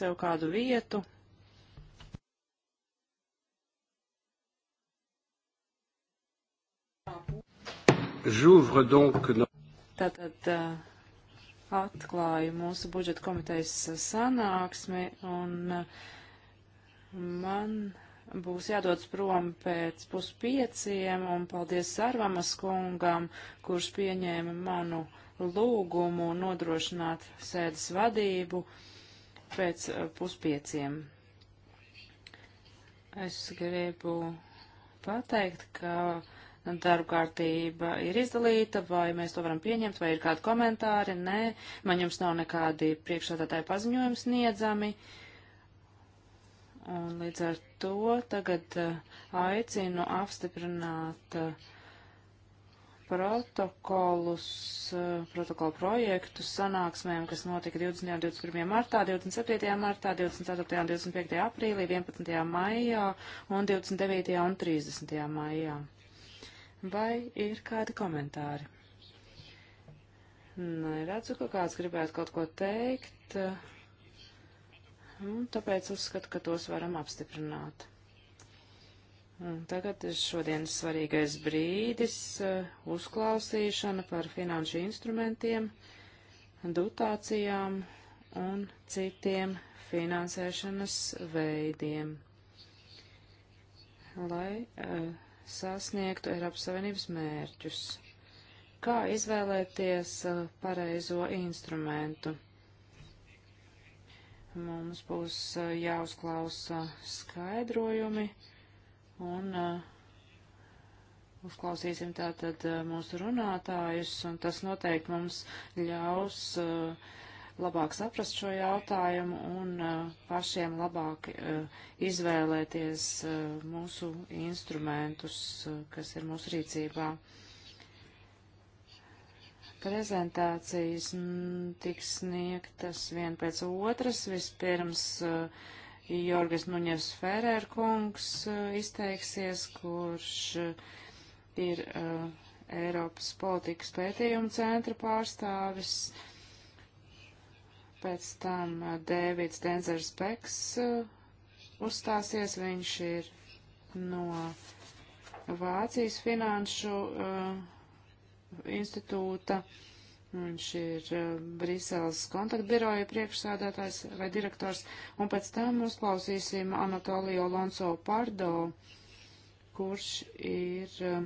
sev kādu vietu. J'ouvre donc Tātad uh, atklāju mūsu budžeta komitejas sanāksmi un uh, man būs jādodas prom pēc puspieciem un paldies Sarvamas kungam, kurš pieņēma manu lūgumu nodrošināt sēdes vadību pēc eh, puspieciem. Es gribu pateikt, ka darba kārtība ir izdalīta, vai mēs to varam pieņemt, vai ir kādi komentāri, nē, man jums nav nekādi priekšsādātāji paziņojumi sniedzami. Un līdz ar to tagad eh, aicinu apstiprināt uh, protokolus, eh, protokolu projektus sanāksmēm, kas notika 20. un 21. martā, 27. martā, 24. un 25. aprīlī, 11. maijā un 29. un 30. maijā. Vai ir kādi komentāri? Neredzu, ka kāds gribētu kaut ko teikt, eh, un tāpēc uzskatu, ka tos varam apstiprināt. Un tagad ir šodienas svarīgais brīdis uh, - uzklausīšana par finanšu instrumentiem, dotācijām un citiem finansēšanas veidiem, lai uh, sasniegtu Eiropas Savienības mērķus. Kā izvēlēties uh, pareizo instrumentu? Mums būs uh, jāuzklausa skaidrojumi un uh, uzklausīsim tātad uh, mūsu runātājus, un tas noteikti mums ļaus uh, labāk saprast šo jautājumu un uh, pašiem labāk uh, izvēlēties uh, mūsu instrumentus, uh, kas ir mūsu rīcībā. Prezentācijas tiks sniegtas vien pēc otras. Vispirms uh, Jorgas Nuņevs Ferēr kungs uh, izteiksies, kurš uh, ir uh, Eiropas politikas pētījuma centra pārstāvis. Pēc tam Dēvids Denzers Beks uzstāsies, viņš ir no Vācijas finanšu uh, institūta. Uh, Viņš ir eh, Briseles kontaktbiroja priekšsādātājs vai direktors, un pēc tam uzklausīsim Anatolio Lonso Pardo, kurš ir eh,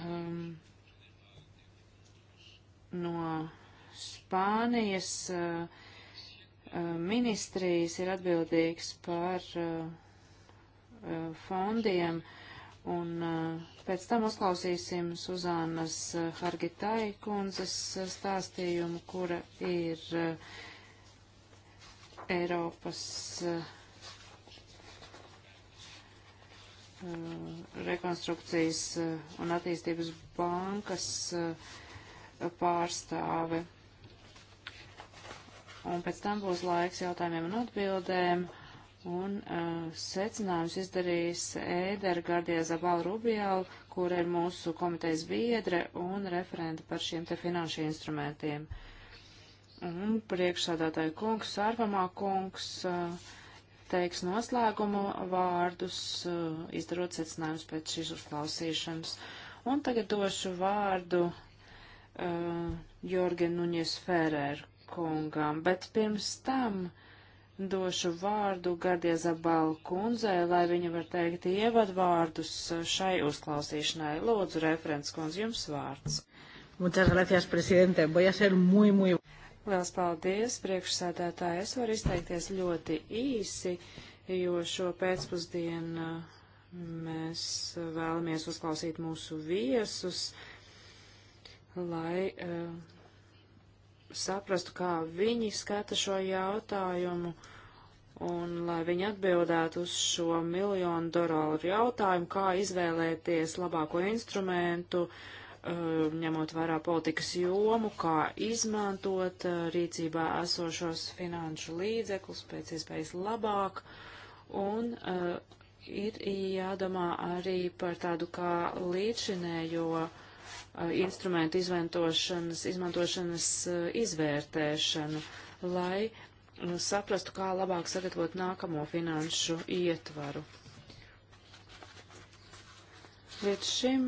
um, no Spānijas uh, ministrijas ir atbildīgs par uh, fondiem. Uh, Un pēc tam uzklausīsim Suzānas Hargitai kundzes stāstījumu, kura ir Eiropas rekonstrukcijas un attīstības bankas pārstāve. Un pēc tam būs laiks jautājumiem un atbildēm. Un uh, secinājums izdarījis Ēdera Gardija Zabala Rubijal, kur ir mūsu komitejas biedre un referenta par šiem te finanšu instrumentiem. Un priekšsādātāja kungs, sārvamā kungs, uh, teiks noslēguma vārdus, uh, izdarot secinājumus pēc šīs uzklausīšanas. Un tagad došu vārdu uh, Jorgen Nuņies Ferēru kungam, bet pirms tam. Uh, došu vārdu Gardie Zabalu kundzei, lai viņa var teikt ievadvārdus šai uzklausīšanai. Lūdzu, referents kundze, jums vārds. Muchas gracias, presidente. Voy a ser muy, muy. Liels paldies, priekšsēdētāji. Es varu izteikties ļoti īsi, jo šo pēcpusdienu uh, mēs vēlamies uzklausīt mūsu viesus, lai uh, saprastu, kā viņi skata šo jautājumu, un lai viņi atbildētu uz šo miljonu dolāru jautājumu, kā izvēlēties labāko instrumentu, um, ņemot vērā politikas jomu, kā izmantot uh, rīcībā esošos finanšu līdzekļus pēc iespējas labāk, un uh, ir jādomā arī par tādu kā līdzinējo Uh, instrumentu izmantošanas, izmantošanas uh, izvērtēšanu, lai uh, saprastu, kā labāk sagatavot nākamo finanšu ietvaru. Līdz šim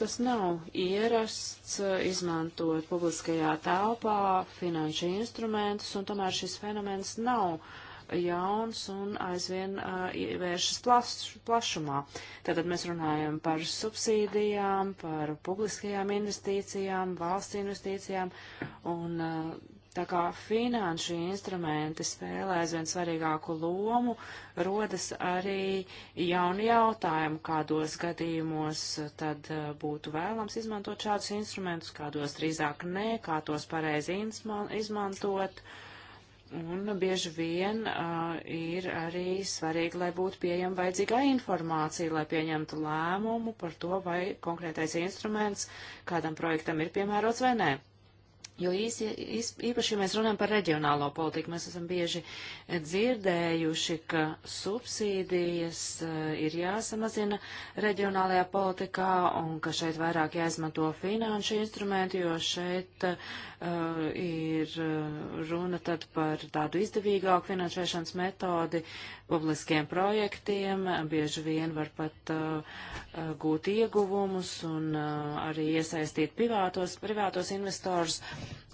tas nav ierasts izmantot publiskajā telpā finanšu instrumentus, un tomēr šis fenomens nav uh, jauns un aizvien uh, vēršas plaš, plašumā. Tātad mēs runājam par subsīdijām, par publiskajām investīcijām, valsts investīcijām un uh, tā kā finanšu instrumenti spēlē aizvien svarīgāku lomu, rodas arī jauni jautājumi, kādos gadījumos tad uh, būtu vēlams izmantot šādus instrumentus, kādos drīzāk nē, kā tos pareizi izmantot. Uh, Un bieži vien uh, ir arī svarīgi, lai būtu pieejama vajadzīgā informācija, lai pieņemtu lēmumu par to, vai konkrētais instruments kādam projektam ir piemērots vai nē. Jo īsi, īpaši, ja mēs runājam par reģionālo politiku, mēs esam bieži dzirdējuši, ka subsīdijas eh, ir jāsamazina reģionālajā politikā un ka šeit vairāk jāizmanto finanšu instrumenti, jo šeit uh, ir eh, runa tad par tādu izdevīgāku finansēšanas metodi, publiskiem projektiem, bieži vien var pat uh, uh, gūt ieguvumus un uh, arī iesaistīt privātos, privātos investors,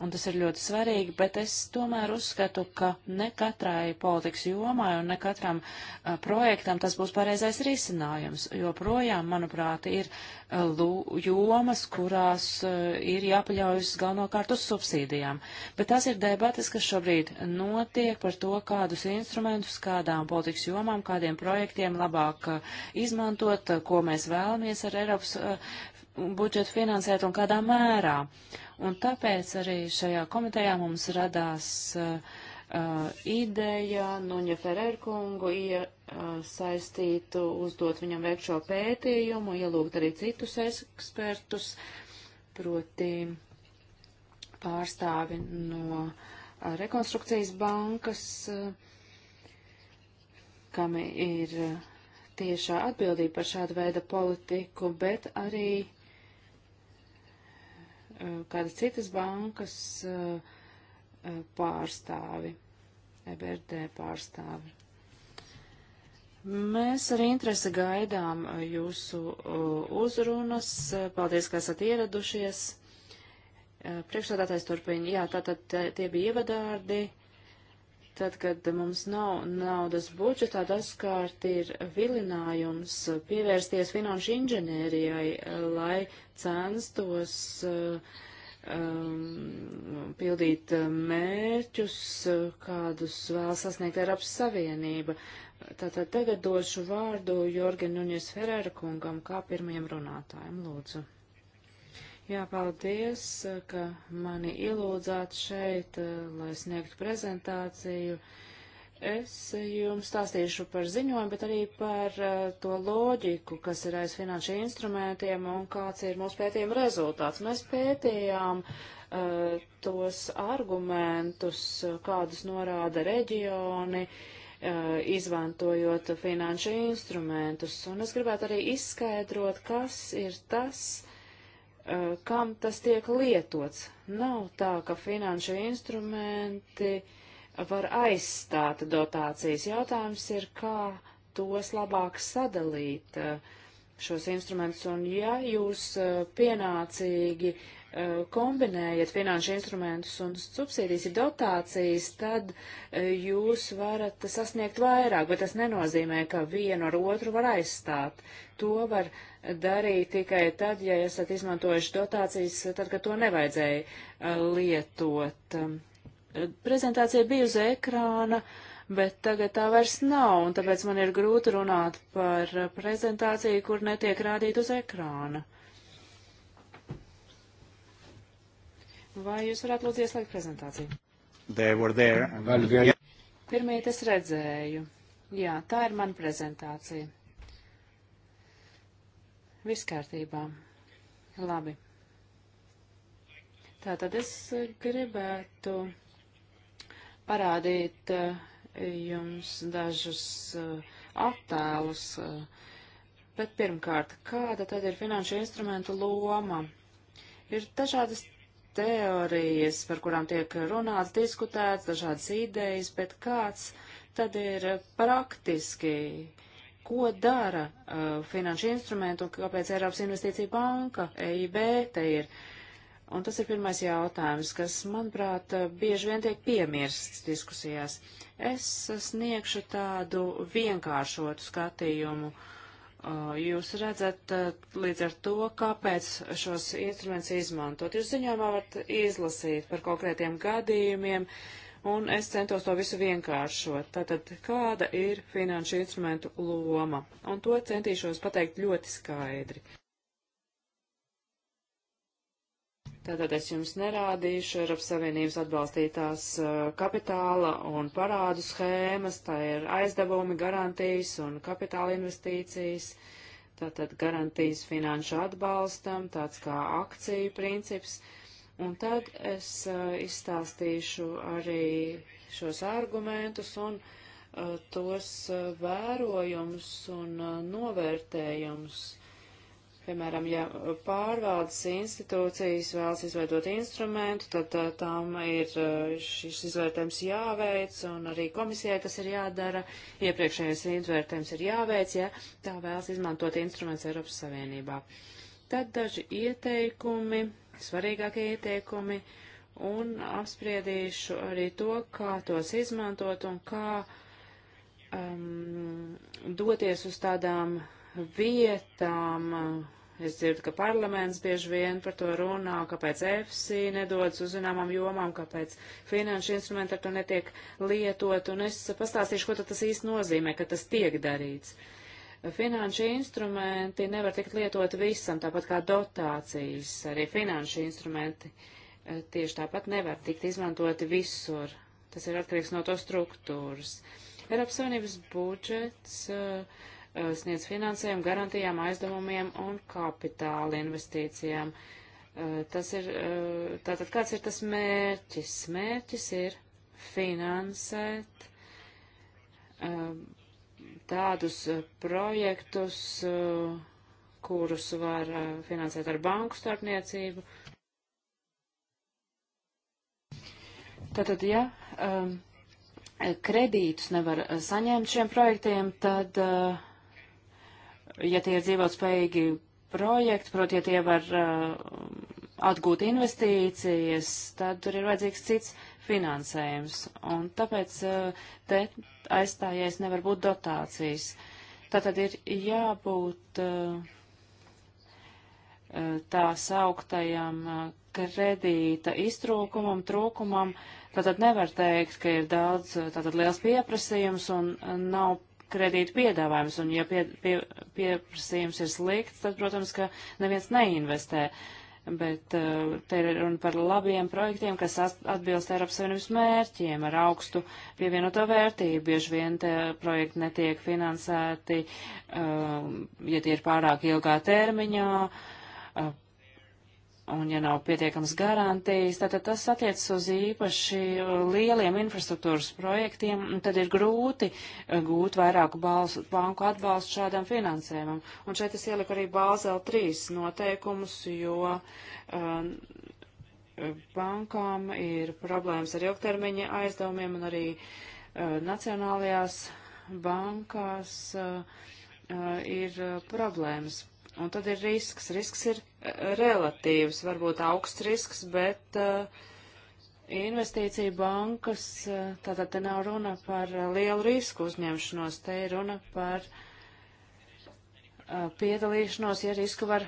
un tas ir ļoti svarīgi, bet es tomēr uzskatu, ka ne katrai politikas jomai un ne katram uh, projektam tas būs pareizais risinājums, jo projām, manuprāt, ir uh, jomas, kurās uh, ir jāpaļaujas galvenokārt uz subsīdijām. Bet tas ir debatas, kas šobrīd notiek par to, kādus instrumentus, kādām politikas politikas jomām, kādiem projektiem labāk uh, izmantot, uh, ko mēs vēlamies ar Eiropas uh, budžetu finansēt un kādā mērā. Un tāpēc arī šajā komitejā mums radās uh, Uh, ideja Nuņa Ferērkungu iesaistītu, uh, uzdot viņam veikt šo pētījumu, ielūgt arī citus ekspertus, proti pārstāvi no uh, Rekonstrukcijas bankas, uh, kam ir eh, tiešā atbildība par šādu veidu politiku, bet arī eh, kādas citas bankas eh, pārstāvi, EBRD pārstāvi. Mēs ar interesi gaidām jūsu uzrunas. Paldies, ka esat ieradušies. Priekšsādātais turpina. Jā, tātad tie bija ievadārdi. Tad, kad mums nav naudas budžetā, dažkārt ir vilinājums pievērsties finanšu inženērijai, lai censtos um, pildīt mērķus, kādus vēl sasniegt Eiropas Savienība. Tātad tagad došu vārdu Jorgen Nuņies Ferēra kungam kā pirmajam runātājam. Lūdzu. Jā, paldies, ka mani ielūdzāt šeit, eh, lai sniegtu prezentāciju. Es jums stāstīšu par ziņojumu, bet arī par eh, to loģiku, kas ir aiz finanšu instrumentiem un kāds ir mūsu pētījuma rezultāts. Mēs pētījām uh, tos argumentus, kādus norāda reģioni, uh, izmantojot finanšu instrumentus. Un es gribētu arī izskaidrot, kas ir tas, uh, Eh, kam tas tiek lietots. Nav tā, ka finanšu instrumenti var aizstāt dotācijas. Jautājums ir, kā tos labāk sadalīt eh, šos instrumentus, un ja jūs eh, pienācīgi kombinējat finanšu instrumentus un subsīdijas ir dotācijas, tad jūs varat sasniegt vairāk, bet tas nenozīmē, ka vienu ar otru var aizstāt. To var darīt tikai tad, ja esat izmantojuši dotācijas, tad, kad to nevajadzēja eh, lietot. Um, prezentācija bija uz ekrāna, bet tagad tā vairs nav, un tāpēc man ir grūti runāt par eh, prezentāciju, kur netiek rādīt uz ekrāna. Vai jūs varētu lūdzu ieslēgt prezentāciju? They were there. Pirmie es redzēju. Jā, tā ir mana prezentācija. Viss kārtībā. Labi. Tātad es gribētu parādīt eh, jums dažus eh, attēlus, eh, bet pirmkārt, kāda tad ir finanšu instrumentu loma? Ir dažādas teorijas, par kurām tiek runāts, diskutēts, dažādas idejas, bet kāds tad ir praktiski uh, ko dara uh, finanšu instrumentu un kāpēc Eiropas investīcija banka, EIB, te ir. Un tas ir pirmais jautājums, kas, manuprāt, uh, bieži vien tiek piemirsts diskusijās. Es sniegšu tādu vienkāršotu skatījumu. Uh, jūs redzat uh, līdz ar to, kāpēc šos instrumentus izmantot. Jūs ziņojumā varat izlasīt par konkrētiem gadījumiem, uh, un es centos to visu vienkāršot. Tātad, kāda ir finanšu instrumentu loma? Un to centīšos pateikt ļoti skaidri. Tātad es jums nerādīšu Eiropas Savienības atbalstītās eh, kapitāla un parādu schēmas, tā ir aizdevumi, garantijas un kapitāla investīcijas, tātad garantijas finanšu atbalstam, tāds kā akciju princips. Uh, Un tad es uh, izstāstīšu arī šos argumentus un uh, tos uh, vērojumus un novērtējumus. Piemēram, ja pārvaldes institūcijas vēlas izveidot instrumentu, tad tām ir šis izvērtējums jāveic, un arī komisijai tas ir jādara. Iepriekšējais izvērtējums ir jāveic, ja tā vēlas izmantot instruments Eiropas Savienībā. Tad daži ieteikumi svarīgākie ieteikumi un apspriedīšu arī to, kā tos izmantot un kā um, doties uz tādām vietām. Es dzirdu, ka parlaments bieži vien par to runā, kāpēc EFSI nedodas uz zināmām jomām, kāpēc finanšu instrumenti ar to netiek lietot, un es pastāstīšu, ko tas īsti nozīmē, ka tas tiek darīts. Uh, finanšu instrumenti nevar tikt lietoti visam, tāpat kā dotācijas, arī finanšu instrumenti e, tieši tāpat nevar tikt izmantoti visur. Tas ir atkarīgs no to struktūras. Eiropas Savienības budžets uh, sniedz finansējumu garantijām, aizdevumiem un kapitāla investīcijām. Uh, tas ir, uh, tātad kāds ir tas mērķis? Mērķis ir finansēt tādus eh, projektus, eh, kurus var eh, finansēt ar banku starpniecību. Tātad, ja um, kredītus nevar saņemt šiem projektiem, tad, uh, ja tie ir dzīvotspējīgi projekti, proti, ja tie var uh, atgūt investīcijas, tad tur ir vajadzīgs cits finansējums, un tāpēc eh, te aizstājies nevar būt dotācijas. Tātad ir jābūt eh, eh, tā sauktajam kredīta iztrūkumam, trūkumam, tātad nevar teikt, ka ir daudz, tātad liels pieprasījums un nav kredīta piedāvājums, un ja pie, pie, pieprasījums ir slikts, tad, protams, ka neviens neinvestē. Uh, bet eh, te ir runa par labiem projektiem, kas atbilst Eiropas Savienības mērķiem ar augstu pievienoto vērtību. Bieži vien te projekti netiek finansēti, eh, ja tie ir pārāk ilgā termiņā, eh, un ja nav pietiekams garantijas, tad, tad tas attiecas uz īpaši uh, lieliem infrastruktūras projektiem, un tad ir grūti uh, gūt vairāku balsu, banku atbalstu šādam finansējumam. Un šeit es ieliku arī Bāzel 3 noteikumus, jo um, bankām ir problēmas ar ilgtermiņa aizdevumiem un arī uh, nacionālajās bankās uh, uh, ir problēmas Un tad ir risks. Risks ir eh, relatīvs, varbūt augsts risks, bet uh, investīcija bankas, eh, tātad te nav runa par lielu risku uzņemšanos, te ir runa par uh, piedalīšanos, ja risku var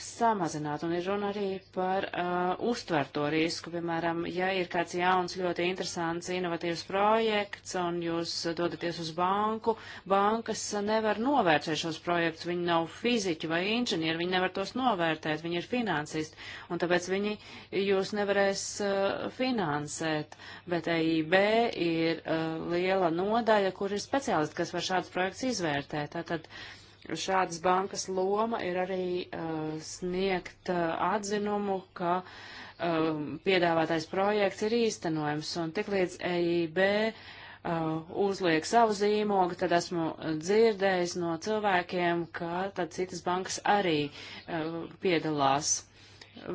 samazināt, un ir runa arī par uh, uztverto risku. Piemēram, ja ir kāds jauns, ļoti interesants, inovatīvs projekts, un jūs dodaties uz banku, bankas nevar novērtēt šos projektus, viņi nav fiziķi vai inženieri, viņi nevar tos novērtēt, viņi ir finansisti, un tāpēc viņi jūs nevarēs uh, finansēt, bet EIB ir uh, liela nodaļa, kur ir speciālisti, kas var šādus projektus izvērtēt. Tātad, uh, Šādas bankas loma ir arī uh, sniegt uh, atzinumu, ka uh, piedāvātais projekts ir īstenojams, un tiklīdz EIB uh, Uh, uzliek savu zīmogu, tad esmu dzirdējis no cilvēkiem, ka tad citas bankas arī uh, piedalās.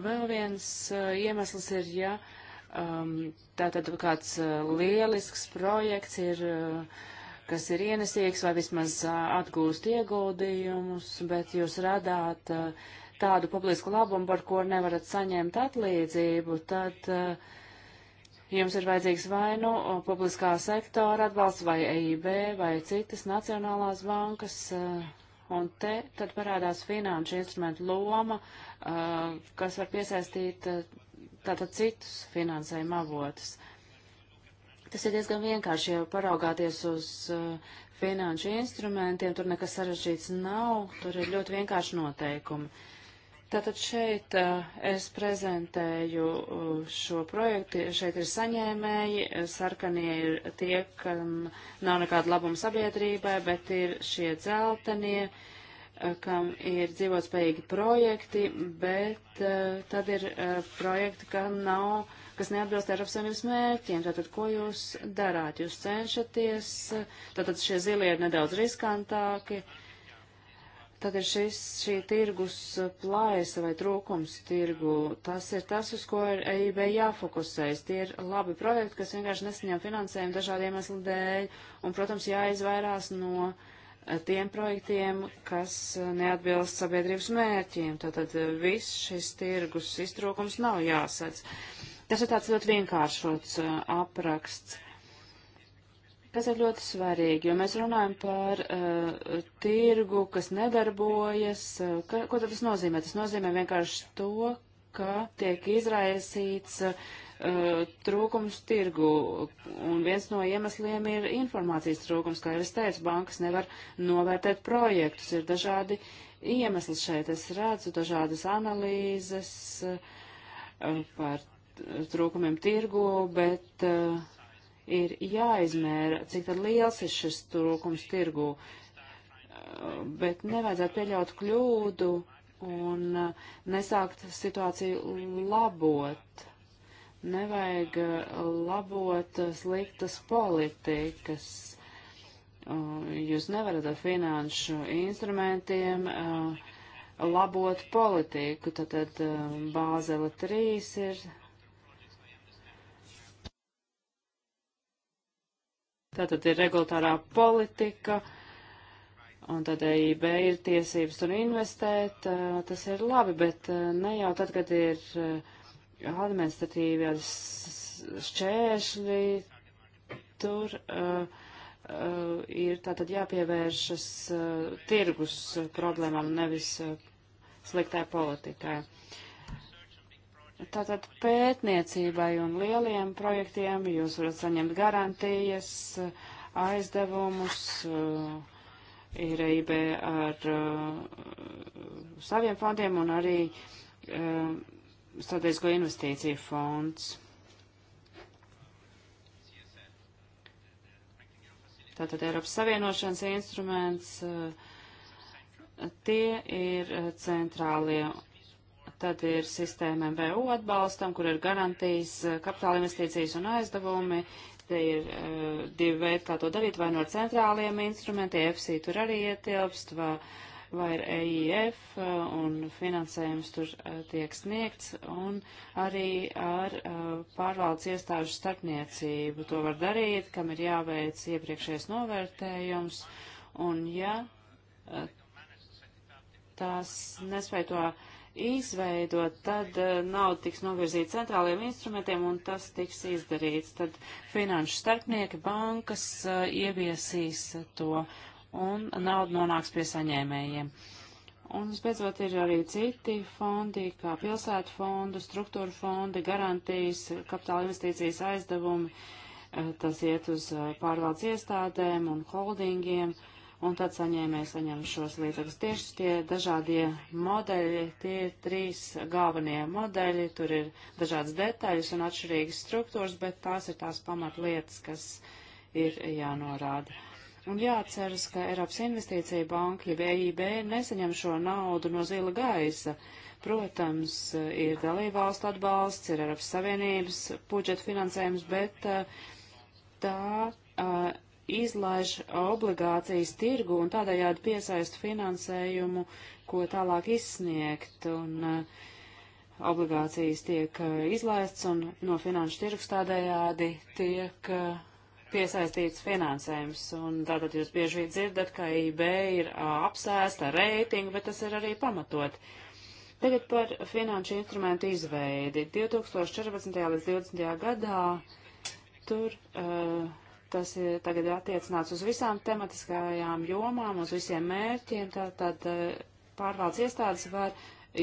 Vēl viens uh, iemesls ir, ja um, tātad kāds uh, lielisks projekts ir uh, kas ir ienesīgs vai vismaz atgūst ieguldījumus, bet jūs radāt tādu publisku labumu, par ko nevarat saņemt atlīdzību, tad jums ir vajadzīgs vai nu publiskā sektora atbalsts vai EIB vai citas nacionālās bankas. Un te tad parādās finanšu instrumentu loma, kas var piesaistīt tātad citus finansējuma avotus. Uh, Tas ir diezgan vienkārši, ja paraugāties uz uh, finanšu instrumentiem, tur nekas sarežģīts nav, tur ir ļoti vienkārši noteikumi. Tātad šeit uh, es prezentēju uh, šo projektu, šeit ir saņēmēji, sarkanie ir tie, kam nav nekāda labuma sabiedrībai, bet ir šie dzeltenie, uh, kam ir dzīvotspējīgi projekti, bet uh, tad ir uh, projekti, kam nav kas neatbilst Eiropas Savienības mērķiem. Tātad, ko jūs darāt? Jūs cenšaties, tātad šie zilie ir nedaudz riskantāki. Tad ir šis, šī tirgus plājas vai trūkums tirgu. Tas ir tas, uz ko ir EIB jāfokusējas. Tie ir labi projekti, kas vienkārši nesaņem finansējumu dažādiem iemeslu dēļ. Un, protams, jāizvairās no eh, tiem projektiem, kas eh, neatbilst sabiedrības mērķiem. Tātad eh, viss šis tirgus iztrūkums nav jāsadz. Tas ir tāds ļoti vienkāršots uh, apraksts, kas ir ļoti svarīgi, jo mēs runājam par uh, tirgu, kas nedarbojas. Uh, ka, ko tad tas nozīmē? Tas nozīmē vienkārši to, ka tiek izraisīts uh, trūkums tirgu, un viens no iemesliem ir informācijas trūkums, kā jau es teicu, bankas nevar novērtēt projektus, ir dažādi iemesli šeit, es redzu dažādas analīzes par trūkumiem tirgu, bet eh, ir jāizmēra, cik tad liels ir šis trūkums tirgu, eh, bet nevajadzētu pieļaut kļūdu un eh, nesākt situāciju labot. Nevajag labot sliktas politikas. Jūs nevarat ar finanšu instrumentiem labot politiku, tad Bāzele 3 ir Tātad ir regulārā politika, un tad EIB ir tiesības tur investēt, tas ir labi, bet ne jau tad, kad ir administratīvi šķēršļi, tur uh, uh, ir tātad jāpievēršas uh, tirgus problēmām, nevis uh, sliktai politikai. Uh, Tātad pētniecībai un lieliem projektiem jūs varat saņemt garantijas, aizdevumus, eh, ir EIB ar eh, saviem fondiem un arī eh, strateģisko investīciju fonds. Tātad Eiropas Savienošanas instruments, tie ir centrālie Tad ir sistēma MVU atbalstam, kur ir garantijas eh, kapitāla investīcijas un aizdevumi. Te ir uh, divi veidi, kā to darīt, vai no centrāliem instrumentiem, FC tur arī ietilpst, vai, vai ir EIF, uh, eh, un finansējums tur uh, tiek sniegts, un arī ar uh, pārvaldes iestāžu starpniecību to var darīt, kam ir jāveic iepriekšējais novērtējums, un ja uh, tās nespēja to uh, izveidot, tad eh, nauda tiks novirzīta centrālajiem instrumentiem un tas tiks izdarīts. Tad finanšu starpnieki bankas eh, ieviesīs to un nauda nonāks pie saņēmējiem. Un visbeidzot ir arī citi fondi, kā pilsētu fondu, struktūra fondi, garantijas, kapitāla investīcijas aizdevumi. Eh, tas iet uz pārvaldes iestādēm un holdingiem. Uh, un tad saņēmēji saņem šos līdzekļus. Tieši tie dažādie modeļi, tie ir trīs galvenie modeļi, tur ir dažādas detaļas un atšķirīgas struktūras, bet tās ir tās pamatlietas, kas ir jānorāda. Un jāatceras, ka Eiropas investīcija banka, ja EIB nesaņem šo naudu no zila gaisa, Protams, ir dalībvalstu atbalsts, ir Eiropas Savienības budžeta finansējums, bet uh, tā uh, izlaiž obligācijas tirgu un tādējādi piesaist finansējumu, ko tālāk izsniegt. Un uh, obligācijas tiek uh, izlaists un no finanšu tirgus tādējādi tiek uh, piesaistīts finansējums. Un tātad jūs bieži vien dzirdat, ka IB ir uh, apsēsta ar reitingu, bet tas ir arī pamatot. Tagad par finanšu instrumentu izveidi. 2014. līdz 2020. gadā tur uh, Tas ir tagad attiecināts uz visām tematiskajām jomām, uz visiem mērķiem. Tātad eh, pārvaldes iestādes var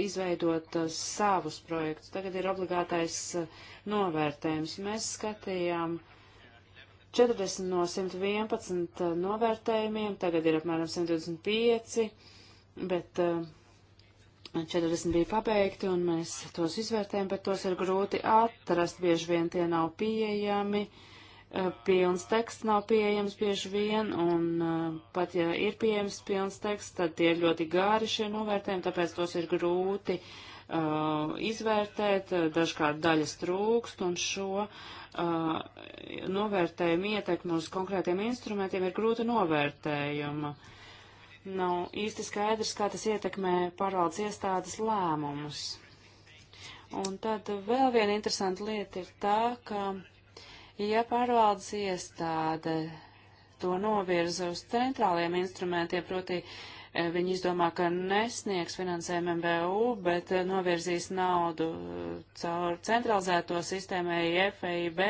izveidot eh, savus projektus. Tagad ir obligātais eh, novērtējums. Mēs skatījām 40 no 111 novērtējumiem, tagad ir apmēram 125, bet 40 bija pabeigti un mēs tos izvērtējam, bet tos ir grūti atrast, bieži vien tie nav pieejami. Uh, Eh, pilns teksts nav pieejams bieži vien, un eh, pat ja ir pieejams pilns teksts, tad tie ir ļoti gāri šie novērtējumi, tāpēc tos ir grūti uh, izvērtēt, dažkārt daļas trūkst, un šo uh, novērtējumu ietekmi uz konkrētiem instrumentiem ir grūti novērtējuma. Nav īsti skaidrs, kā tas ietekmē pārvaldes iestādes lēmumus. Un tad vēl viena interesanta lieta ir tā, ka Ja pārvaldes iestāde to novirza uz centrāliem instrumentiem, proti eh, viņi izdomā, ka nesniegs finansējumu MBU, bet eh, novirzīs naudu eh, caur centralizēto sistēmu EIF, EIB,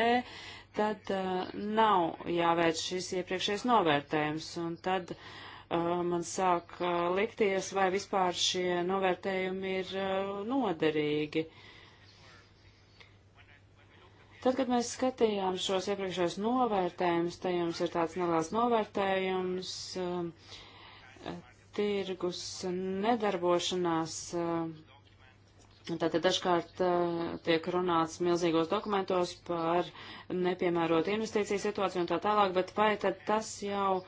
tad uh, nav jāveic šis iepriekšējais novērtējums. Un tad uh, man sāk uh, likties, vai vispār šie novērtējumi ir uh, noderīgi. Uh, Tad, kad mēs skatījām šos iepriekšējos novērtējumus, te jums ir tāds neliels novērtējums, um, tirgus nedarbošanās. Um, tātad dažkārt uh, tiek runāts milzīgos dokumentos par nepiemērotu investīciju situāciju un tā tālāk, bet vai tad tas jau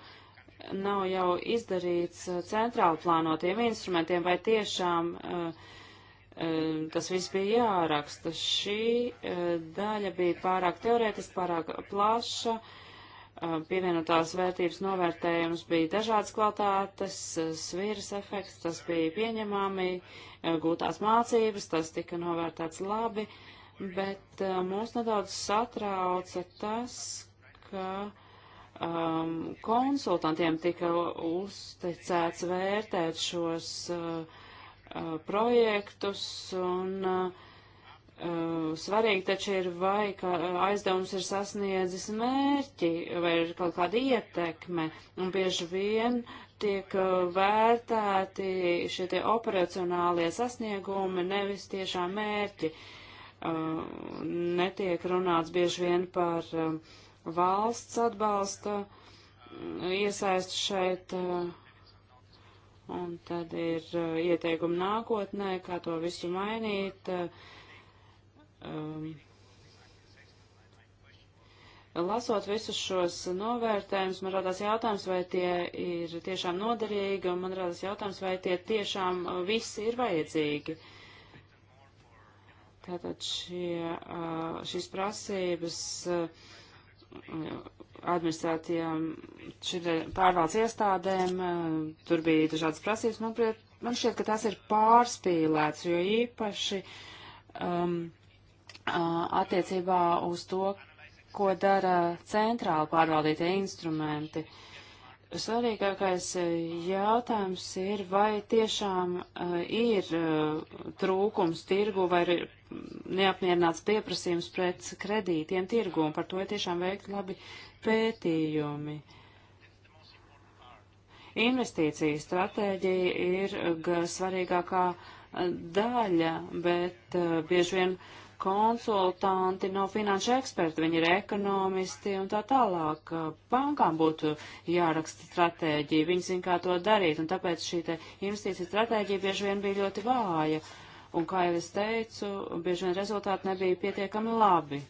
nav jau izdarīts uh, centrāli plānotiem instrumentiem, vai tiešām uh, tas viss bija jāraksta. Šī e, daļa bija pārāk teorētiski, pārāk plaša, pievienotās vērtības novērtējums bija dažādas kvalitātes, e, sviras efekts, tas bija pieņemami, e, gūtās mācības, tas tika novērtēts labi, bet mūs nedaudz satrauca tas, ka um, konsultantiem tika uzticēts vērtēt šos uh, projektus un svarīgi taču ir, vai aizdevums ir sasniedzis mērķi, vai ir kaut kāda ietekme, un bieži vien tiek vērtēti šie tie operacionālie sasniegumi, nevis tiešām mērķi. Netiek runāts bieži vien par valsts atbalsta iesaistu šeit. Uh, Un tad ir uh, ieteikumi nākotnē, kā to visu mainīt. Uh, um, lasot visus šos novērtējumus, man radās jautājums, vai tie ir tiešām noderīgi, un man radās jautājums, vai tie tiešām uh, visi ir vajadzīgi. Tātad šie, uh, šīs prasības. Uh, administrācijām, pārvaldes iestādēm, eh, tur bija dažādas prasības. Manuprāt, man šķiet, ka tas ir pārspīlēts, jo īpaši um, attiecībā uz to, ko dara centrāli pārvaldītie instrumenti. Uh, svarīgākais eh, jautājums ir, vai tiešām uh, ir uh, trūkums tirgu vai ir neapmierināts pieprasījums pret kredītiem tirgu, un par to ir tiešām veikt labi pētījumi. Investīcija stratēģija ir svarīgākā daļa, bet uh, bieži vien uh, konsultanti nav finanšu eksperti, viņi ir ekonomisti un tā tālāk. Bankām būtu jāraksta stratēģija, viņi zina, kā to darīt, un tāpēc šī te investīcija stratēģija bieži vien bija ļoti vāja. Un, kā jau es teicu, bieži vien rezultāti nebija pietiekami labi.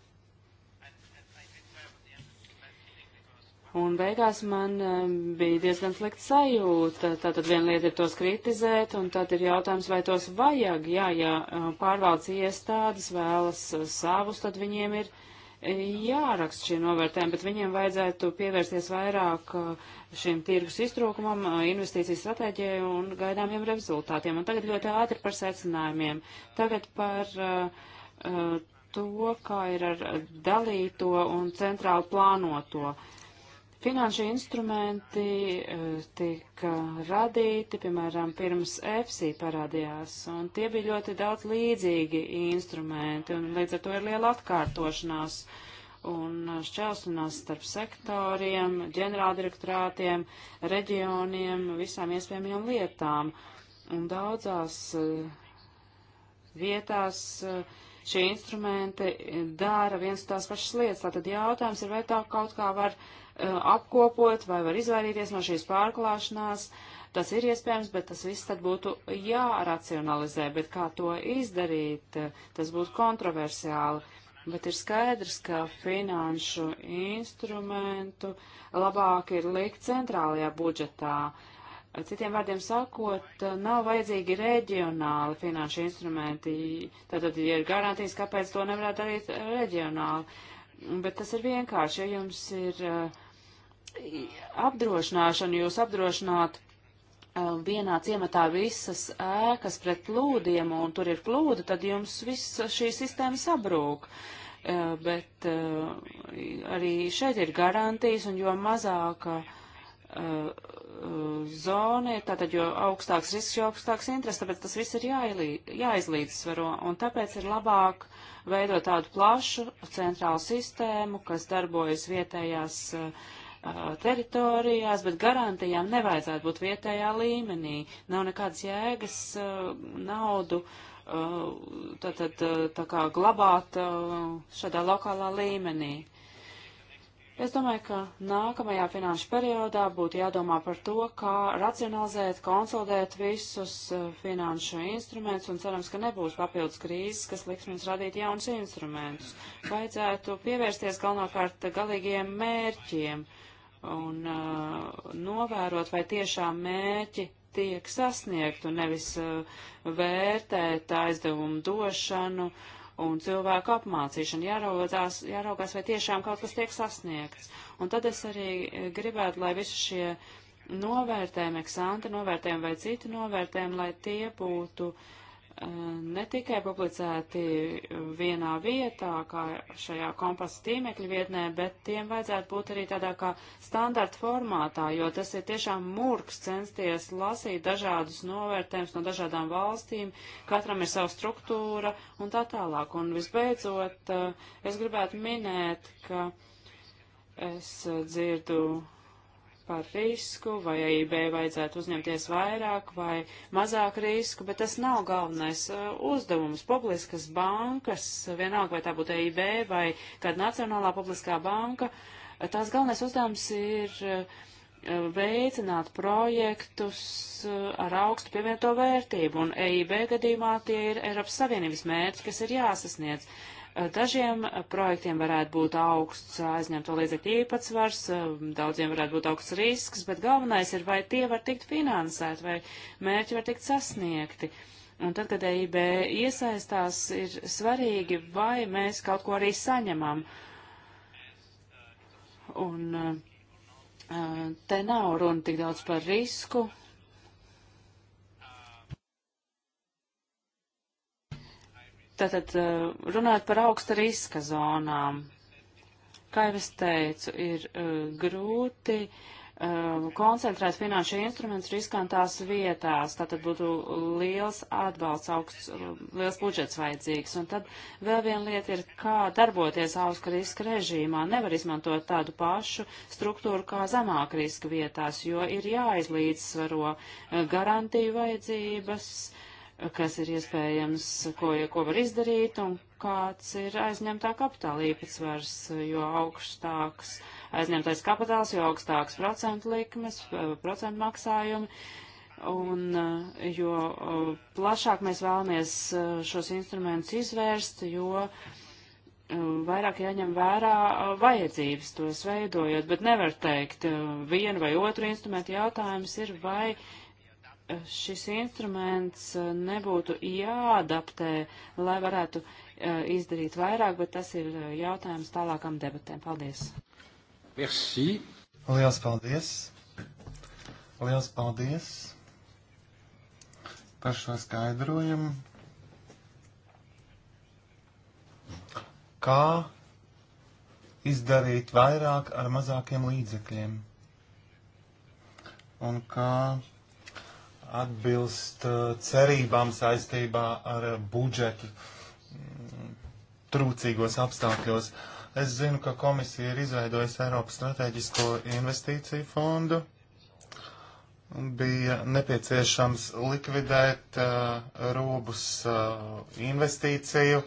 Un beigās man bija diezgan slikta sajūta. Tātad viena lieta ir tos kritizēt, un tad ir jautājums, vai tos vajag. Jā, ja pārvaldes iestādes vēlas eh, savus, tad viņiem ir eh, jāraksta šie novērtējumi, bet viņiem vajadzētu pievērsties vairāk eh, šim tirgus iztrūkumam, investīciju stratēģijai un gaidāmiem rezultātiem. Un tagad ļoti ātri par secinājumiem. Tagad par uh, to, kā ir ar dalīto un centrāli plānoto. Uh, Finanšu instrumenti e, tika radīti, piemēram, pirms EFSI parādījās, un tie bija ļoti daudz līdzīgi instrumenti, un līdz ar to ir liela atkārtošanās un šķelšanās starp sektoriem, ģenerāldirektorātiem, reģioniem, visām iespējamajām lietām. Un daudzās e, vietās e, šie instrumenti dara viens un tās pašas lietas. Tātad jautājums ir, vai tā kaut kā var Uh, apkopot vai var izvairīties no šīs pārklāšanās. Tas ir iespējams, bet tas viss tad būtu jāracionalizē, bet kā to izdarīt, uh, tas būtu kontroversiāli. Bet ir skaidrs, ka finanšu instrumentu labāk ir likt centrālajā budžetā. Citiem vārdiem sakot, uh, nav vajadzīgi reģionāli finanšu instrumenti. Tātad ir garantijas, kāpēc to nevarētu darīt reģionāli. Bet tas ir vienkārši, ja jums ir uh, apdrošināšanu jūs apdrošināt um, vienā ciematā visas ēkas pret plūdiem un tur ir plūdi, tad jums viss šī sistēma sabrūk. Uh, bet uh, arī šeit ir garantijas, un jo mazāka uh, zona ir, tātad jo augstāks risks, jo augstāks interesi, tāpēc tas viss ir jāielī, jāizlīdzsvaro, un tāpēc ir labāk veidot tādu plašu centrālu sistēmu, kas darbojas vietējās uh, Uh, teritorijās, bet garantijām nevajadzētu būt vietējā līmenī. Nav nekādas jēgas uh, naudu tātad uh, tā kā glabāt šādā lokālā līmenī. Es domāju, ka nākamajā finanšu periodā būtu jādomā par to, kā racionalizēt, konsolidēt visus finanšu instrumentus un cerams, ka nebūs papildus krīzes, kas liks mums radīt jaunus instrumentus. Vajadzētu pievērsties galvenokārt galīgiem mērķiem. Uh, un uh, novērot, vai tiešām mērķi tiek sasniegt un nevis uh, vērtēt aizdevumu došanu un cilvēku apmācīšanu, jāraugās, jāraugās, vai tiešām kaut kas tiek sasniegts. Un tad es arī gribētu, lai visi šie novērtējumi, eksanta novērtējumi vai citi novērtējumi, lai tie būtu uh, Eh, ne tikai publicēti vienā vietā, kā šajā kompasa tīmekļa vietnē, bet tiem vajadzētu būt arī tādā kā standarta formātā, jo tas ir tiešām murgs censties lasīt dažādus novērtējumus no dažādām valstīm, katram ir sava struktūra un tā tālāk. Un visbeidzot, eh, es gribētu minēt, ka es dzirdu par risku, vai EIB vajadzētu uzņemties vairāk vai mazāk risku, bet tas nav galvenais uh, uzdevums. Publiskas bankas, vienalga vai tā būtu EIB vai kāda nacionālā publiskā banka, uh, tās galvenais uzdevums ir uh, veicināt projektus ar augstu pievienoto vērtību, un EIB gadījumā tie ir Eiropas Savienības mērķi, kas ir jāsasniedz. Dažiem projektiem varētu būt augsts aizņemto līdzekļu īpatsvars, daudziem varētu būt augsts risks, bet galvenais ir, vai tie var tikt finansēti, vai mērķi var tikt sasniegti. Un tad, kad EIB iesaistās, ir svarīgi, vai mēs kaut ko arī saņemam. Un eh, te nav runa tik daudz par risku, Tātad eh, runājot par augsta riska zonām, kā jau es teicu, ir uh, grūti uh, koncentrēt finanšu instrumentus riskantās vietās, tātad būtu liels atbalsts, augsts, liels budžets vajadzīgs. Un tad vēl viena lieta ir, kā darboties augsta riska režīmā. Nevar izmantot tādu pašu struktūru kā zemāk riska vietās, jo ir jāizlīdzsvaro garantiju vajadzības. Uh, kas ir iespējams, ko, ko var izdarīt un kāds ir aizņemtā kapitāla īpatsvars, jo augstāks aizņemtais kapitāls, jo augstāks procentu likmes, eh, procentu maksājumi. Un eh, jo eh, plašāk mēs vēlamies šos instrumentus izvērst, jo vairāk jāņem vērā vajadzības tos veidojot, bet nevar teikt, vienu vai otru instrumentu jautājums ir, vai uh, šis instruments eh, nebūtu jāadaptē, lai varētu eh, izdarīt vairāk, bet tas ir eh, jautājums tālākam debatēm. Paldies! Merci! Liels paldies! Liels paldies par šo skaidrojumu! Kā izdarīt vairāk ar mazākiem līdzekļiem? Un kā atbilst uh, cerībām saistībā ar uh, budžetu mm, trūcīgos apstākļos. Es zinu, ka komisija ir izveidojusi Eiropas strateģisko investīciju fondu. Bija nepieciešams likvidēt uh, robus uh, investīciju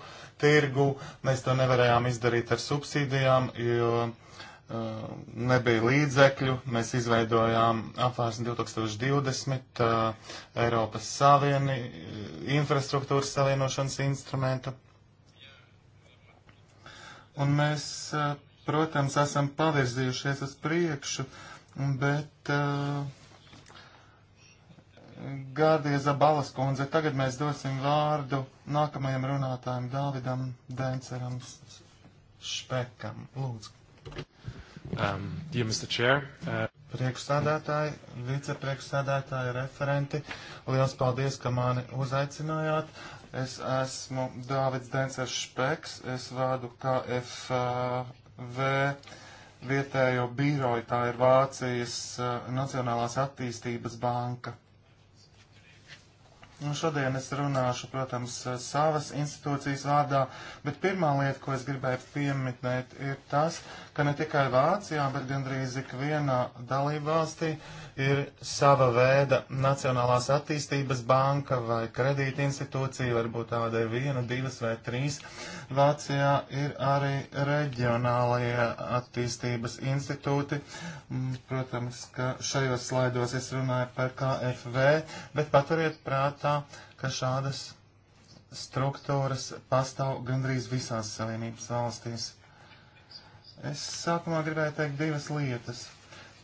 tirgu. Mēs to nevarējām izdarīt ar subsīdijām, jo uh, Eh, nebija līdzekļu, mēs izveidojām apvārsni 2020 uh, eh, Eiropas Savieni, eh, infrastruktūras savienošanas instrumentu. Un mēs, uh, protams, esam pavirzījušies uz priekšu, bet uh, Gārdie Zabalas kundze, tagad mēs dosim vārdu nākamajam runātājam Dāvidam Denceram Špekam. Lūdzu. Um, dear Mr. Chair. Uh... Priekšsādātāji, vicepriekšsādātāji, referenti, liels paldies, ka mani uzaicinājāt. Es esmu Dāvids Densers Špeks, es vādu KFV vietējo bīroju, tā ir Vācijas uh, Nacionālās attīstības banka. Nu, šodien es runāšu, protams, uh, savas institūcijas vārdā, bet pirmā lieta, ko es gribēju pieminēt, ir tas, ka ne tikai Vācijā, bet gandrīz ikvienā dalībvalstī ir sava veida Nacionālās attīstības banka vai kredīta institūcija, varbūt tāda ir viena, divas vai trīs. Vācijā ir arī reģionālajie attīstības institūti. Mm, protams, ka šajos slaidos es runāju par KFV, bet paturiet prātā, ka šādas struktūras pastāv gandrīz visās savienības valstīs. Es sākumā gribēju teikt divas lietas.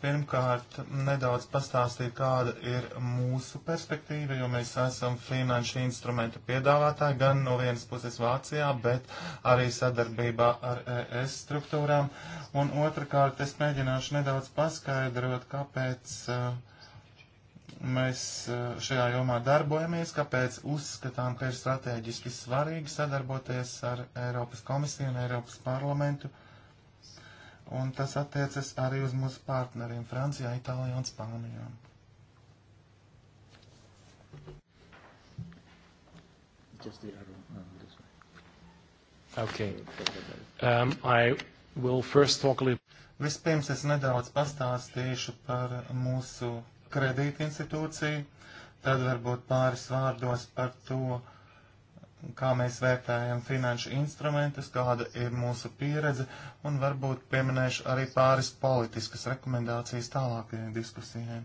Pirmkārt, nedaudz pastāstīt, kāda ir mūsu perspektīva, jo mēs esam finanšu instrumentu piedāvātāji gan no vienas puses Vācijā, bet arī sadarbībā ar ES struktūrām. Un otrkārt, es mēģināšu nedaudz paskaidrot, kāpēc uh, mēs uh, šajā jomā darbojamies, kāpēc uzskatām, ka ir strateģiski svarīgi sadarboties ar Eiropas komisiju un Eiropas parlamentu un tas attiecas arī uz mūsu partneriem Francijā, Itālijā un Spānijā. Um, okay. Um, I will first talk a little... Vispirms es nedaudz pastāstīšu par mūsu kredītinstitūciju, tad varbūt pāris vārdos par to, uh, kā mēs vērtējam finanšu instrumentus, kāda ir mūsu pieredze, un varbūt pieminēšu arī pāris politiskas rekomendācijas tālākajai diskusijai.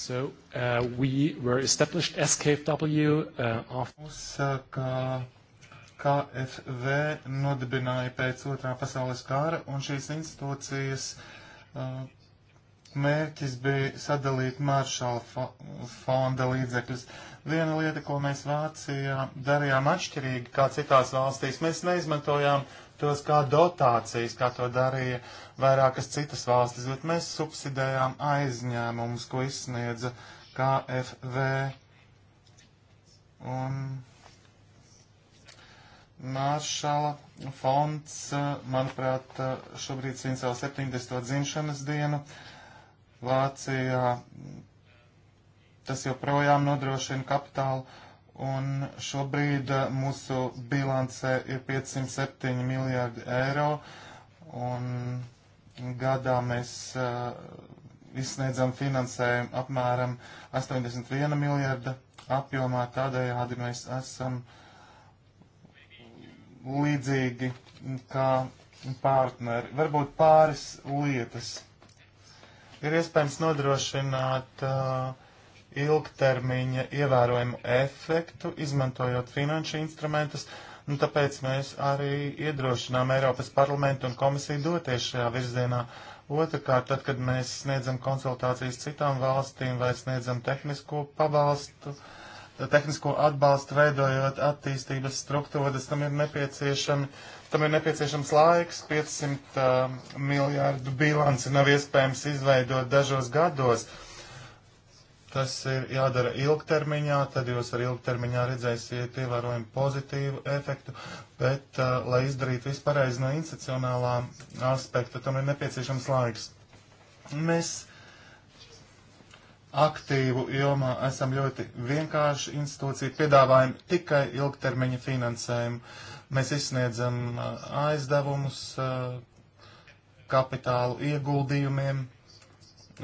So, uh, we were established as KFW uh, after... Uzsaka, uh, KFV nodibināja pēc otrā pasaules kara, un šīs institūcijas uh, mērķis bija sadalīt maršala fonda līdzekļus. Uh, Viena lieta, ko mēs Vācijā darījām atšķirīgi kā citās valstīs, mēs neizmantojām tos kā dotācijas, kā to darīja vairākas citas valstis, bet mēs subsidējām aizņēmumus, ko izsniedza KFV. Un Māršala fonds, manuprāt, šobrīd svin savu 70. dzimšanas dienu. Vācijā Tas joprojām nodrošina kapitālu, un šobrīd eh, mūsu bilancē ir 507 miljārdi eiro, un gadā mēs uh, izsniedzam finansējumu apmēram 81 miljārda apjomā, tādējādi mēs esam līdzīgi kā partneri. Varbūt pāris lietas. Ir iespējams nodrošināt uh, ilgtermiņa ievērojumu efektu, izmantojot finanšu instrumentus, un nu, tāpēc mēs arī iedrošinām Eiropas parlamentu un komisiju doties šajā virzienā. Otrakārt, tad, kad mēs sniedzam konsultācijas citām valstīm vai sniedzam tehnisko pabalstu, tehnisko atbalstu veidojot attīstības struktūras, tam ir nepieciešami tam ir nepieciešams laiks, 500 uh, miljārdu bilanci nav iespējams izveidot dažos gados. Uh, Tas ir jādara ilgtermiņā, tad jūs ar ilgtermiņā redzēsiet ievērojumu pozitīvu efektu, bet, uh, lai izdarītu vispareizi no institucionālā aspekta, tam ir nepieciešams laiks. Mēs aktīvu jomā esam ļoti vienkārši institūcija, piedāvājam tikai ilgtermiņa finansējumu. Mēs izsniedzam uh, aizdevumus uh, kapitālu ieguldījumiem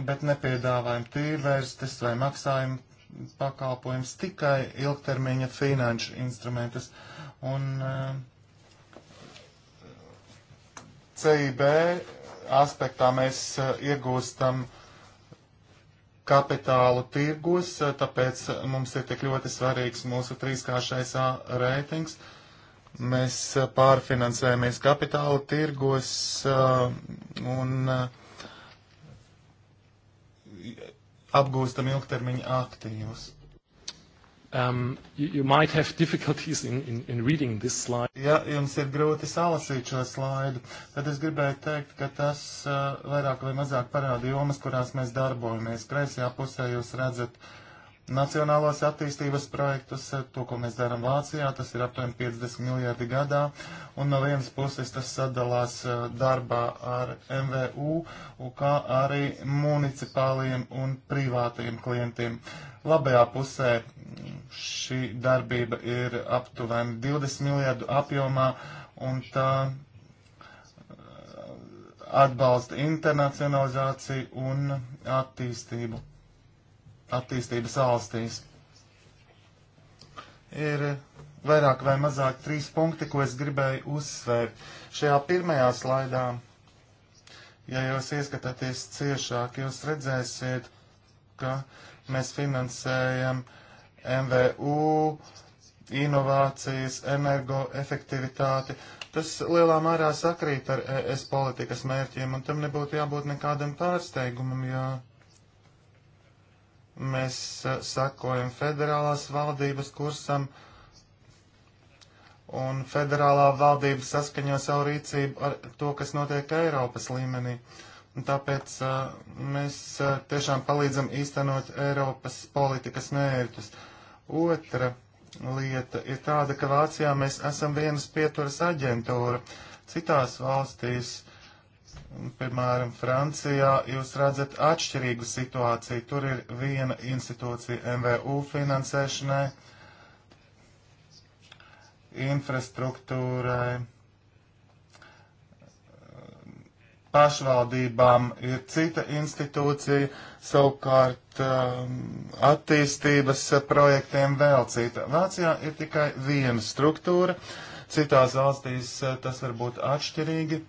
bet nepiedāvājam tīrvērstes vai maksājumu pakalpojums tikai ilgtermiņa finanšu instrumentus. Un eh, CIB aspektā mēs eh, iegūstam kapitālu tirgus, eh, tāpēc mums ir tik ļoti svarīgs mūsu trīskāršais A reitings. Mēs pārfinansējamies kapitāla tirgos un uh, apgūstam ilgtermiņa aktīvus. Um, you, you might have difficulties in, in, in reading this slide. Ja jums ir grūti salasīt šo slaidu, tad es gribēju teikt, ka tas uh, vairāk vai mazāk parāda jomas, kurās mēs darbojamies. Kreisajā pusē jūs redzat uh, nacionālos attīstības projektus, to, ko mēs darām Vācijā, tas ir aptuveni 50 miljardi gadā, un no vienas puses tas sadalās eh, darbā ar MVU, kā arī municipāliem un privātiem klientiem. Labajā pusē šī darbība ir aptuveni 20 miljardu apjomā, un tā eh, atbalsta internacionalizāciju un attīstību attīstības valstīs. Ir vairāk vai mazāk trīs punkti, ko es gribēju uzsvērt. Šajā pirmajā slaidā, ja jūs ieskatāties ciešāk, jūs redzēsiet, ka mēs finansējam MVU, inovācijas, energoefektivitāti. Tas lielā mērā sakrīt ar ES politikas mērķiem, un tam nebūtu jābūt nekādam pārsteigumam, jo. Ja Mēs eh, sakojam federālās valdības kursam, un federālā valdība saskaņo savu rīcību ar to, kas notiek Eiropas līmenī. Un tāpēc uh, mēs uh, tiešām palīdzam īstenot Eiropas politikas mērķus. Otra lieta ir tāda, ka Vācijā mēs esam vienas pieturas aģentūra. Citās valstīs Piemēram, Francijā jūs redzat atšķirīgu situāciju. Tur ir viena institūcija MVU finansēšanai, infrastruktūrai, pašvaldībām ir cita institūcija, savukārt um, attīstības projektiem vēl cita. Vācijā ir tikai viena struktūra, citās valstīs uh, tas var būt atšķirīgi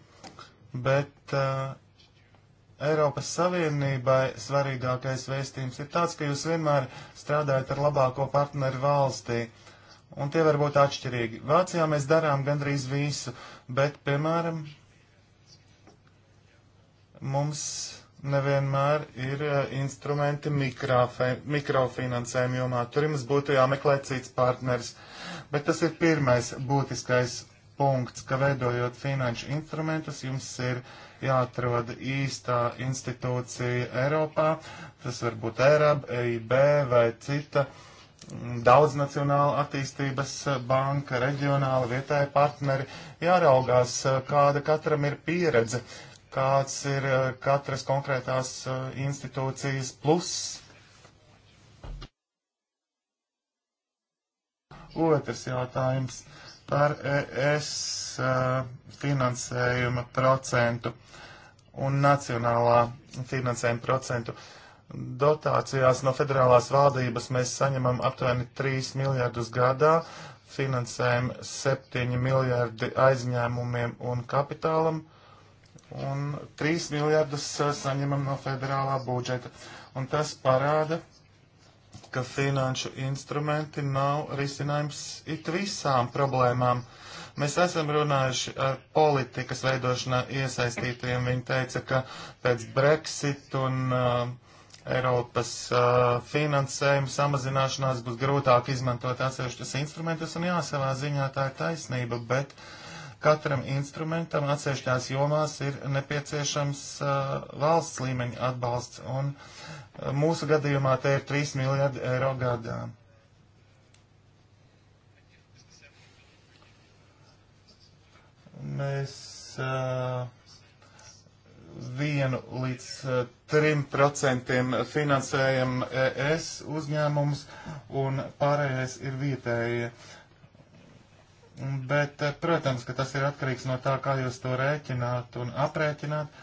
bet uh, Eiropas Savienībai svarīgākais vēstījums ir tāds, ka jūs vienmēr strādājat ar labāko partneri valstī. Un tie var būt atšķirīgi. Vācijā mēs darām gandrīz visu, bet, piemēram, mums nevienmēr ir eh, instrumenti mikrofinansējuma jomā. Tur jums būtu jāmeklē cits partners. Bet tas ir pirmais būtiskais punkts, ka veidojot finanšu instrumentus, jums ir jāatrod īstā institūcija Eiropā, tas var būt ERAB, EIB vai cita daudznacionāla attīstības banka, reģionāla vietēja partneri, jāraugās, kāda katram ir pieredze, kāds ir eh, katras konkrētās eh, institūcijas pluss. Otrs jautājums. Uh, par ES finansējuma procentu un nacionālā finansējuma procentu. Dotācijās no federālās valdības mēs saņemam aptuveni 3 miljardus gadā, finansējam 7 miljardi aizņēmumiem un kapitālam, un 3 miljardus saņemam no federālā budžeta. Un tas parāda, ka finanšu instrumenti nav risinājums it visām problēmām. Mēs esam runājuši ar politikas veidošanā iesaistītajiem. Viņi teica, ka pēc Brexit un uh, Eiropas uh, finansējuma samazināšanās būs grūtāk izmantot atsevišķus instrumentus, un jā, savā ziņā tā ir taisnība, bet uh, Katram instrumentam atsevišķās jomās ir nepieciešams uh, valsts līmeņa atbalsts, un uh, mūsu gadījumā te ir 3 miljardi eiro gadā. Mēs uh, vienu līdz trim procentiem finansējam ES uzņēmumus, un pārējais ir vietējie. Uh, Bet, eh, protams, ka tas ir atkarīgs no tā, kā jūs to rēķināt un aprēķināt.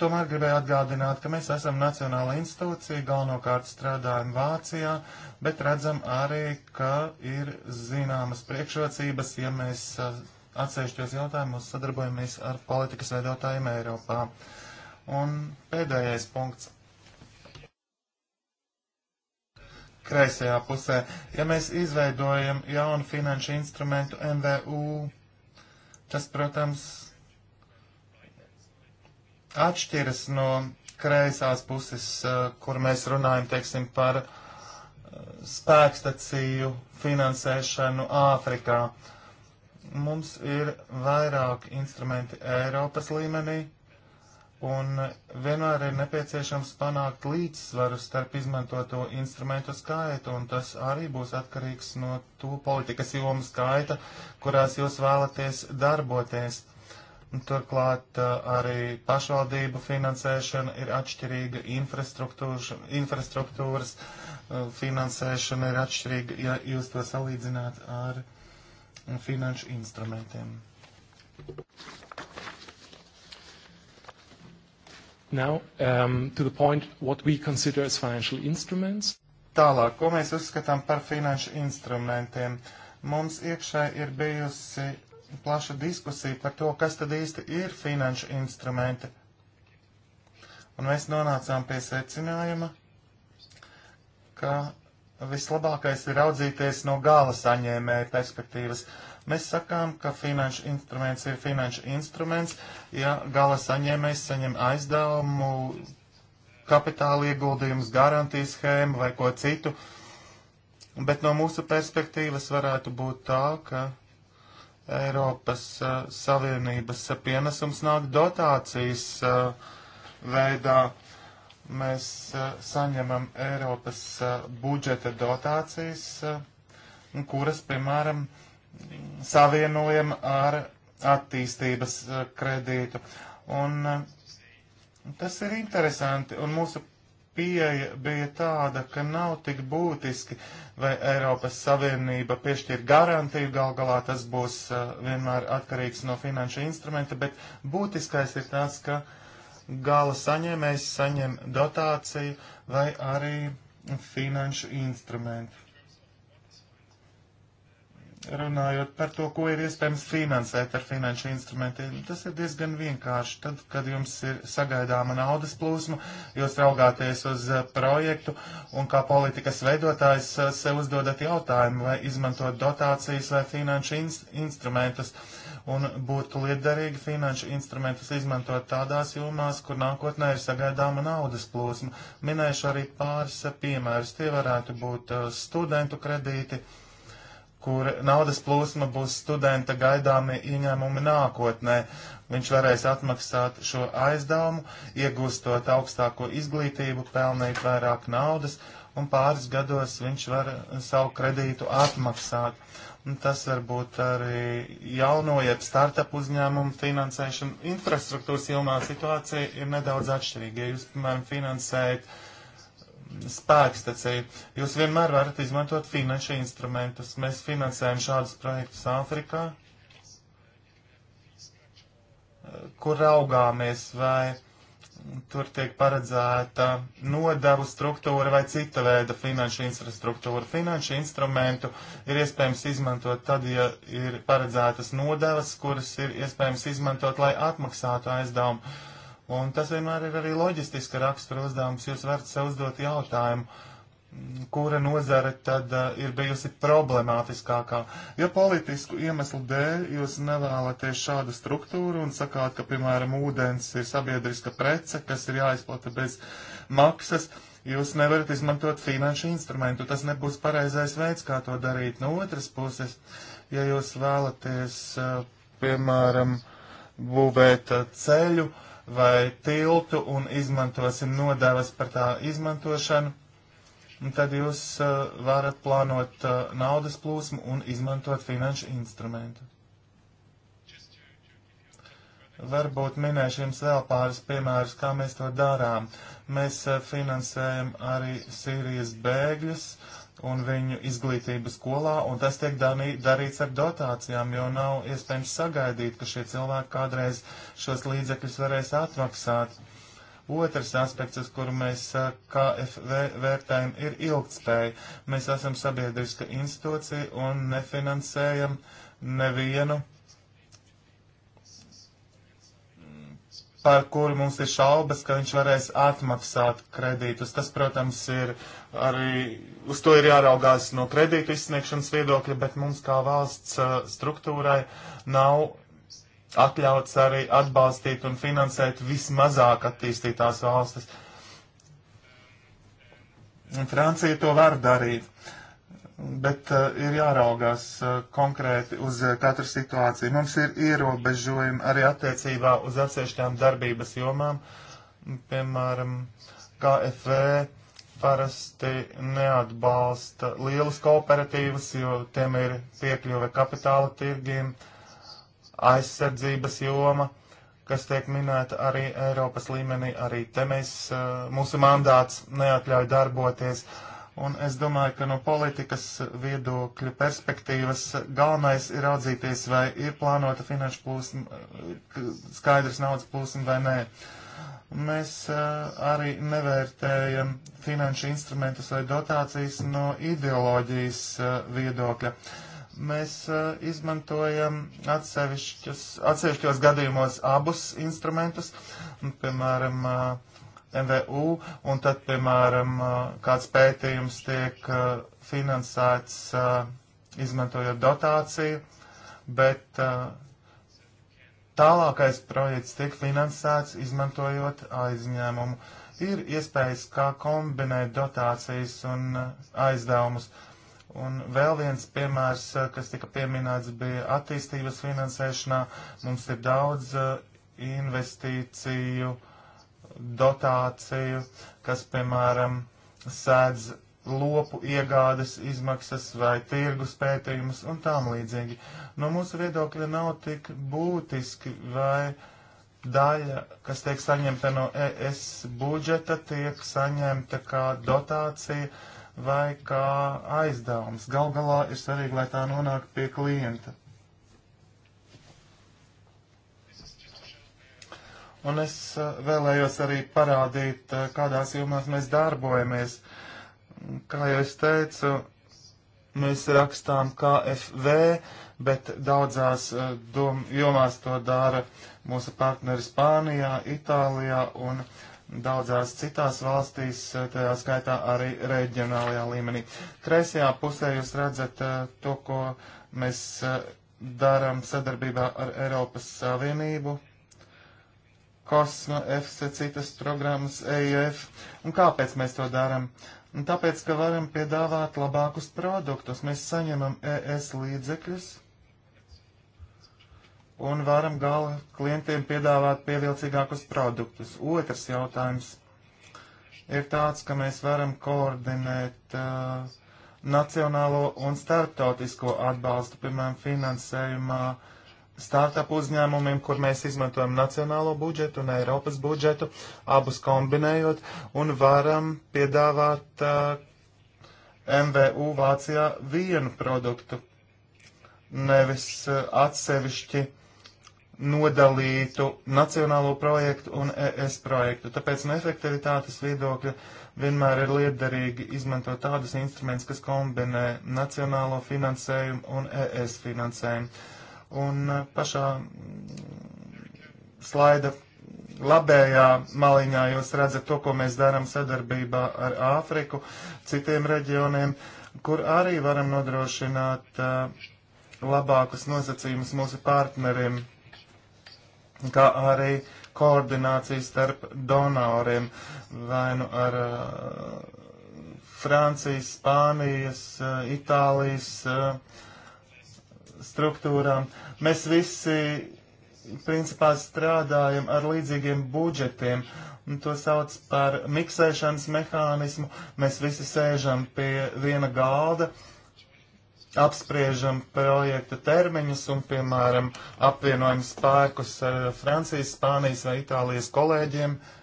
Tomēr gribēju atgādināt, ka mēs esam nacionāla institūcija, galvenokārt strādājam Vācijā, bet redzam arī, ka ir zināmas priekšrocības, ja mēs eh, atsevišķos jautājumus sadarbojamies ar politikas veidotājiem Eiropā. Un pēdējais punkts. kreisajā pusē. Ja mēs izveidojam jaunu finanšu instrumentu MVU, tas, protams, atšķiras no kreisās puses, eh, kur mēs runājam, teiksim, par eh, spēkstaciju finansēšanu Āfrikā. Mums ir vairāk instrumenti Eiropas līmenī un vienmēr ir nepieciešams panākt līdzsvaru starp izmantoto instrumentu skaitu, un tas arī būs atkarīgs no to politikas jomu skaita, kurās jūs vēlaties darboties. Turklāt uh, arī pašvaldību finansēšana ir atšķirīga, infrastruktūras uh, finansēšana ir atšķirīga, ja jūs to salīdzināt ar uh, finanšu instrumentiem. Thank you. Now, um, to the point, what we consider as financial instruments. Tālāk, ko mēs uzskatām par finanšu instrumentiem. Mums iekšē ir bijusi plaša diskusija par to, kas tad īsti ir finanšu instrumenti. Un mēs nonācām pie secinājuma, ka vislabākais ir raudzīties no gala saņēmēja perspektīvas. Uh, Mēs sakām, ka finanšu instruments ir finanšu instruments, ja gala saņēmējs saņem aizdevumu, kapitāla ieguldījums, garantijas schēmu vai ko citu. Bet no mūsu perspektīvas varētu būt tā, ka Eiropas uh, Savienības uh, pienesums nāk dotācijas uh, veidā mēs uh, saņemam Eiropas uh, budžeta dotācijas, uh, kuras, piemēram, uh, savienojam ar attīstības eh, kredītu. Un eh, tas ir interesanti, un mūsu pieeja bija tāda, ka nav tik būtiski, vai Eiropas Savienība piešķir garantiju, gal galā tas būs uh, vienmēr atkarīgs no finanšu instrumenta, bet būtiskais ir tas, ka gala saņēmējs saņem dotāciju vai arī finanšu instrumentu runājot par to, ko ir iespējams finansēt ar finanšu instrumentiem. Tas ir diezgan vienkārši. Tad, kad jums ir sagaidāma naudas plūsma, jūs raugāties uz eh, projektu un kā politikas veidotājs eh, sev uzdodat jautājumu, vai izmantot dotācijas vai finanšu ins instrumentus. Un būtu liederīgi finanšu instrumentus izmantot tādās jomās, kur nākotnē ir sagaidāma naudas plūsma. Minēšu arī pāris eh, piemērus. Tie varētu būt studentu kredīti kur naudas plūsma būs studenta gaidāmi ieņēmumi nākotnē. Viņš varēs atmaksāt šo aizdevumu, iegūstot augstāko izglītību, pelnīt vairāk naudas, un pāris gados viņš var savu kredītu atmaksāt. Un tas var būt arī jauno, jeb startup uzņēmumu finansēšana. Infrastruktūras jomā situācija ir nedaudz atšķirīga. Ja jūs, piemēram, finansējat uh, spēkstacija. Jūs vienmēr varat izmantot finanšu instrumentus. Mēs finansējam šādus projektus Āfrikā, kur raugāmies, vai tur tiek paredzēta nodevu struktūra vai cita veida finanšu infrastruktūra. Finanšu instrumentu ir iespējams izmantot tad, ja ir paredzētas nodevas, kuras ir iespējams izmantot, lai atmaksātu aizdevumu Un tas vienmēr ir arī loģistiska rakstura uzdevums. Jūs varat sev uzdot jautājumu, mm, kura nozara tad uh, ir bijusi problemātiskākā. Ja politisku iemeslu dēļ jūs nevēlaties šādu struktūru un sakāt, ka, piemēram, ūdens ir sabiedriska prece, kas ir jāizplata bez maksas, jūs nevarat izmantot finanšu instrumentu. Tas nebūs pareizais veids, kā to darīt. No otras puses, ja jūs vēlaties, uh, piemēram, būvēt uh, ceļu, uh, vai tiltu un izmantosim nodevas par tā izmantošanu, un tad jūs uh, varat plānot uh, naudas plūsmu un izmantot finanšu instrumentu. Varbūt minēšu jums vēl pāris piemērus, kā mēs to darām. Mēs uh, finansējam arī Sīrijas bēgļus, uh, un viņu izglītību skolā, un tas tiek danī, darīts ar dotācijām, jo nav iespējams sagaidīt, ka šie cilvēki kādreiz šos līdzekļus varēs atmaksāt. Otrs aspekts, uz kuru mēs KFV vērtējam, ir ilgtspēja. Mēs esam sabiedriska institūcija un nefinansējam nevienu, par kuru mums ir šaubas, ka viņš varēs atmaksāt kredītus. Tas, protams, ir arī uz to ir jāraugās no kredītu izsniegšanas viedokļa, bet mums kā valsts uh, struktūrai nav atļauts arī atbalstīt un finansēt vismazāk attīstītās valstis. Francija to var darīt, bet uh, ir jāraugās uh, konkrēti uz uh, katru situāciju. Mums ir ierobežojumi arī attiecībā uz atsevišķām darbības jomām, piemēram, KFV parasti neatbalsta lielas kooperatīvas, jo tiem ir piekļuve kapitāla tirgiem, aizsardzības joma, kas tiek minēta arī Eiropas līmenī. Arī te mēs, eh, mūsu mandāts neatļauj darboties. Un es domāju, ka no politikas viedokļu perspektīvas galvenais ir raudzīties, vai ir plānota finanšu plūsma, eh, skaidrs naudas plūsma vai nē. Uh, Mēs arī nevērtējam finanšu instrumentus vai dotācijas no ideoloģijas viedokļa. Mēs izmantojam atsevišķos gadījumos abus instrumentus, piemēram, MVU, un tad, piemēram, kāds pētījums tiek finansēts izmantojot dotāciju, bet Tālākais projekts tiek finansēts izmantojot aizņēmumu. Ir iespējas kā kombinēt dotācijas un uh, aizdevumus. Un vēl viens piemērs, uh, kas tika pieminēts, bija attīstības finansēšanā. Mums ir daudz uh, investīciju, dotāciju, kas, piemēram, sēdz lopu iegādes izmaksas vai tirgus pētījumus un tām līdzīgi. No mūsu viedokļa nav tik būtiski, vai daļa, kas tiek saņemta no ES budžeta, tiek saņemta kā dotācija vai kā aizdevums. Gal galā ir svarīgi, lai tā nonāk pie klienta. Un es eh, vēlējos arī parādīt, eh, kādās jomās mēs darbojamies. Uh, Kā jau es teicu, mēs rakstām KFV, bet daudzās eh, dom, jomās to dara mūsu partneri Spānijā, Itālijā un daudzās citās valstīs, eh, tajā skaitā arī reģionālajā līmenī. Kreisajā pusē jūs redzat eh, to, ko mēs darām sadarbībā ar Eiropas Savienību, Kosmo, EFSA, citas programmas, EIF. Un kāpēc mēs to darām? Uh, Nu, tāpēc, ka varam piedāvāt labākus produktus, mēs saņemam ES līdzekļus un varam gala klientiem piedāvāt pievilcīgākus produktus. Otrs jautājums ir tāds, ka mēs varam koordinēt uh, nacionālo un starptautisko atbalstu, piemēram, finansējumā uh, startup uzņēmumiem, kur mēs izmantojam nacionālo budžetu un Eiropas budžetu, abus kombinējot, un varam piedāvāt uh, MVU Vācijā vienu produktu, nevis uh, atsevišķi nodalītu nacionālo projektu un ES projektu. Tāpēc no efektivitātes viedokļa vienmēr ir liederīgi izmantot tādus instrumentus, kas kombinē nacionālo finansējumu un ES finansējumu. Uh, Un uh, pašā mm, slaida labējā maliņā jūs redzat to, ko mēs darām sadarbībā ar Āfriku, citiem reģioniem, kur arī varam nodrošināt uh, labākus nosacījumus mūsu partneriem, kā arī koordināciju starp donoriem, vai nu ar uh, Francijas, Spānijas, uh, Itālijas, uh, struktūrām. Mēs visi principā strādājam ar līdzīgiem budžetiem, un to sauc par miksēšanas mehānismu. Mēs visi sēžam pie viena galda, apspriežam projekta termiņus un, piemēram, apvienojam spēkus ar Francijas, Spānijas vai Itālijas kolēģiem. Uh,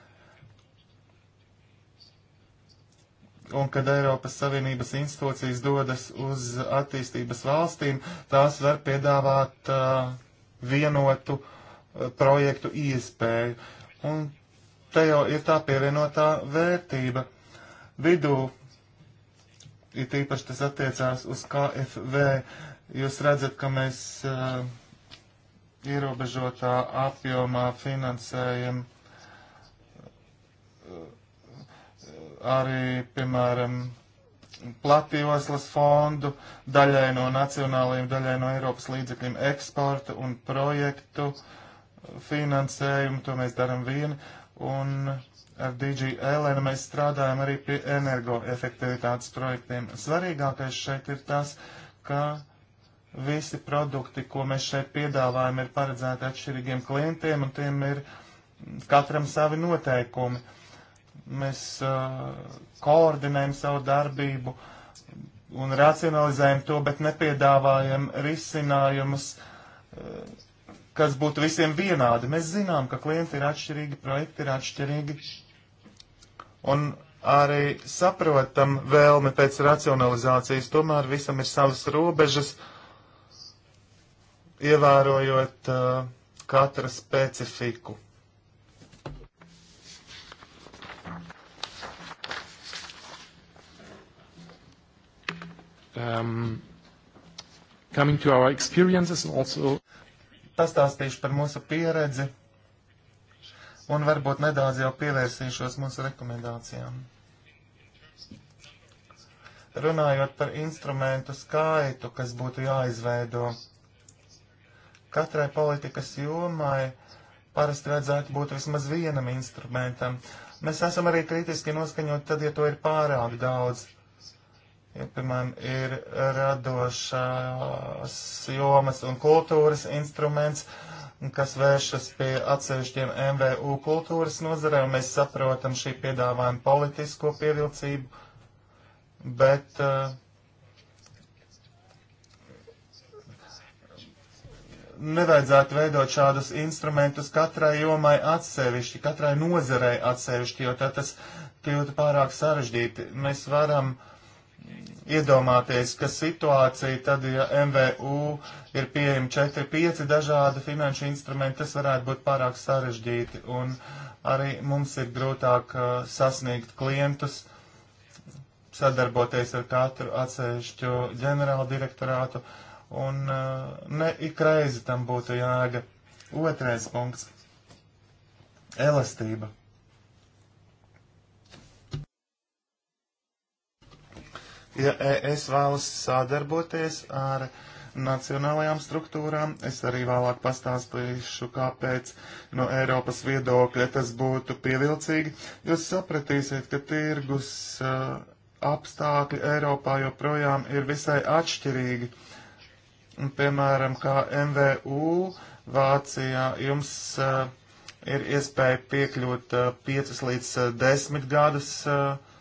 un kad Eiropas Savienības institūcijas dodas uz attīstības valstīm, tās var piedāvāt uh, vienotu uh, projektu iespēju. Un te jau ir tā pievienotā vērtība. Vidū, it īpaši tas attiecās uz KFV, jūs redzat, ka mēs uh, ierobežotā apjomā finansējam arī, piemēram, platījoslas fondu, daļai no nacionālajiem, daļai no Eiropas līdzekļiem eksporta un projektu finansējumu, to mēs darām vieni, un ar DG Elena mēs strādājam arī pie energoefektivitātes projektiem. Svarīgākais šeit ir tas, ka visi produkti, ko mēs šeit piedāvājam, ir paredzēti atšķirīgiem klientiem, un tiem ir katram savi noteikumi. Uh, mēs uh, koordinējam savu darbību un racionalizējam to, bet nepiedāvājam risinājumus, uh, kas būtu visiem vienādi. Mēs zinām, ka klienti ir atšķirīgi, projekti ir atšķirīgi. Un arī saprotam vēlmi pēc racionalizācijas, tomēr visam ir savas robežas, ievērojot uh, katra specifiku. um, coming to our experiences and also. Pastāstīšu par mūsu pieredzi un varbūt nedaudz jau pievērsīšos mūsu rekomendācijām. Runājot par instrumentu skaitu, kas būtu jāizveido, katrai politikas jomai parasti vajadzētu būt vismaz vienam instrumentam. Mēs esam arī kritiski noskaņot tad, ja to ir pārāk daudz ja, nu, piemēram, ir radošās jomas un kultūras instruments, kas vēršas pie atsevišķiem MVU kultūras nozarē, un mēs saprotam šī piedāvājuma politisko pievilcību, bet uh, nevajadzētu veidot šādus instrumentus katrai jomai atsevišķi, katrai nozarei atsevišķi, jo tad tas kļūtu pārāk sarežģīti. Mēs varam uh, iedomāties, ka situācija tad, ja MVU ir pieejami 4-5 dažādi finanšu instrumenti, tas varētu būt pārāk sarežģīti. Un arī mums ir grūtāk uh, sasniegt klientus, sadarboties ar katru atsevišķu ģenerālu direktorātu. Un uh, ne ik reizi tam būtu jāga. Otrais punkts - elastība ja es vēlas sadarboties ar nacionālajām struktūrām. Es arī vēlāk pastāstīšu, kāpēc no Eiropas viedokļa tas būtu pievilcīgi. Jūs sapratīsiet, ka tirgus uh, apstākļi Eiropā joprojām ir visai atšķirīgi. Piemēram, kā MVU Vācijā jums uh, ir iespēja piekļūt uh, 5 līdz 10 uh, gadus uh,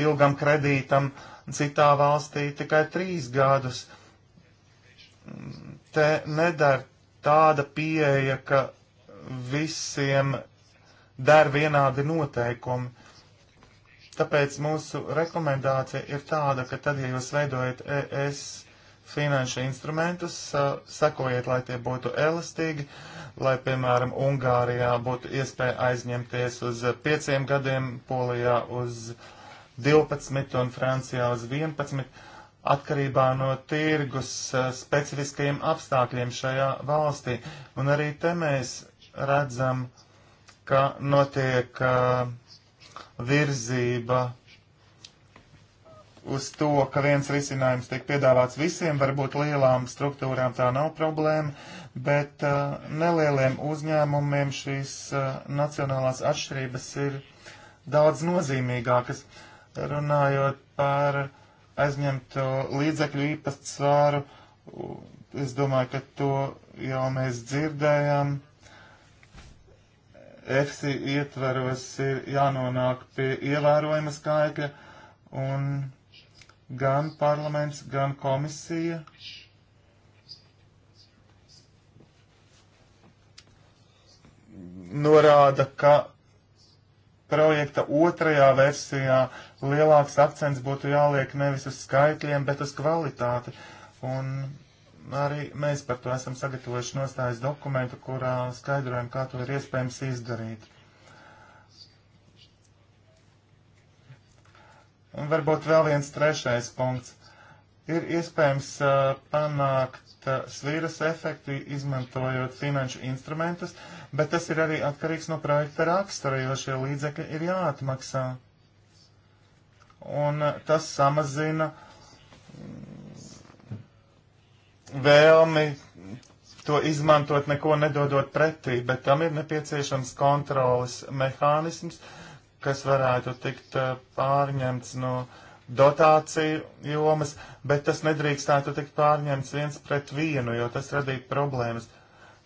ilgam kredītam, citā valstī tikai trīs gadus. Te nedara tāda pieeja, ka visiem der vienādi noteikumi. Tāpēc mūsu rekomendācija ir tāda, ka tad, ja jūs veidojat ES finanšu instrumentus, sekojiet, lai tie būtu elastīgi, lai, piemēram, Ungārijā būtu iespēja aizņemties uz pieciem gadiem, Polijā uz uh, 12 un Francijā uz 11 atkarībā no tirgus eh, specifiskajiem apstākļiem šajā valstī. Un arī te mēs redzam, ka notiek uh, virzība uz to, ka viens risinājums tiek piedāvāts visiem, varbūt lielām struktūrām tā nav problēma, bet uh, nelieliem uzņēmumiem šīs uh, nacionālās atšķirības ir daudz nozīmīgākas. Uh, runājot par aizņemto līdzekļu īpatsvaru, es domāju, ka to jau mēs dzirdējām. EFSI ietveros ir jānonāk pie ievērojama skaitļa, un gan parlaments, gan komisija norāda, ka projekta otrajā versijā lielāks akcents būtu jāliek nevis uz skaitļiem, bet uz kvalitāti. Un arī mēs par to esam sagatavojuši nostājas dokumentu, kurā skaidrojam, kā to ir iespējams izdarīt. Un varbūt vēl viens trešais punkts. Ir iespējams uh, panākt uh, svīras efektu, izmantojot finanšu instrumentus, bet tas ir arī atkarīgs no projekta rakstura, jo šie līdzekļi ir jāatmaksā. Uh, un eh, tas samazina mm, vēlmi to izmantot, neko nedodot pretī, bet tam ir nepieciešams kontrolas mehānisms, kas varētu tikt eh, pārņemts no dotāciju jomas, bet tas nedrīkstētu tikt pārņemts viens pret vienu, jo tas radītu problēmas.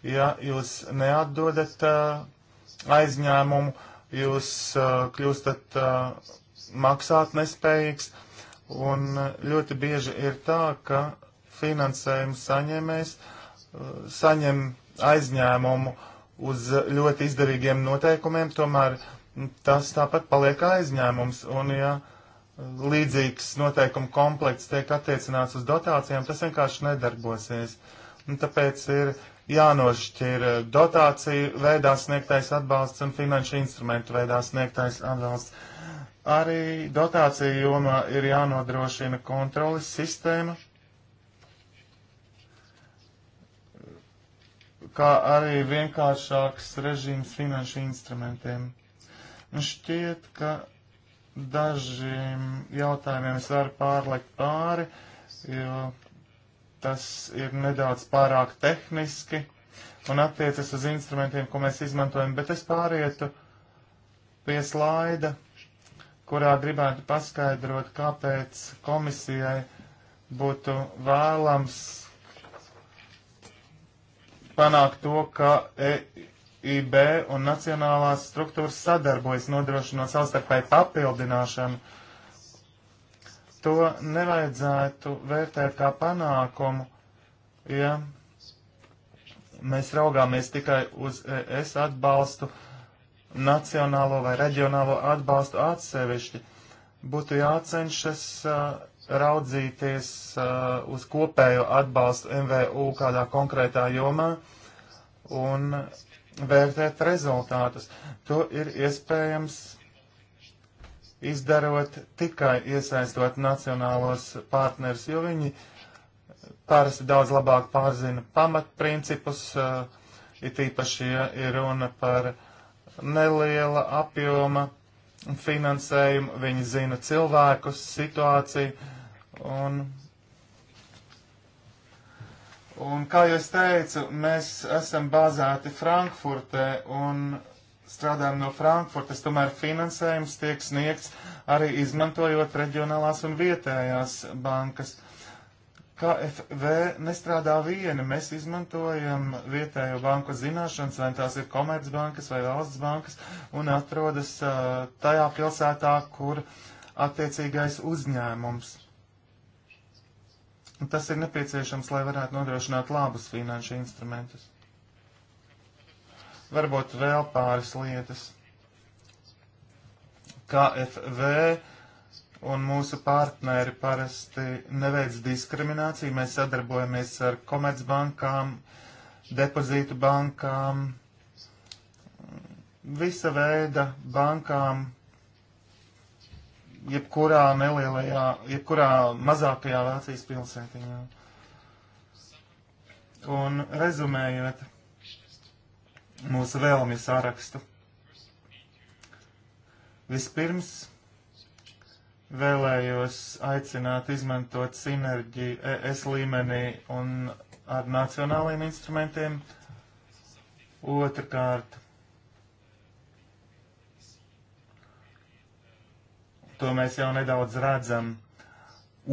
Ja jūs neatdodat eh, aizņēmumu, jūs kļūstat maksāt nespējīgs, un eh, ļoti bieži ir tā, ka finansējuma saņēmējs eh, saņem aizņēmumu uz ļoti izdevīgiem noteikumiem, tomēr tas tāpat paliek aizņēmums, un ja eh, līdzīgs noteikumu komplekts tiek attiecināts uz dotācijām, tas vienkārši nedarbosies. Un tāpēc ir jānošķir dotāciju veidā sniegtais atbalsts un finanšu instrumentu veidā sniegtais atbalsts. Arī dotācija jomā ir jānodrošina kontrolas sistēma, kā arī vienkāršāks režīms finanšu instrumentiem. Un nu, šķiet, ka dažiem jautājumiem es varu pārlekt pāri, jo tas ir nedaudz pārāk tehniski un attiecas uz instrumentiem, ko mēs izmantojam, bet es pārietu pie slaida kurā gribētu paskaidrot, kāpēc komisijai būtu vēlams panākt to, ka EIB un nacionālās struktūras sadarbojas, nodrošinot savstarpēju papildināšanu. To nevajadzētu vērtēt kā panākumu, ja mēs raugāmies tikai uz ES atbalstu nacionālo vai reģionālo atbalstu atsevišķi. Būtu jācenšas uh, raudzīties uh, uz kopējo atbalstu MVU kādā konkrētā jomā un vērtēt rezultātus. To ir iespējams izdarot tikai iesaistot nacionālos partners, jo viņi parasti daudz labāk pārzina pamatprincipus, uh, it īpaši, ja ir runa par uh, neliela apjoma finansējumu, viņi zina cilvēkus, situāciju. Un, un kā jau es teicu, mēs esam bāzēti Frankfurtē un strādājam no Frankfurtes, tomēr finansējums tiek sniegts arī izmantojot reģionālās un vietējās bankas. Uh, KFV nestrādā viena. Mēs izmantojam vietējo banku zināšanas, vai tās ir komercbankas vai valsts bankas, un atrodas uh, tajā pilsētā, kur attiecīgais uzņēmums. Un tas ir nepieciešams, lai varētu nodrošināt labus finanšu instrumentus. Varbūt vēl pāris lietas. KFV uh, un mūsu partneri parasti neveic diskrimināciju. Mēs sadarbojamies ar komercbankām, depozītu bankām, visa veida bankām, jebkurā nelielajā, jebkurā mazākajā Vācijas pilsētiņā. Un rezumējot mūsu vēlmi sārakstu. Vispirms vēlējos aicināt izmantot sinerģiju ES līmenī un ar nacionāliem instrumentiem. Otrakārt, to mēs jau nedaudz redzam,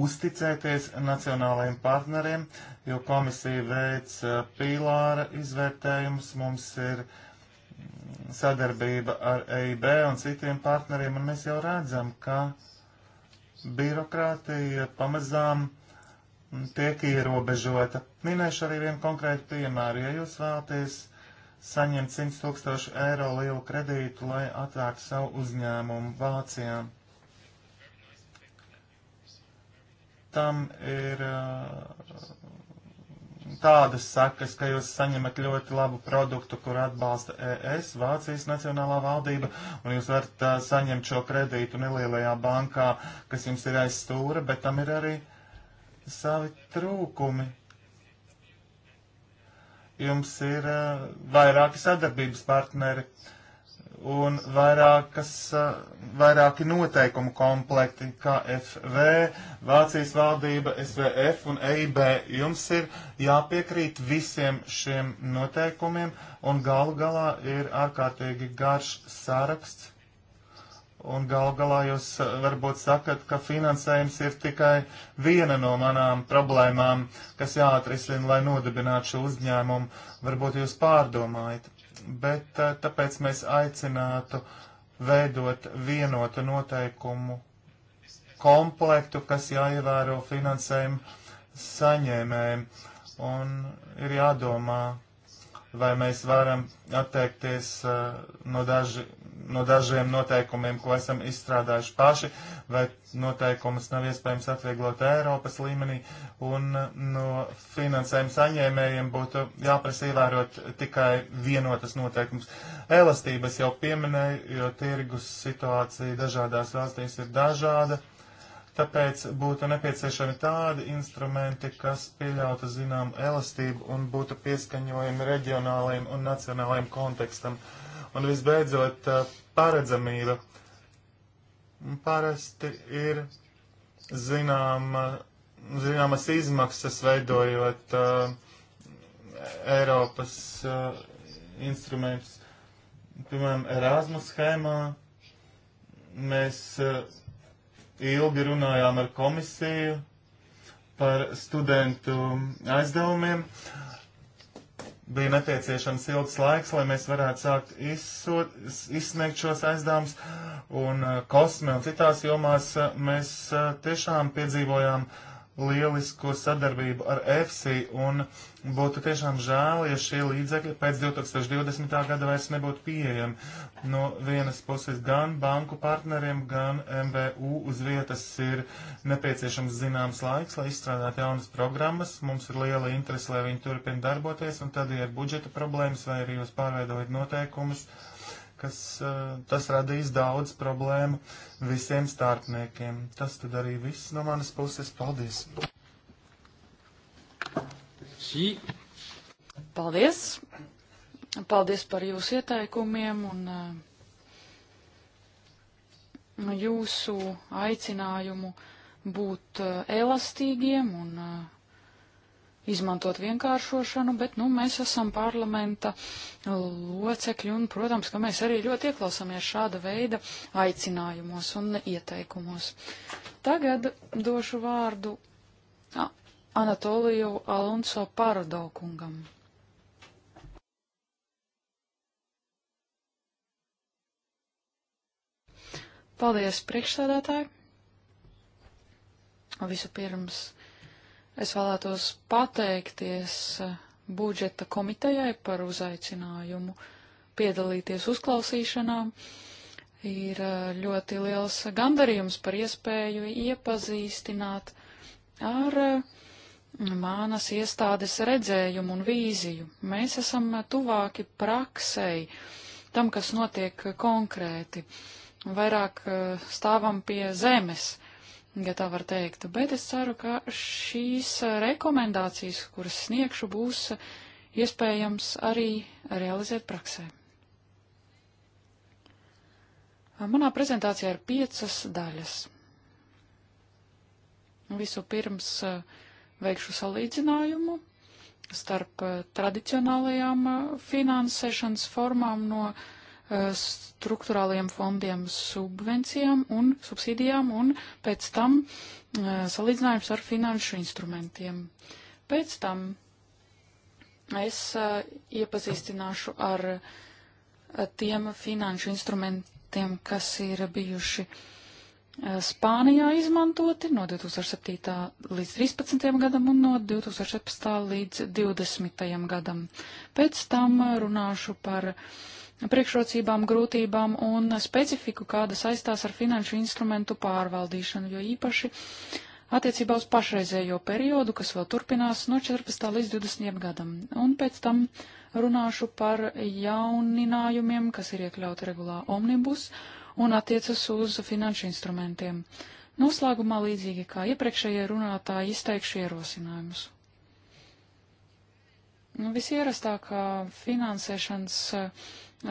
uzticēties nacionālajiem partneriem, jo komisija veic pīlāra izvērtējumus, mums ir mm, sadarbība ar EIB un citiem partneriem, un mēs jau redzam, ka birokrātija pamazām tiek ierobežota. Minēšu arī vienu konkrētu piemēru. Ja jūs vēlaties saņemt 100 tūkstošu eiro lielu kredītu, lai atvērtu savu uzņēmumu Vācijā. Tam ir uh, tādas sekas, ka jūs saņemat ļoti labu produktu, kur atbalsta ES, Vācijas Nacionālā valdība, un jūs varat uh, saņemt šo kredītu nelielajā bankā, kas jums ir aiz stūra, bet tam ir arī savi trūkumi. Jums ir uh, vairāki sadarbības partneri. Uh, un vairākas, eh, vairāki noteikumu komplekti, kā FV, Vācijas valdība, SVF un EIB. Jums ir jāpiekrīt visiem šiem noteikumiem, un galu galā ir ārkārtīgi garš saraksts, un galu galā jūs eh, varbūt sakat, ka finansējums ir tikai viena no manām problēmām, kas jāatrisina, lai nodibinātu šo uzņēmumu. Varbūt jūs pārdomājat bet eh, tāpēc mēs aicinātu veidot vienotu noteikumu komplektu, kas jāievēro finansējumu saņēmējiem. Un ir jādomā, vai mēs varam atteikties eh, no daži no dažiem noteikumiem, ko esam izstrādājuši paši, vai noteikumus nav iespējams atvieglot Eiropas līmenī, un uh, no finansējuma saņēmējiem būtu jāprasa ievērot tikai vienotas noteikumus. Elastības jau pieminēju, jo tirgus situācija dažādās valstīs ir dažāda. Tāpēc būtu nepieciešami tādi instrumenti, kas pieļautu zinām elastību un būtu pieskaņojami reģionālajiem un nacionālajiem kontekstam. Uh, Un visbeidzot, eh, paredzamība parasti ir zināma, zināmas izmaksas veidojot uh, Eiropas uh, eh, instrumentus. Piemēram, Erasmus schēmā mēs uh, ilgi runājām ar komisiju par studentu aizdevumiem. Uh, bija nepieciešams ilgs laiks, lai mēs varētu sākt izsot, izsniegt šos aizdevumus, un uh, kosme un citās jomās uh, mēs uh, tiešām piedzīvojām uh, lielisko sadarbību ar EFSI un būtu tiešām žēl, ja šie līdzekļi pēc 2020. gada vairs nebūtu pieejami. No vienas puses gan banku partneriem, gan MVU uz vietas ir nepieciešams zināms laiks, lai izstrādātu jaunas programmas. Mums ir liela interese, lai viņi turpina darboties, un tad, ja ir budžeta problēmas vai arī jūs pārveidojat noteikumus, uh, kas tas radīs daudz problēmu visiem starpniekiem. Tas tad arī viss no manas puses. Paldies! Šī. Paldies! Paldies par jūsu ieteikumiem un jūsu aicinājumu būt elastīgiem un izmantot vienkāršošanu, bet, nu, mēs esam parlamenta locekļi un, protams, ka mēs arī ļoti ieklausāmies šāda veida aicinājumos un ieteikumos. Tagad došu vārdu a, Anatoliju Alonso Paradokungam. Paldies, priekšsēdētāji! Visu pirms Es vēlētos pateikties eh, budžeta komitejai par uzaicinājumu piedalīties uzklausīšanām. Ir eh, ļoti liels gandarījums par iespēju iepazīstināt ar eh, mānas iestādes redzējumu un vīziju. Mēs esam tuvāki praksei, tam, kas notiek konkrēti. Vairāk stāvam pie zemes ja tā var teikt. Bet es ceru, ka šīs rekomendācijas, kuras sniegšu, būs iespējams arī realizēt praksē. Manā prezentācijā ir piecas daļas. Vispirms eh, veikšu salīdzinājumu starp eh, tradicionālajām eh, finansēšanas formām no uh, Eh, struktūrāliem fondiem subvencijām un subsīdijām un pēc tam eh, salīdzinājums ar finanšu instrumentiem. Pēc tam es eh, iepazīstināšu ar tiem finanšu instrumentiem, kas ir bijuši Spānijā izmantoti no 2007. līdz 2013. gadam un no 2014. līdz 2020. gadam. Pēc tam runāšu par uh, priekšrocībām, grūtībām un specifiku, kāda saistās ar finanšu instrumentu pārvaldīšanu, jo īpaši attiecībā uz pašreizējo periodu, kas vēl turpinās no 14. līdz 20. gadam. Un pēc tam runāšu par jauninājumiem, kas ir iekļauti regulā omnibus un attiecas uz finanšu instrumentiem. Noslēgumā līdzīgi kā iepriekšējie runātāji izteikšu ierosinājumus. Nu, visierastākā finansēšanas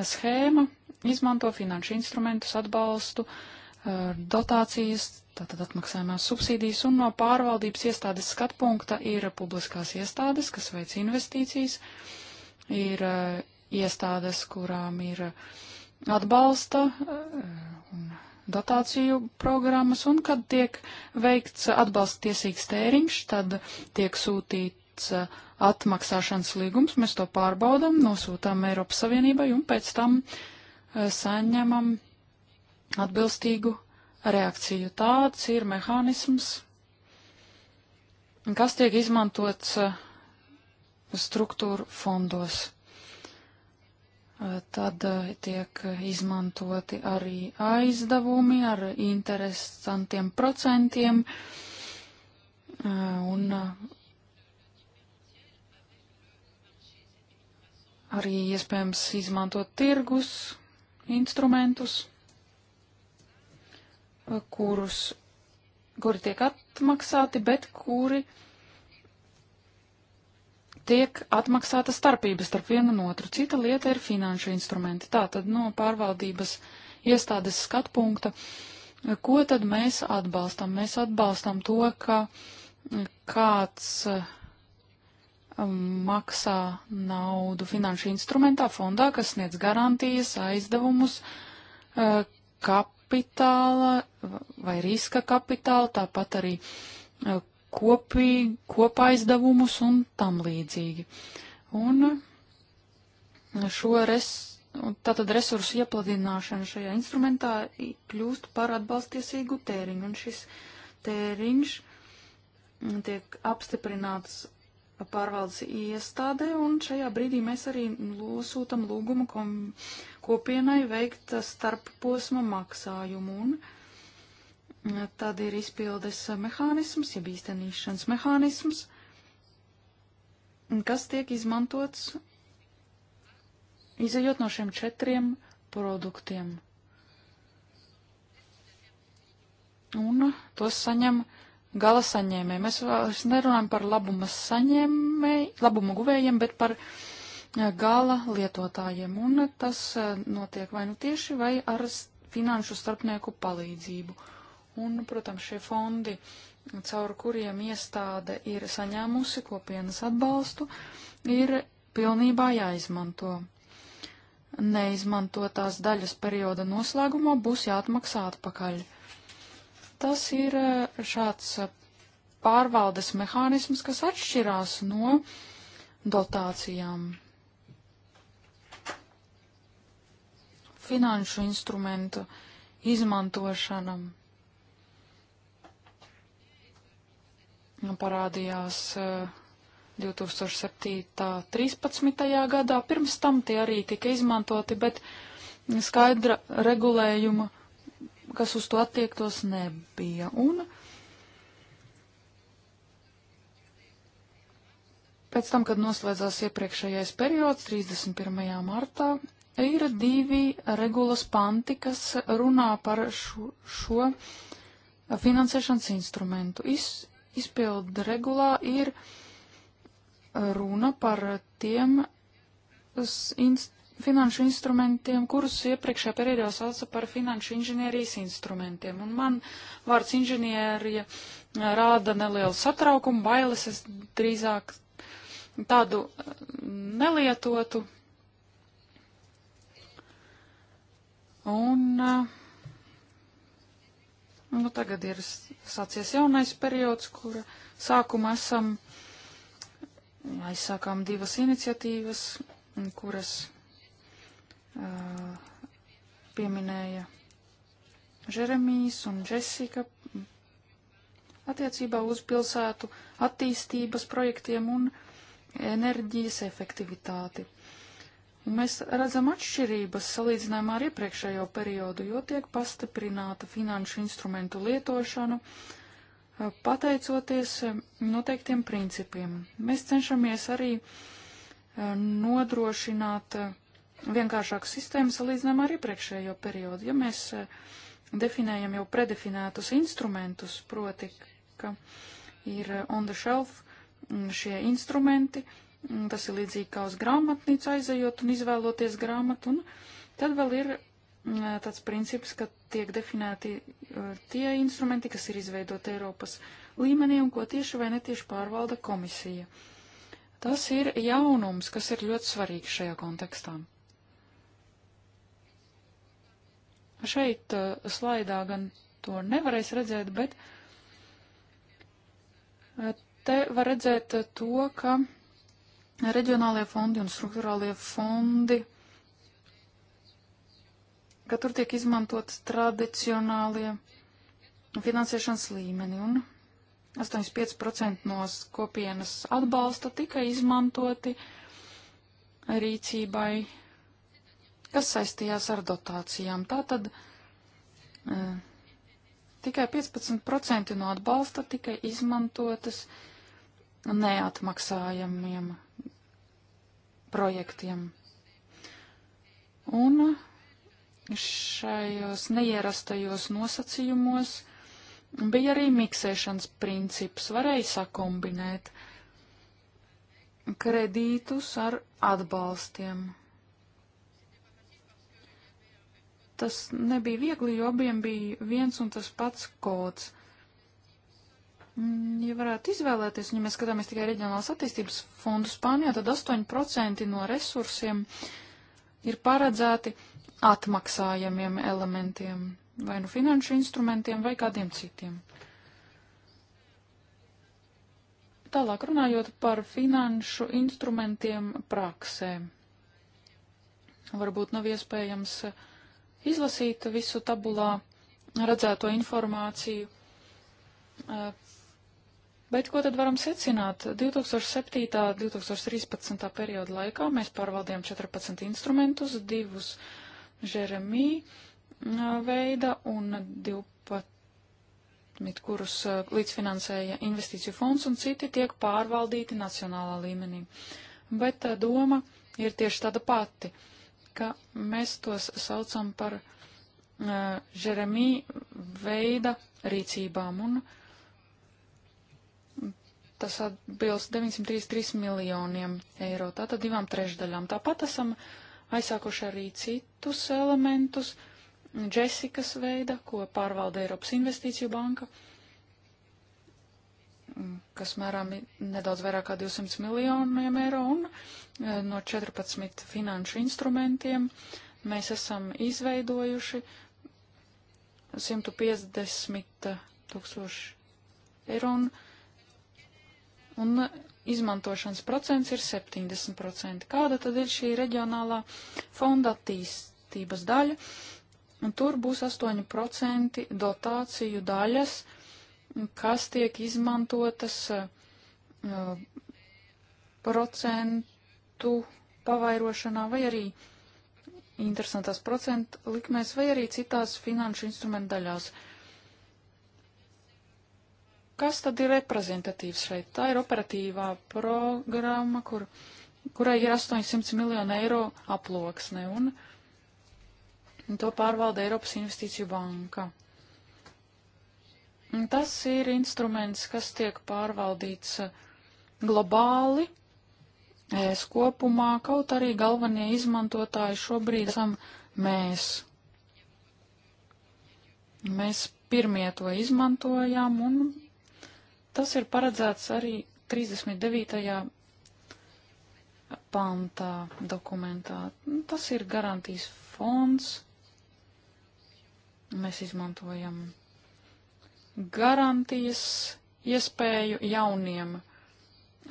schēma izmanto finanšu instrumentus atbalstu, eh, dotācijas, tātad atmaksājumās subsīdijas, un no pārvaldības iestādes skatpunkta ir publiskās iestādes, kas veic investīcijas, ir eh, iestādes, kurām ir atbalsta eh, un dotāciju programmas, un kad tiek veikts atbalsta tiesīgs tēriņš, tad tiek sūtīt šāds eh, atmaksāšanas līgums. Mēs to pārbaudam, nosūtām Eiropas Savienībai un pēc tam eh, saņemam atbilstīgu reakciju. Tāds ir mehānisms, kas tiek izmantots eh, struktūru fondos. Tad tiek izmantoti arī aizdevumi ar interesantiem procentiem un arī iespējams izmantot tirgus instrumentus, eh, kurus, kuri tiek atmaksāti, bet kuri tiek atmaksāta starpības starp vienu un otru. Cita lieta ir finanšu instrumenti. Tā tad no pārvaldības iestādes skatu punkta, eh, ko tad mēs atbalstam? Mēs atbalstam to, ka eh, kāds maksā naudu finanšu instrumentā, fondā, kas sniedz garantijas, aizdevumus, e, kapitāla vai riska kapitāla, tāpat arī e, kopī, kopaizdevumus un tam līdzīgi. Un šo res, tātad resursu iepladināšana šajā instrumentā kļūst par atbalstiesīgu tēriņu, un šis tēriņš tiek apstiprināts pārvaldes iestādē, un šajā brīdī mēs arī sūtam lūgumu kom, kopienai veikt starpposma maksājumu. Un e, tad ir izpildes mehānisms, jeb īstenīšanas mehānisms, kas tiek izmantots, izējot no šiem četriem produktiem. Un tos saņem uh, gala saņēmēji. Mēs vairs nerunājam par labuma saņēmēji, labuma guvējiem, bet par eh, gala lietotājiem. Un tas eh, notiek vai nu tieši vai ar finanšu starpnieku palīdzību. Un, protams, šie fondi, caur kuriem iestāde ir saņēmusi kopienas atbalstu, ir pilnībā jāizmanto. Neizmantotās daļas perioda noslēgumā būs jāatmaksā atpakaļ. Uh, Tas ir eh, šāds eh, pārvaldes mehānisms, kas atšķirās no dotācijām. Finanšu instrumentu izmantošana parādījās 2007.13. Eh, gadā. Pirms tam tie arī tika izmantoti, bet skaidra regulējuma kas uz to attiektos, nebija. Un pēc tam, kad noslēdzās iepriekšējais periods, 31. martā, ir divi regulas panti, kas runā par šo, šo finansēšanas instrumentu. Iz, izpildu regulā ir runa par tiem instrumentiem, finanšu instrumentiem, kurus iepriekšējā periodā sauca par finanšu inženierijas instrumentiem. Un man vārds inženierija eh, rāda nelielu satraukumu, bailes es drīzāk tādu eh, nelietotu. Un eh, nu, tagad ir sācies jaunais periods, kura sākuma esam aizsākām divas iniciatīvas, kuras Uh, pieminēja Žeremijs un Džesika attiecībā uz pilsētu attīstības projektiem un enerģijas efektivitāti. Un mēs redzam atšķirības salīdzinājumā ar iepriekšējo periodu, jo tiek pastiprināta finanšu instrumentu lietošanu, uh, pateicoties uh, noteiktiem principiem. Mēs cenšamies arī nodrošināt vienkāršāka sistēma salīdzinām ar iepriekšējo periodu. Ja mēs eh, definējam jau predefinētus instrumentus, proti, ka ir eh, on the shelf mm, šie instrumenti, mm, tas ir līdzīgi kā uz grāmatnīcu aizejot un izvēloties grāmatu, un tad vēl ir mm, eh, tāds princips, ka tiek definēti tie instrumenti, kas ir izveidoti Eiropas līmenī un ko tieši vai netieši pārvalda komisija. Tas ir jaunums, kas ir ļoti svarīgs šajā kontekstā. Šeit uh, slaidā gan to nevarēs redzēt, bet uh, te var redzēt uh, to, ka reģionālie fondi un struktūrālie fondi, ka tur tiek izmantot tradicionālie finansēšanas līmeni un 85% no kopienas atbalsta tika izmantoti rīcībai kas saistījās ar dotācijām. Tātad e, tikai 15% no atbalsta tika izmantotas neatmaksājamiem projektiem. Un šajos neierastajos nosacījumos bija arī miksēšanas princips, varēja sakombinēt kredītus ar atbalstiem. tas nebija viegli, jo abiem bija viens un tas pats kods. Mm, ja varētu izvēlēties, un ja mēs skatāmies tikai reģionālās attīstības fondu Spānijā, tad 8% no resursiem ir paredzēti atmaksājamiem elementiem, vai nu finanšu instrumentiem, vai kādiem citiem. Tālāk runājot par finanšu instrumentiem praksē. Varbūt nav iespējams uh, izlasīt visu tabulā redzēto informāciju. Eh, bet ko tad varam secināt? 2007. 2013. perioda laikā mēs pārvaldījām 14 instrumentus, divus Jeremī eh, veida un 12, kurus eh, līdzfinansēja investīciju fonds un citi tiek pārvaldīti nacionālā līmenī. Bet doma ir tieši tāda pati. Uh, ka mēs tos saucam par uh, Žeremī veida rīcībām, un tas atbilst 933 miljoniem eiro, tātad divām trešdaļām. Tāpat esam aizsākuši arī citus elementus, Džesikas veida, ko pārvalda Eiropas Investīciju banka. Uh, kas mērām nedaudz vairāk kā 200 miljoniem eiro un e, no 14 finanšu instrumentiem mēs esam izveidojuši 150 tūkstoši eiro un, un izmantošanas procents ir 70%. Kāda tad ir šī reģionālā fonda attīstības daļa? Un tur būs 8% dotāciju daļas uh, kas tiek izmantotas eh, procentu pavairošanā vai arī interesantās procentu likmēs vai arī citās finanšu instrumentu daļās. Kas tad ir reprezentatīvs šeit? Tā ir operatīvā programma, kur, kurai ir 800 miljonu eiro aploksne un to pārvalda Eiropas investīciju banka. Tas ir instruments, kas tiek pārvaldīts eh, globāli, es kopumā, kaut arī galvenie izmantotāji šobrīd esam mēs. Mēs pirmie to izmantojām, un tas ir paredzēts arī 39. pantā dokumentā. Tas ir garantijas fonds. Mēs izmantojam garantijas iespēju jauniem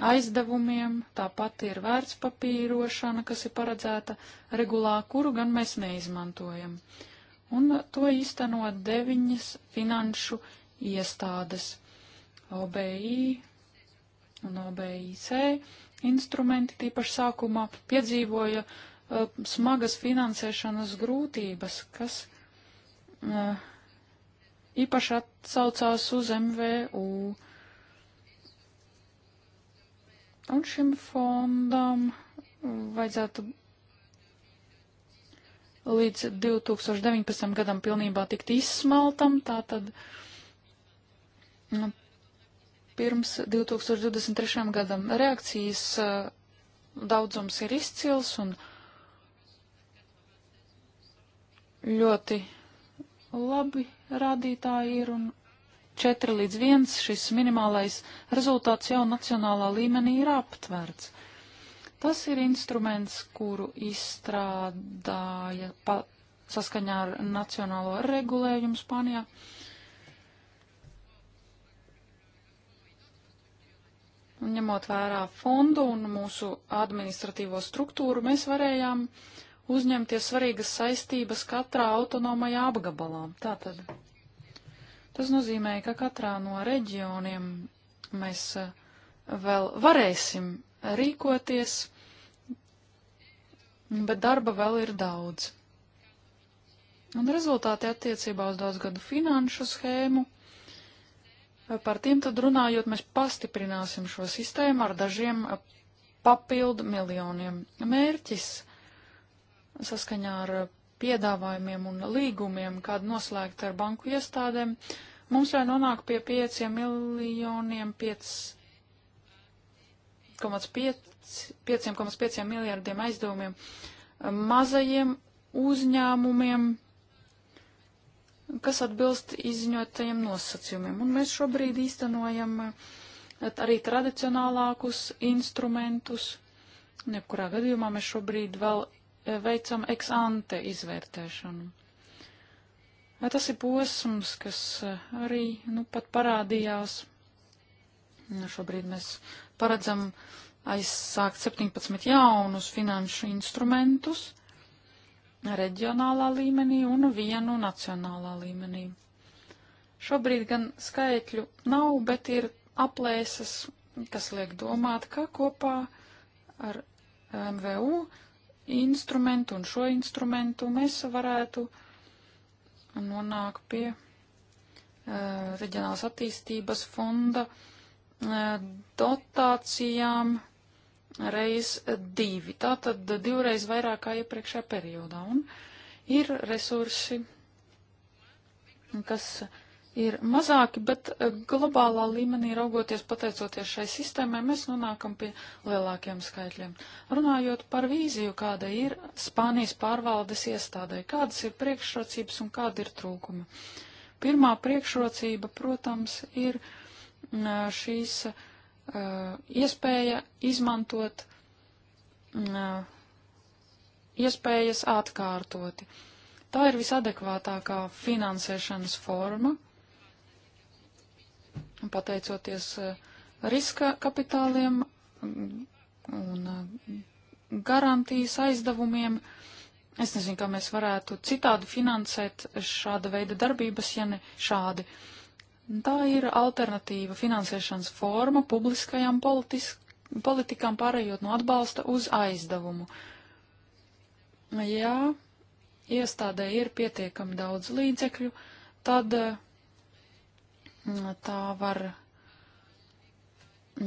aizdevumiem, tāpat ir vērtspapīrošana, kas ir paredzēta regulā, kuru gan mēs neizmantojam. Un to īsteno deviņas finanšu iestādes - OBI un OBIC. Instrumenti tīpaši sākumā piedzīvoja uh, smagas finansēšanas grūtības, kas uh, īpaši atsaucās uz MVU. Un šim fondam vajadzētu līdz 2019. gadam pilnībā tikt izsmeltam, tātad nu, pirms 2023. gadam reakcijas uh, daudzums ir izcils un ļoti labi rādītāji ir un 4 līdz 1 šis minimālais rezultāts jau nacionālā līmenī ir aptverts. Tas ir instruments, kuru izstrādāja pa, saskaņā ar nacionālo regulējumu Spānijā. Ņemot vērā fondu un mūsu administratīvo struktūru, mēs varējām uh, uzņemties svarīgas saistības katrā autonomajā apgabalā. Tātad tas nozīmē, ka katrā no reģioniem mēs eh, vēl varēsim rīkoties, bet darba vēl ir daudz. Un rezultāti attiecībā uz daudzgadu finanšu schēmu. Par tiem tad runājot, mēs pastiprināsim šo sistēmu ar dažiem papildu miljoniem. Mērķis saskaņā ar piedāvājumiem un līgumiem, kādu noslēgt ar banku iestādēm, mums vēl nonāk pie 5 miljoniem 5,5 miljardiem aizdevumiem mazajiem uzņēmumiem, kas atbilst izziņotajiem nosacījumiem. Un mēs šobrīd īstenojam eh, arī tradicionālākus instrumentus. Nekurā gadījumā mēs šobrīd vēl Eh, veicam ex ante izvērtēšanu. Tas ir posms, kas eh, arī nu, pat parādījās. Nu, šobrīd mēs paredzam aizsākt 17 jaunus finanšu instrumentus reģionālā līmenī un vienu nacionālā līmenī. Šobrīd gan skaitļu nav, bet ir aplēses, kas liek domāt, ka kopā ar eh, MVU instrumentu un šo instrumentu mēs varētu nonākt pie uh, reģionālas attīstības fonda uh, dotācijām reiz divi. Tātad divreiz vairāk kā iepriekšējā periodā. Un ir resursi, kas uh, ir mazāki, bet eh, globālā līmenī raugoties pateicoties šai sistēmai, mēs nonākam pie lielākiem skaitļiem. Runājot par vīziju, kāda ir Spānijas pārvaldes iestādē, kādas ir priekšrocības un kāda ir trūkumi. Pirmā priekšrocība, protams, ir mm, šīs uh, iespēja izmantot uh, iespējas atkārtoti. Tā ir visadekvātākā finansēšanas forma, pateicoties eh, riska kapitāliem un eh, garantijas aizdevumiem. Es nezinu, kā mēs varētu citādi finansēt šāda veida darbības, ja ne šādi. Tā ir alternatīva finansēšanas forma publiskajām politikām, pārējot no atbalsta uz aizdevumu. Jā, iestādē ir pietiekami daudz līdzekļu, tad uh, tā var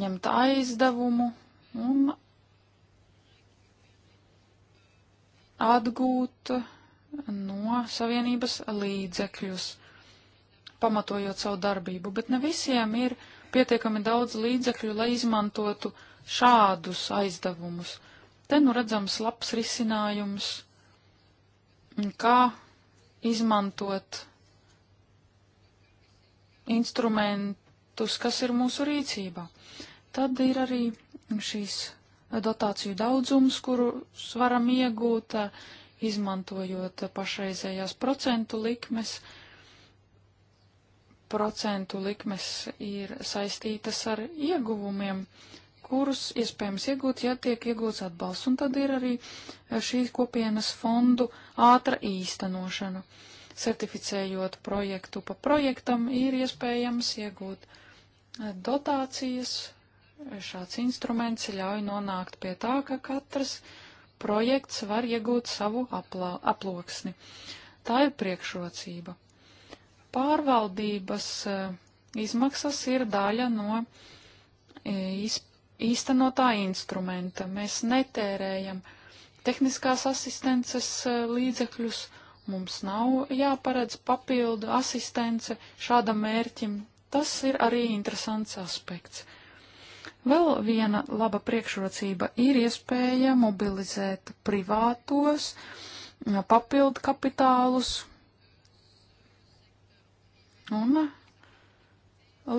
ņemt aizdevumu un atgūt no savienības līdzekļus, pamatojot savu darbību, bet ne visiem ir pietiekami daudz līdzekļu, lai izmantotu šādus aizdevumus. Te nu redzams labs risinājums, kā izmantot instrumentus, kas ir mūsu rīcībā. Tad ir arī šīs dotāciju daudzums, kurus varam iegūt, izmantojot pašreizējās procentu likmes. Procentu likmes ir saistītas ar ieguvumiem, kurus iespējams iegūt, ja tiek iegūts atbalsts, un tad ir arī šīs kopienas fondu ātra īstenošana. Uh, certificējot projektu pa projektam, ir iespējams iegūt eh, dotācijas. Šāds instruments ļauj nonākt pie tā, ka katrs projekts var iegūt savu aplā, aploksni. Tā ir priekšrocība. Pārvaldības eh, izmaksas ir daļa no eh, īstenotā instrumenta. Mēs netērējam tehniskās asistences līdzekļus, uh, Mums nav jāparedz papildu asistence šādam mērķim. Tas ir arī interesants aspekts. Vēl viena laba priekšrocība ir iespēja mobilizēt privātos papildu kapitālus. Un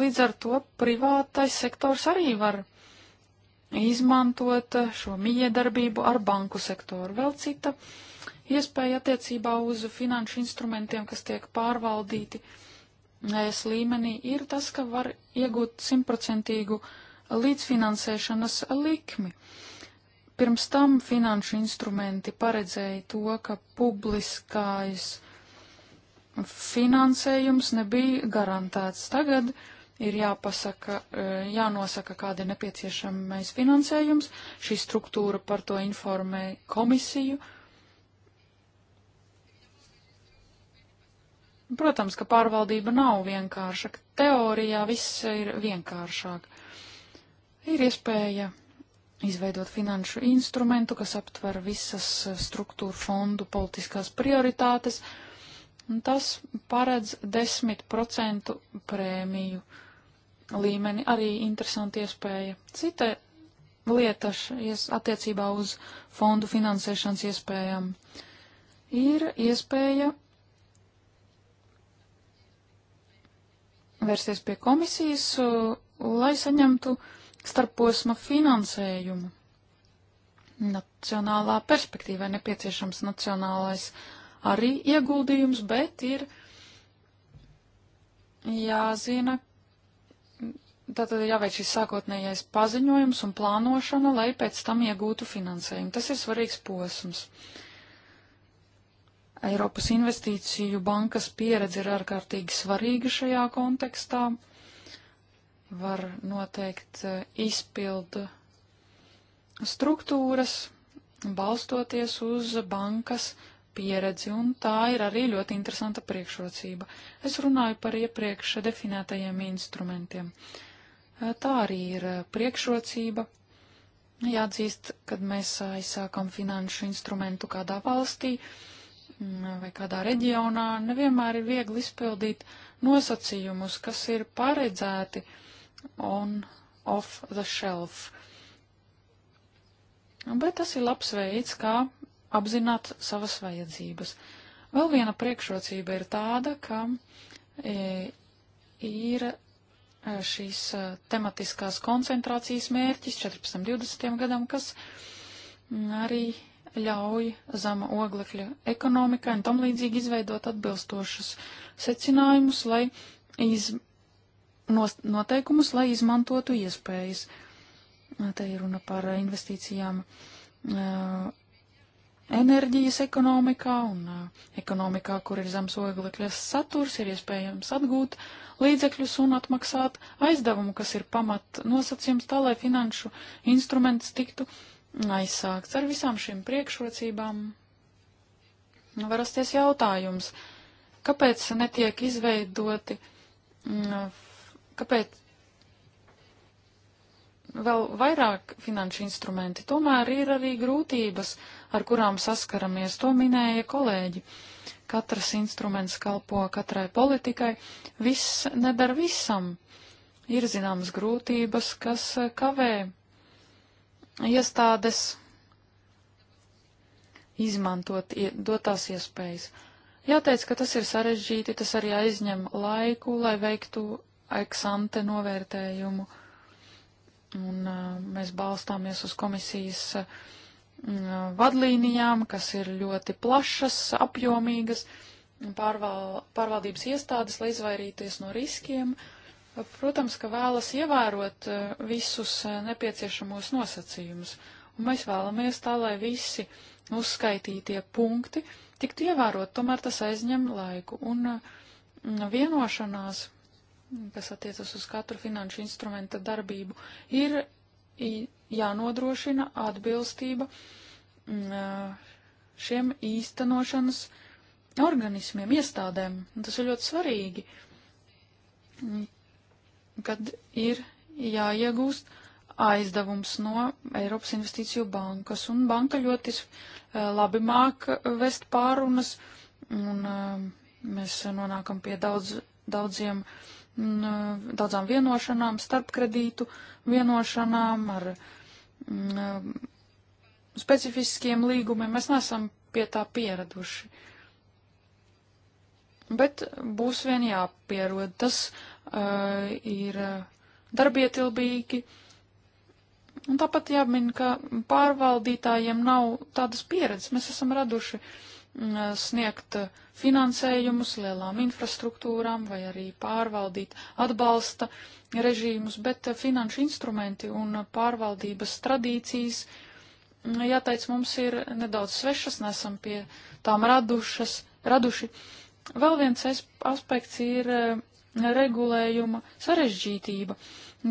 līdz ar to privātais sektors arī var izmantot šo miedarbību ar banku sektoru. Vēl cita uh, iespēja attiecībā uz finanšu instrumentiem, kas tiek pārvaldīti ES līmenī, ir tas, ka var iegūt simtprocentīgu līdzfinansēšanas likmi. Pirms tam finanšu instrumenti paredzēja to, ka publiskais finansējums nebija garantēts. Tagad ir jāpasaka, eh, jānosaka, kāda ir nepieciešamais finansējums. Šī struktūra par to informē komisiju. Uh, Protams, ka pārvaldība nav vienkārša, ka teorijā viss ir vienkāršāk. Ir iespēja izveidot finanšu instrumentu, kas aptver visas struktūra fondu politiskās prioritātes, un tas paredz 10% prēmiju līmeni, arī interesanti iespēja. Cita lieta attiecībā uz fondu finansēšanas iespējām ir iespēja vērsties pie komisijas, uh, lai saņemtu starposma finansējumu. Nacionālā perspektīvā nepieciešams nacionālais arī ieguldījums, bet ir jāzina, tātad ir jāveic šis sākotnējais paziņojums un plānošana, lai pēc tam iegūtu finansējumu. Tas ir svarīgs posms. Uh, Eiropas investīciju bankas pieredze ir ārkārtīgi svarīga šajā kontekstā. Var noteikt eh, izpildu struktūras, balstoties uz bankas pieredzi, un tā ir arī ļoti interesanta priekšrocība. Es runāju par iepriekš definētajiem instrumentiem. Eh, tā arī ir eh, priekšrocība. Jāatzīst, kad mēs aizsākam finanšu instrumentu kādā valstī, uh, Mm, vai kādā reģionā nevienmēr ir viegli izpildīt nosacījumus, kas ir paredzēti on off the shelf. Bet tas ir labs veids, kā apzināt savas vajadzības. Vēl viena priekšrocība ir tāda, ka e, ir e, šīs e, tematiskās koncentrācijas mērķis 14.20. gadam, kas arī ļauj zema oglekļa ekonomikai un tam līdzīgi izveidot atbilstošus secinājumus, lai iz, nost, noteikumus, lai izmantotu iespējas. Te ir runa par investīcijām uh, enerģijas ekonomikā un uh, ekonomikā, kur ir zems oglekļa saturs, ir iespējams atgūt līdzekļus un atmaksāt aizdevumu, kas ir pamat nosacījums tā, lai finanšu instruments tiktu uh, aizsākts ar visām šīm priekšrocībām. Var rasties jautājums, kāpēc netiek izveidoti, mm, kāpēc vēl vairāk finanšu instrumenti. Tomēr ir arī grūtības, ar kurām saskaramies, to minēja kolēģi. Katrs instruments kalpo katrai politikai, viss nedara visam. Ir zināmas grūtības, kas kavē iestādes izmantot dotās iespējas. Jāteic, ka tas ir sarežģīti, tas arī aizņem laiku, lai veiktu eksante novērtējumu. Un mēs balstāmies uz komisijas vadlīnijām, kas ir ļoti plašas, apjomīgas, pārval, pārvaldības iestādes, lai izvairīties no riskiem. Uh, protams, ka vēlas ievērot eh, visus eh, nepieciešamos nosacījumus. Un mēs vēlamies tā, lai visi uzskaitītie punkti tiktu ievērot, tomēr tas aizņem laiku. Un eh, vienošanās, kas attiecas uz katru finanšu instrumenta darbību, ir jānodrošina atbilstība mm, šiem īstenošanas organismiem, iestādēm. Un tas ir ļoti svarīgi. Mm, kad ir jāiegūst aizdevums no Eiropas Investīciju bankas, un banka ļoti eh, labi māk vest pārunas, un eh, mēs nonākam pie daudz, daudziem, eh, daudzām vienošanām, starpkredītu vienošanām ar specifiskiem līgumiem. Mēs neesam pie tā pieraduši. Bet būs vien jāpierod. Tas Uh, ir uh, darbietilbīgi. Un tāpat jāmin, ka pārvaldītājiem nav tādas pieredzes. Mēs esam raduši mm, uh, sniegt finansējumus lielām infrastruktūrām vai arī pārvaldīt atbalsta režīmus, bet finanšu instrumenti un pārvaldības tradīcijas, mm, jāteic, mums ir nedaudz svešas, nesam pie tām radušas, raduši. Vēl viens aspekts ir regulējuma sarežģītība.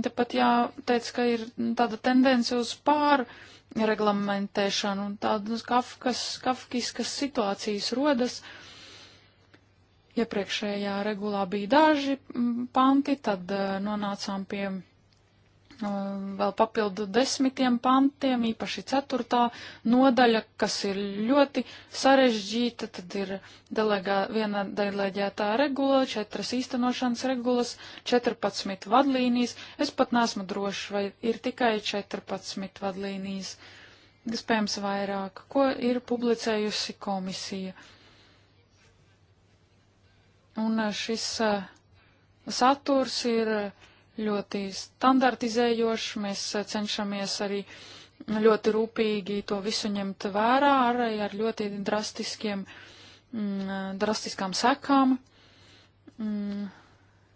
Tāpat jāteic, ka ir tāda tendence uz pārreglamentēšanu un tādas kafkas, kafkiskas situācijas rodas. Iepriekšējā regulā bija daži panti, tad eh, nonācām pie Um, vēl papildu desmitiem pantiem, īpaši ceturtā nodaļa, kas ir ļoti sarežģīta, tad ir delegā, viena deleģētā regula, četras īstenošanas regulas, 14 vadlīnijas. Es pat nesmu drošs, vai ir tikai 14 vadlīnijas, iespējams vairāk, ko ir publicējusi komisija. Un uh, šis uh, saturs ir uh, ļoti standartizējošs. Mēs eh, cenšamies arī ļoti rūpīgi to visu ņemt vērā, arī ar ļoti drastiskiem, mm, eh, drastiskām sekām, mm,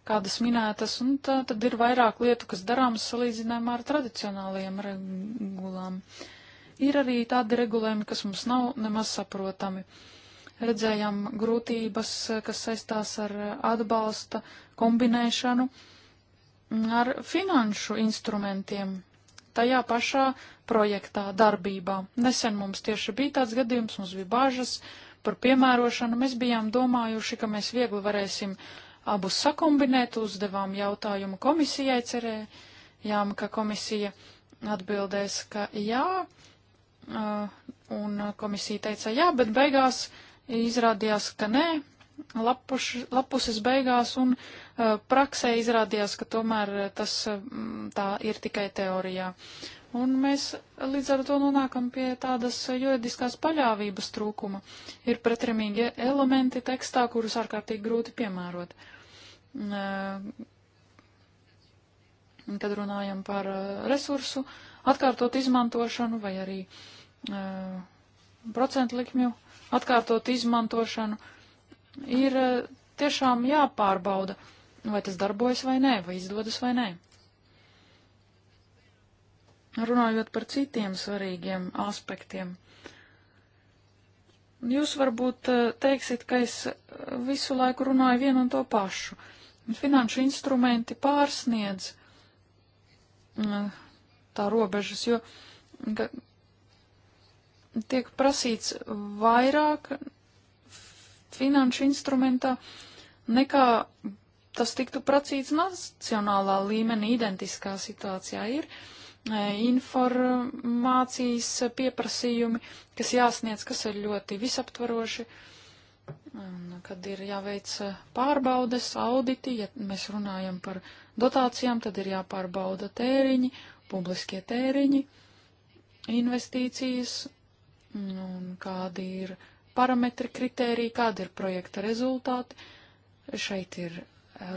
kādas minētas, un tā, tad ir vairāk lietu, kas darāmas salīdzinājumā ar tradicionālajiem regulām. Ir arī tādi regulējumi, kas mums nav nemaz saprotami redzējām grūtības, eh, kas saistās ar atbalsta kombinēšanu ar finanšu instrumentiem tajā pašā projektā, darbībā. Nesen mums tieši bija tāds gadījums, mums bija bāžas par piemērošanu. Mēs bijām domājuši, ka mēs viegli varēsim abus sakombinēt, uzdevām jautājumu komisijai, cerējām, ka komisija atbildēs, ka jā, un komisija teica jā, bet beigās izrādījās, ka nē, lapuš, lapuses beigās, un Eh, praksē izrādījās, ka tomēr eh, tas eh, tā ir tikai teorijā. Un mēs līdz ar to nonākam pie tādas juridiskās paļāvības trūkuma. Ir pretrunīgi elementi tekstā, kurus ārkārtīgi grūti piemērot. Kad mm, runājam par resursu atkārtot izmantošanu vai arī procentu likmju atkārtot izmantošanu, ir tiešām jāpārbauda. Uh, vai tas darbojas vai nē, vai izdodas vai nē. Runājot par citiem svarīgiem aspektiem, jūs varbūt eh, teiksiet, ka es eh, visu laiku runāju vienu un to pašu. Finanšu instrumenti pārsniedz eh, tā robežas, jo tiek prasīts vairāk finanšu instrumentā nekā tas tiktu pracīts nacionālā līmenī, identiskā situācijā ir e, informācijas pieprasījumi, kas jāsniedz, kas ir ļoti visaptvaroši, un, kad ir jāveic pārbaudes, auditi, ja mēs runājam par dotācijām, tad ir jāpārbauda tēriņi, publiskie tēriņi, investīcijas, un kādi ir parametri, kritēriji, kādi ir projekta rezultāti. Šeit ir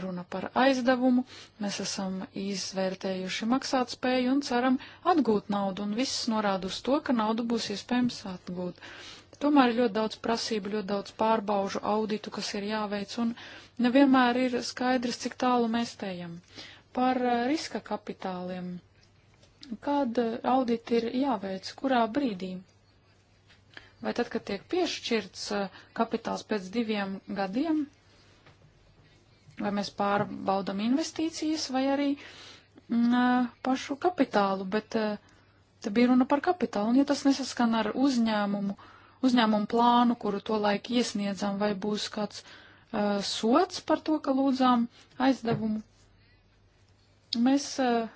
runa par aizdevumu, mēs esam izvērtējuši maksātspēju un ceram atgūt naudu, un viss norāda uz to, ka naudu būs iespējams atgūt. Tomēr ir ļoti daudz prasību, ļoti daudz pārbaužu auditu, kas ir jāveic, un nevienmēr ir skaidrs, cik tālu mēs tējam. Par eh, riska kapitāliem. Kāda eh, audita ir jāveic, kurā brīdī? Vai tad, kad tiek piešķirts eh, kapitāls pēc diviem gadiem, vai mēs pārbaudam investīcijas vai arī m, mm, pašu kapitālu, bet te bija runa par kapitālu, un ja tas nesaskan ar uzņēmumu, uzņēmumu plānu, kuru to laiku iesniedzam, vai būs kāds uh, sots par to, ka lūdzām aizdevumu. Mēs uh,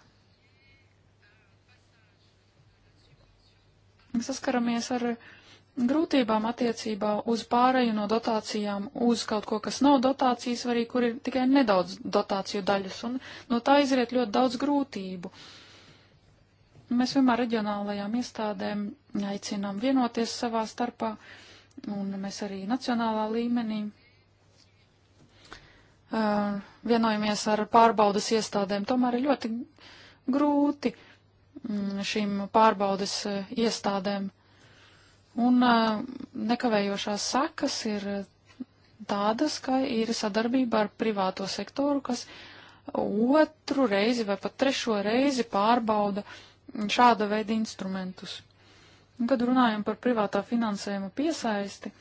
saskaramies ar uh, grūtībām attiecībā uz pāreju no dotācijām uz kaut ko, kas nav dotācijas, vai arī kur ir tikai nedaudz dotāciju daļas, un no tā izriet ļoti daudz grūtību. Mēs vienmēr reģionālajām iestādēm aicinām vienoties savā starpā, un mēs arī nacionālā līmenī uh, vienojamies ar pārbaudas iestādēm. Tomēr ir ļoti grūti mm, šīm pārbaudas iestādēm uh, Un nekavējošās sekas ir tādas, ka ir sadarbība ar privāto sektoru, kas otru reizi vai pat trešo reizi pārbauda šāda veida instrumentus. Un, kad runājam par privātā finansējuma piesaisti,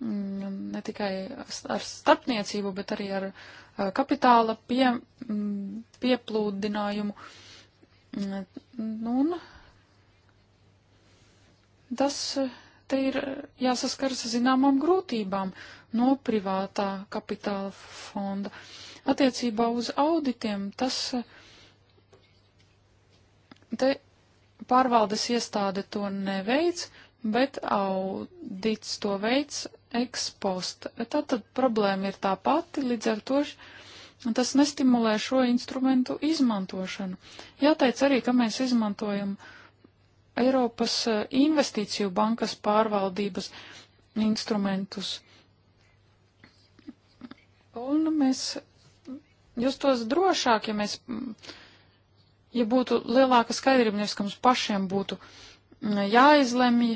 mm, ne tikai ar starpniecību, bet arī ar kapitāla pie, mm, pieplūdinājumu, mm, un tas te ir eh, jāsaskaras zināmām grūtībām no privātā kapitāla fonda. Attiecībā uz auditiem tas eh, te pārvaldes iestāde to neveic, bet audits to veids ekspost. Tātad problēma ir tā pati, līdz ar to tas nestimulē šo instrumentu izmantošanu. Jāteic arī, ka mēs izmantojam uh, Eiropas eh, investīciju bankas pārvaldības instrumentus. Un mēs justos drošāk, ja mēs, mm, ja būtu lielāka skaidrība, nevis ka mums pašiem būtu mm, jāizlemj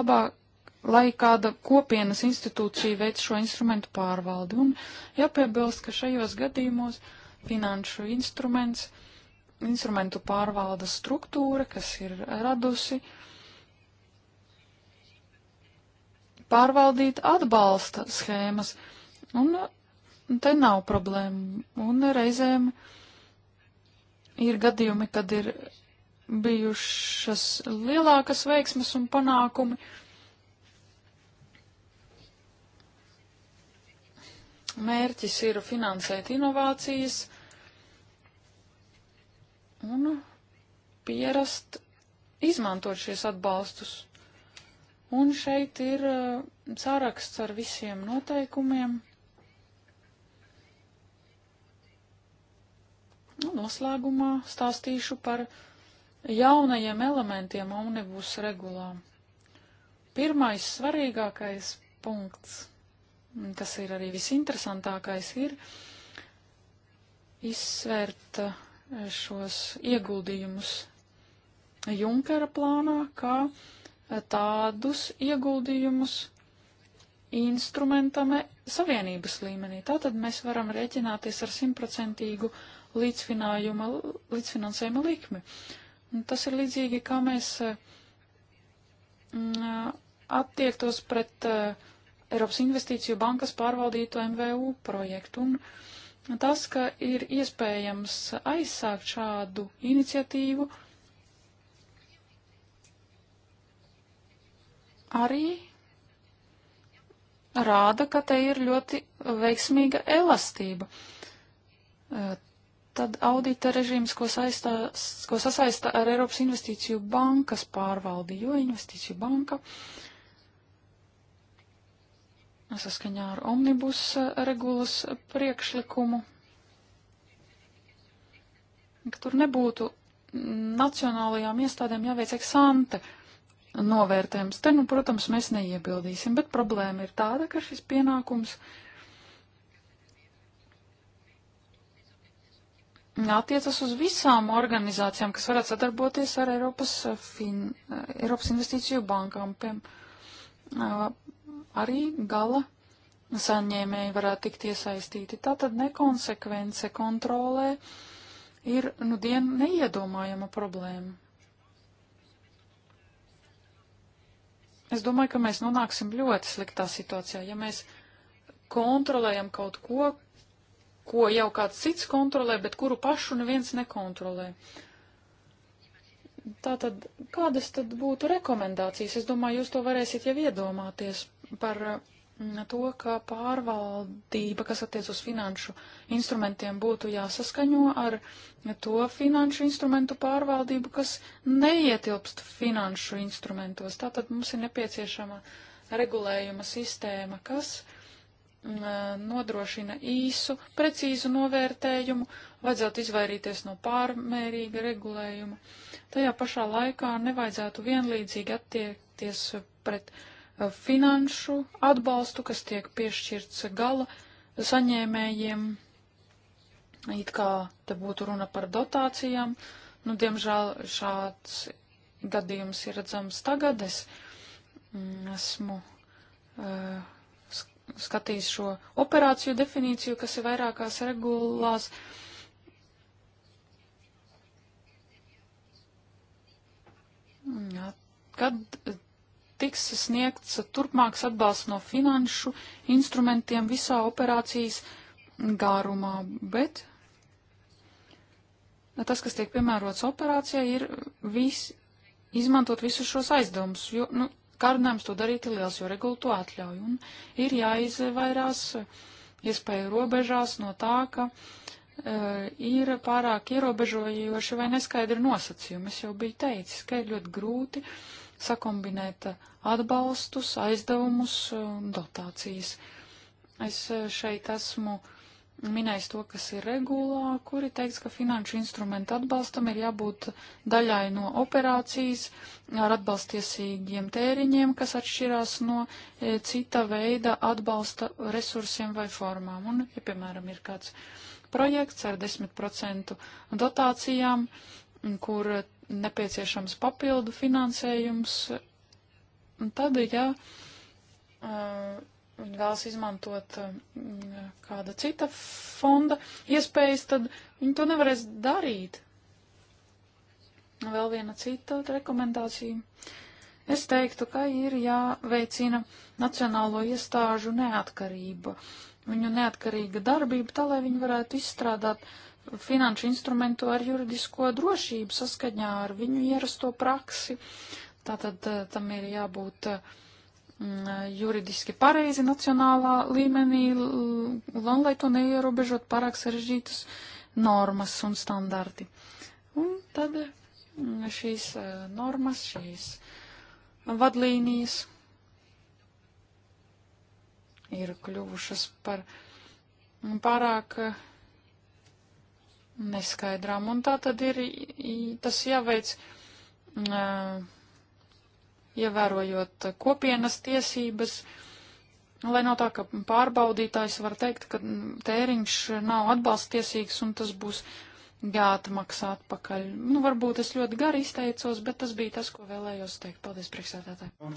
labāk, lai kāda kopienas institūcija veic šo instrumentu pārvaldi. Un jāpiebilst, ka šajos gadījumos finanšu instruments uh, instrumentu pārvaldes struktūra, kas ir radusi pārvaldīt atbalsta schēmas. Un te nav problēma. Un reizēm ir gadījumi, kad ir bijušas lielākas veiksmes un panākumi. Mērķis ir finansēt inovācijas un pierast izmantot šies atbalstus. Un šeit ir uh, saraksts ar visiem noteikumiem. Un nu, noslēgumā stāstīšu par jaunajiem elementiem omnibus regulā. Pirmais svarīgākais punkts, kas ir arī visinteresantākais, ir izsvērt uh, šos ieguldījumus Junkera plānā, kā tādus ieguldījumus instrumentam savienības līmenī. Tātad mēs varam rēķināties ar simtprocentīgu līdzfinansējuma likmi. Un tas ir līdzīgi, kā mēs m, mm, attiektos pret uh, Eiropas Investīciju bankas pārvaldīto MVU projektu. Un, uh, tas, ka ir iespējams aizsākt šādu iniciatīvu arī rāda, ka te ir ļoti veiksmīga elastība. Eh, tad audita režīms, ko, saistā, ko sasaista ar Eiropas investīciju bankas pārvaldi, jo investīciju banka uh, saskaņā ar omnibus eh, regulas priekšlikumu, ka tur nebūtu nacionālajām iestādēm jāveic eksante novērtējums. Te, nu, protams, mēs neiebildīsim, bet problēma ir tāda, ka šis pienākums attiecas uz visām organizācijām, kas varētu sadarboties ar Eiropas, eh, fin, eh, Eiropas investīciju bankām, piemēram, arī gala saņēmēji varētu tikt iesaistīti. Tātad nekonsekvence kontrolē ir, nu, dien neiedomājama problēma. Es domāju, ka mēs nonāksim ļoti sliktā situācijā, ja mēs kontrolējam kaut ko, ko jau kāds cits kontrolē, bet kuru pašu neviens nekontrolē. Tātad, kādas tad būtu rekomendācijas? Es domāju, jūs to varēsiet jau iedomāties par mm, to, ka pārvaldība, kas attiec uz finanšu instrumentiem, būtu jāsaskaņo ar to finanšu instrumentu pārvaldību, kas neietilpst finanšu instrumentos. Tātad mums ir nepieciešama regulējuma sistēma, kas mm, nodrošina īsu, precīzu novērtējumu, vajadzētu izvairīties no pārmērīga regulējuma. Tajā pašā laikā nevajadzētu vienlīdzīgi attiekties pret uh, finanšu atbalstu, kas tiek piešķirts gala saņēmējiem. It kā te būtu runa par dotācijām. Nu, diemžēl šāds gadījums ir redzams tagad. Es mm, esmu uh, skatījis šo operāciju definīciju, kas ir vairākās regulās. Jā, mm, kad tiks sniegts turpmāks atbalsts no finanšu instrumentiem visā operācijas garumā, bet tas, kas tiek piemērots operācijai, ir vis, izmantot visus šos aizdevumus, jo, nu, kārdinājums to darīt ir liels, jo regula to atļauj, un ir jāizvairās iespēju robežās no tā, ka e, ir pārāk ierobežojoši vai neskaidri nosacījumi. Es jau biju teicis, ka ir ļoti grūti uh, sakombinēt atbalstus, aizdevumus un dotācijas. Es eh, šeit esmu minējis to, kas ir regulā, kuri teiks, ka finanšu instrumentu atbalstam ir jābūt daļai no operācijas ar atbalstiesīgiem tēriņiem, kas atšķirās no e, cita veida atbalsta resursiem vai formām. Un, ja, piemēram, ir kāds projekts ar 10% dotācijām, e, kur nepieciešams papildu finansējums, tad, ja uh, viņi vēlas izmantot uh, kāda cita fonda iespējas, tad viņi to nevarēs darīt. Vēl viena cita rekomendācija. Es teiktu, ka ir jāveicina nacionālo iestāžu neatkarība, viņu neatkarīga darbība, tā lai viņi varētu izstrādāt uh, finanšu instrumentu ar juridisko drošību saskaņā ar viņu ierasto praksi. Tātad eh, tam ir jābūt eh, mm, juridiski pareizi nacionālā līmenī, un lai to neierobežot pārāk sarežģītas normas un standarti. Un tad mm, šīs eh, normas, šīs vadlīnijas ir kļuvušas par mm, pārāk uh, neskaidrām. Un tā tad ir, tas jāveic, ievērojot kopienas tiesības, lai nav tā, ka pārbaudītājs var teikt, ka tēriņš nav atbalstiesīgs un tas būs jāatmaksā atpakaļ. Nu, varbūt es ļoti gari izteicos, bet tas bija tas, ko vēlējos teikt. Paldies, priekšsēdētāji!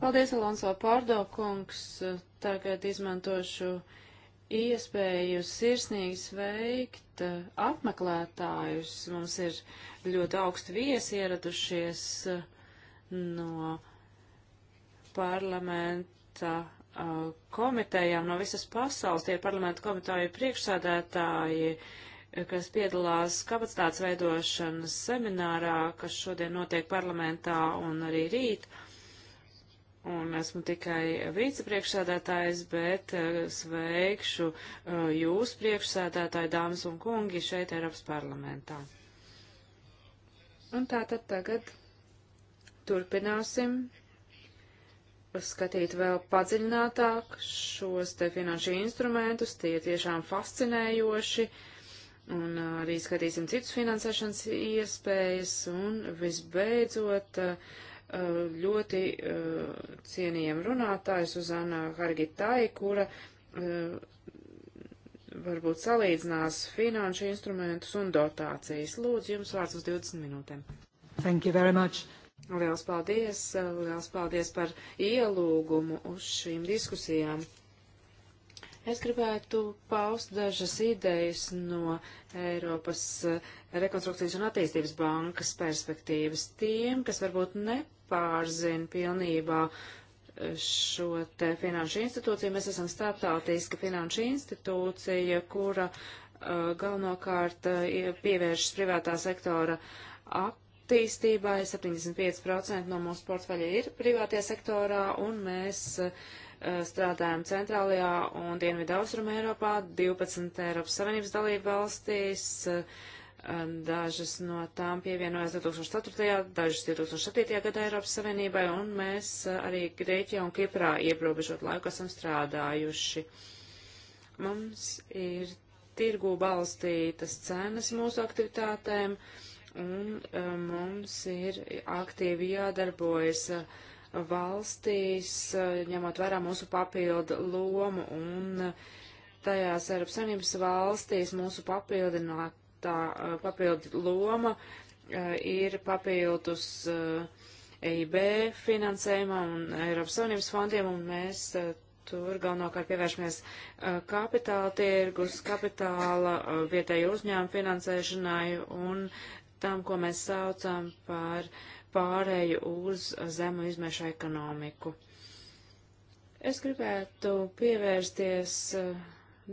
Paldies, Alonso Pārdo kungs. Tagad izmantošu iespēju sirsnīgi sveikt eh, apmeklētājus. Mums ir ļoti augsti viesi ieradušies eh, no parlamenta eh, komitejām, no visas pasaules. Tie ir parlamenta komiteju priekšsādētāji, kas piedalās kapacitātes veidošanas seminārā, kas šodien notiek parlamentā un arī rīt. Uh, un esmu tikai vicepriekšsēdētājs, bet eh, sveikšu eh, jūs priekšsēdētāji, dāmas un kungi, šeit Eiropas parlamentā. Un tā tad tagad turpināsim skatīt vēl padziļinātāk šos te finanšu instrumentus, tie tiešām fascinējoši, un eh, arī skatīsim citus finansēšanas iespējas, un visbeidzot, uh, Eh, ļoti eh, cienījama runātājs Uzana Hargitai, kura eh, varbūt salīdzinās finanšu instrumentus un dotācijas. Lūdzu, jums vārds uz 20 minūtēm. Thank you very much. Liels paldies, liels paldies par ielūgumu uz šīm diskusijām. Es gribētu paust dažas idejas no Eiropas Rekonstrukcijas un attīstības bankas perspektīvas tiem, kas varbūt ne nepārzina pilnībā eh, šo te finanšu institūciju. Mēs esam starptautiska finanšu institūcija, kura uh, galvenokārt uh, pievēršas privātā sektora attīstībai. 75% no mūsu portfeļa ir privātajā sektorā, un mēs uh, strādājam centrālajā un dienvidu austrumu Eiropā, 12 Eiropas Savienības dalību valstīs. Uh, Dažas no tām pievienojās 2004. dažas 2007. gadā Eiropas Savienībai, un mēs eh, arī Grieķijā un Kiprā ieprobežot laiku esam strādājuši. Mums ir tirgu balstītas cenas mūsu aktivitātēm, un eh, mums ir aktīvi jādarbojas eh, valstīs, ņemot vērā mūsu papildu lomu un tajās Eiropas Savienības valstīs mūsu papildināt tā papildu loma ir papildus EIB finansējumam un Eiropas Savienības fondiem, un mēs tur galvenokārt pievēršamies kapitāla tirgus, kapitāla vietēju uzņēmumu finansēšanai un tam, ko mēs saucam par pārēju uz zemu izmešu ekonomiku. Es gribētu pievērsties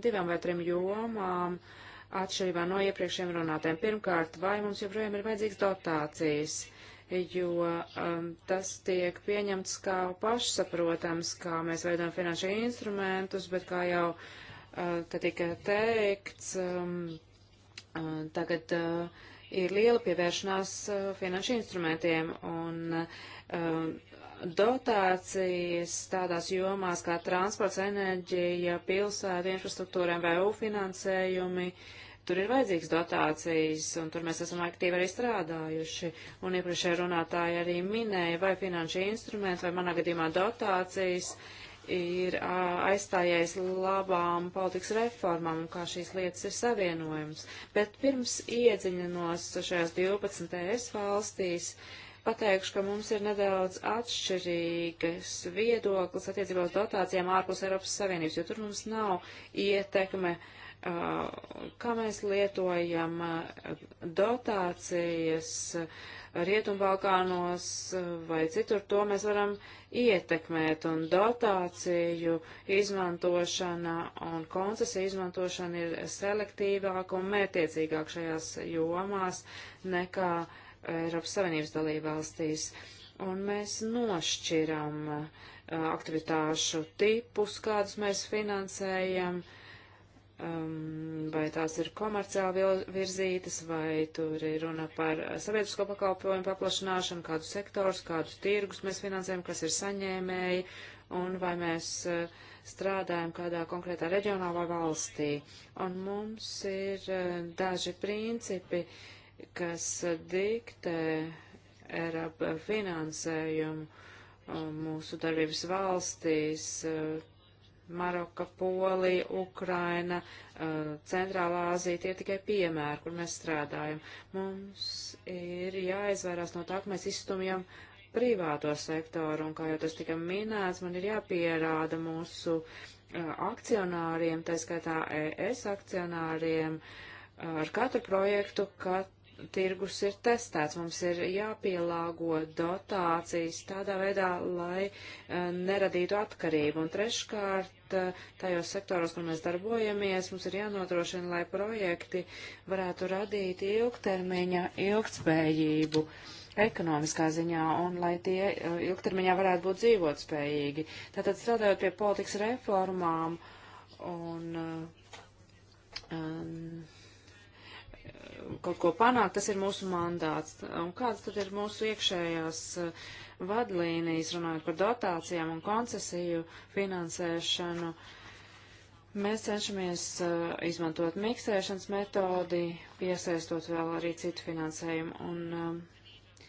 divām vai trim jomām, uh, atšķirībā no iepriekšējiem runātēm. Pirmkārt, vai mums joprojām ir vajadzīgs dotācijas, jo um, tas tiek pieņemts kā pašsaprotams, kā mēs veidojam finanšu instrumentus, bet kā jau uh, te tika teikts, um, uh, tagad uh, ir liela pievēršanās uh, finanšu instrumentiem un uh, dotācijas tādās jomās kā transports, enerģija, pilsēta, infrastruktūra, MVU finansējumi, uh, Tur ir vajadzīgs dotācijas, un tur mēs esam aktīvi arī strādājuši. Un iepriekšējā runātāja arī minēja, vai finanšu instruments, vai manā gadījumā dotācijas ir aizstājies labām politikas reformām un kā šīs lietas ir savienojums. Bet pirms iedziņinos šajās 12 ES valstīs, uh, pateikšu, ka mums ir nedaudz atšķirīgas viedoklis attiecībā uz dotācijām ārpus Eiropas Savienības, jo tur mums nav ietekme, uh, kā mēs lietojam uh, dotācijas uh, Rietumbalkānos vai citur, to mēs varam ietekmēt, un dotāciju izmantošana un koncesija izmantošana ir selektīvāka un mērtiecīgāka šajās jomās nekā uh, Eiropas Savienības dalībvalstīs. Un mēs nošķiram eh, aktivitāšu tipus, kādus mēs finansējam, um, vai tās ir komerciāli virzītas, vai tur ir runa par eh, sabiedrisko pakalpojumu paplašināšanu, kādu sektors, kādus tirgus mēs finansējam, kas ir saņēmēji, un vai mēs uh, strādājam kādā konkrētā reģionā vai valstī. Un mums ir uh, daži principi, uh, kas diktē Eiropa finansējumu um, mūsu darbības valstīs, uh, Maroka, Polija, Ukraina, uh, Centrālā Āzija, tie tikai piemēri, kur mēs strādājam. Mums ir jāizvairās no tā, ka mēs izstumjam privāto sektoru, un kā jau tas tika minēts, man ir jāpierāda mūsu uh, akcionāriem, tā skaitā ES akcionāriem, ar katru projektu, ka tirgus ir testēts. Mums ir jāpielāgo dotācijas tādā veidā, lai uh, neradītu atkarību. Un treškārt, uh, tajos sektoros, kur mēs darbojamies, mums ir jānodrošina, lai projekti varētu radīt ilgtermiņa ilgtspējību ekonomiskā ziņā un lai tie uh, ilgtermiņā varētu būt dzīvotspējīgi. Tātad strādājot pie politikas reformām un. Um, kaut ko panākt, tas ir mūsu mandāts. Un kāds tad ir mūsu iekšējās eh, vadlīnijas, runājot par dotācijām un koncesiju finansēšanu? Mēs cenšamies uh, izmantot miksēšanas metodi, piesaistot vēl arī citu finansējumu. Un, uh,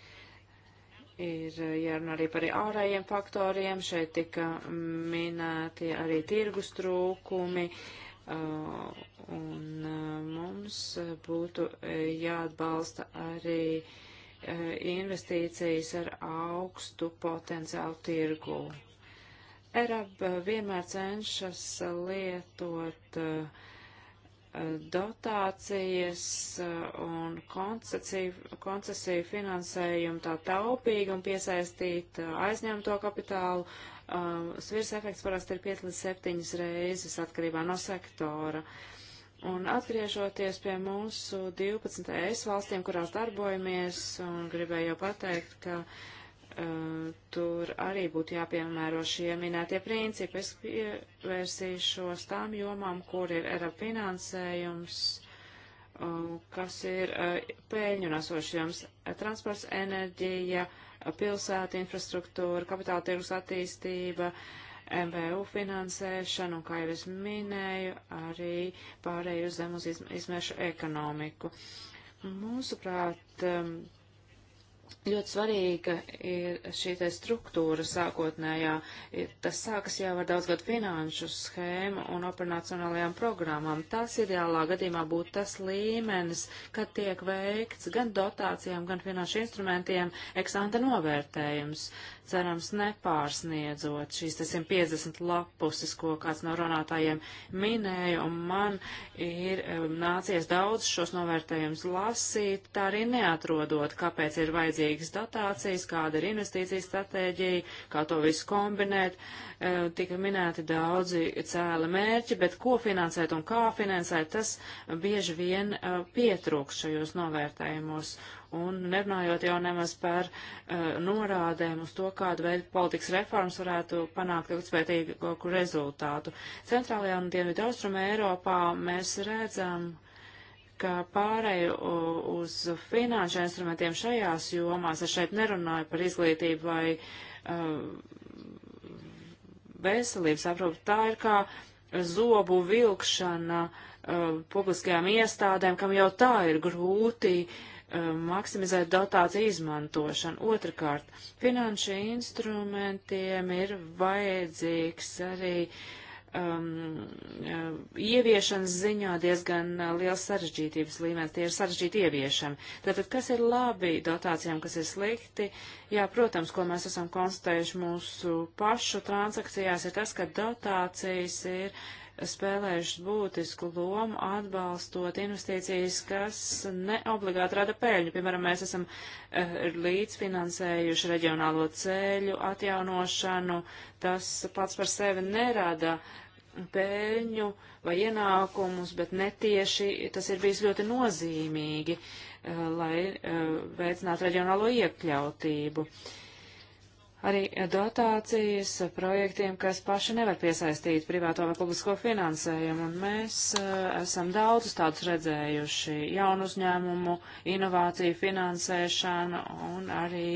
ir jārunā arī par ārējiem faktoriem. Šeit tika minēti arī tirgus trūkumi, Uh, un uh, mums būtu uh, jāatbalsta arī investīcijas ar augstu potenciālu tirgu. Erab vienmēr cenšas lietot dotācijas un koncesiju, koncesiju finansējumu tā taupīgi un piesaistīt aizņemto kapitālu um, svirs efekts parasti ir 5 līdz 7 reizes atkarībā no sektora. Un atgriežoties pie mūsu 12 ES valstīm, kurās darbojamies, un gribēju jau pateikt, ka uh, tur arī būtu jāpiemēro šie minētie principi. Es pievērsīšos tām jomām, kur ir ERA finansējums uh, kas ir uh, pēļņu nesošajums - transports, enerģija, pilsētu infrastruktūra, kapitāla tirgus attīstība, MVU finansēšana un, kā jau es minēju, arī pārēju uz zem uz izmešu ekonomiku. Mūsuprāt, um, ļoti svarīga ir šī te struktūra sākotnējā. Tas sākas jau ar daudzgadu finanšu schēmu un operacionālajām programmām. Tas ideālā gadījumā būtu tas līmenis, kad tiek veikts gan dotācijām, gan finanšu instrumentiem eksanta novērtējums. Cerams, nepārsniedzot šīs 150 lapuses, ko kāds no runātājiem minēja, un man ir um, nācies daudz šos novērtējumus lasīt, tā arī neatrodot, kāpēc ir vajadzīgs vajadzīgas dotācijas, kāda ir investīcija stratēģija, kā to visu kombinēt. E, tika minēti daudzi cēla mērķi, bet ko finansēt un kā finansēt, tas bieži vien e, pietrūks šajos novērtējumos un nerunājot jau nemaz par uh, norādēm uz to, kādu veidu politikas reformas varētu panākt ilgspētīgāku rezultātu. Centrālajā un Dienvidu austrumē Eiropā mēs redzam, ka pārēju uz finanšu instrumentiem šajās jomās, es šeit nerunāju par izglītību vai uh, veselības aprūpu, tā ir kā zobu vilkšana uh, publiskajām iestādēm, kam jau tā ir grūti uh, maksimizēt dotāciju izmantošanu. Otrakārt, finanšu instrumentiem ir vajadzīgs arī uh, um, uh, ieviešanas ziņā diezgan uh, liels sarežģītības līmenis, tie ir sarežģīti ieviešami. Tātad, kas ir labi dotācijām, kas ir slikti? Jā, protams, ko mēs esam konstatējuši mūsu pašu transakcijās, ir tas, ka dotācijas ir spēlējušas būtisku lomu atbalstot investīcijas, kas neobligāti rada pēļņu. Piemēram, mēs esam uh, līdzfinansējuši reģionālo ceļu atjaunošanu. Tas pats par sevi nerada uh, pēļņu vai ienākumus, bet netieši tas ir bijis ļoti nozīmīgi, eh, lai eh, veicinātu reģionālo iekļautību. Arī dotācijas projektiem, kas paši nevar piesaistīt privāto vai publisko finansējumu, un mēs eh, esam daudzus tādus redzējuši - jaunu uzņēmumu, inovāciju finansēšanu un arī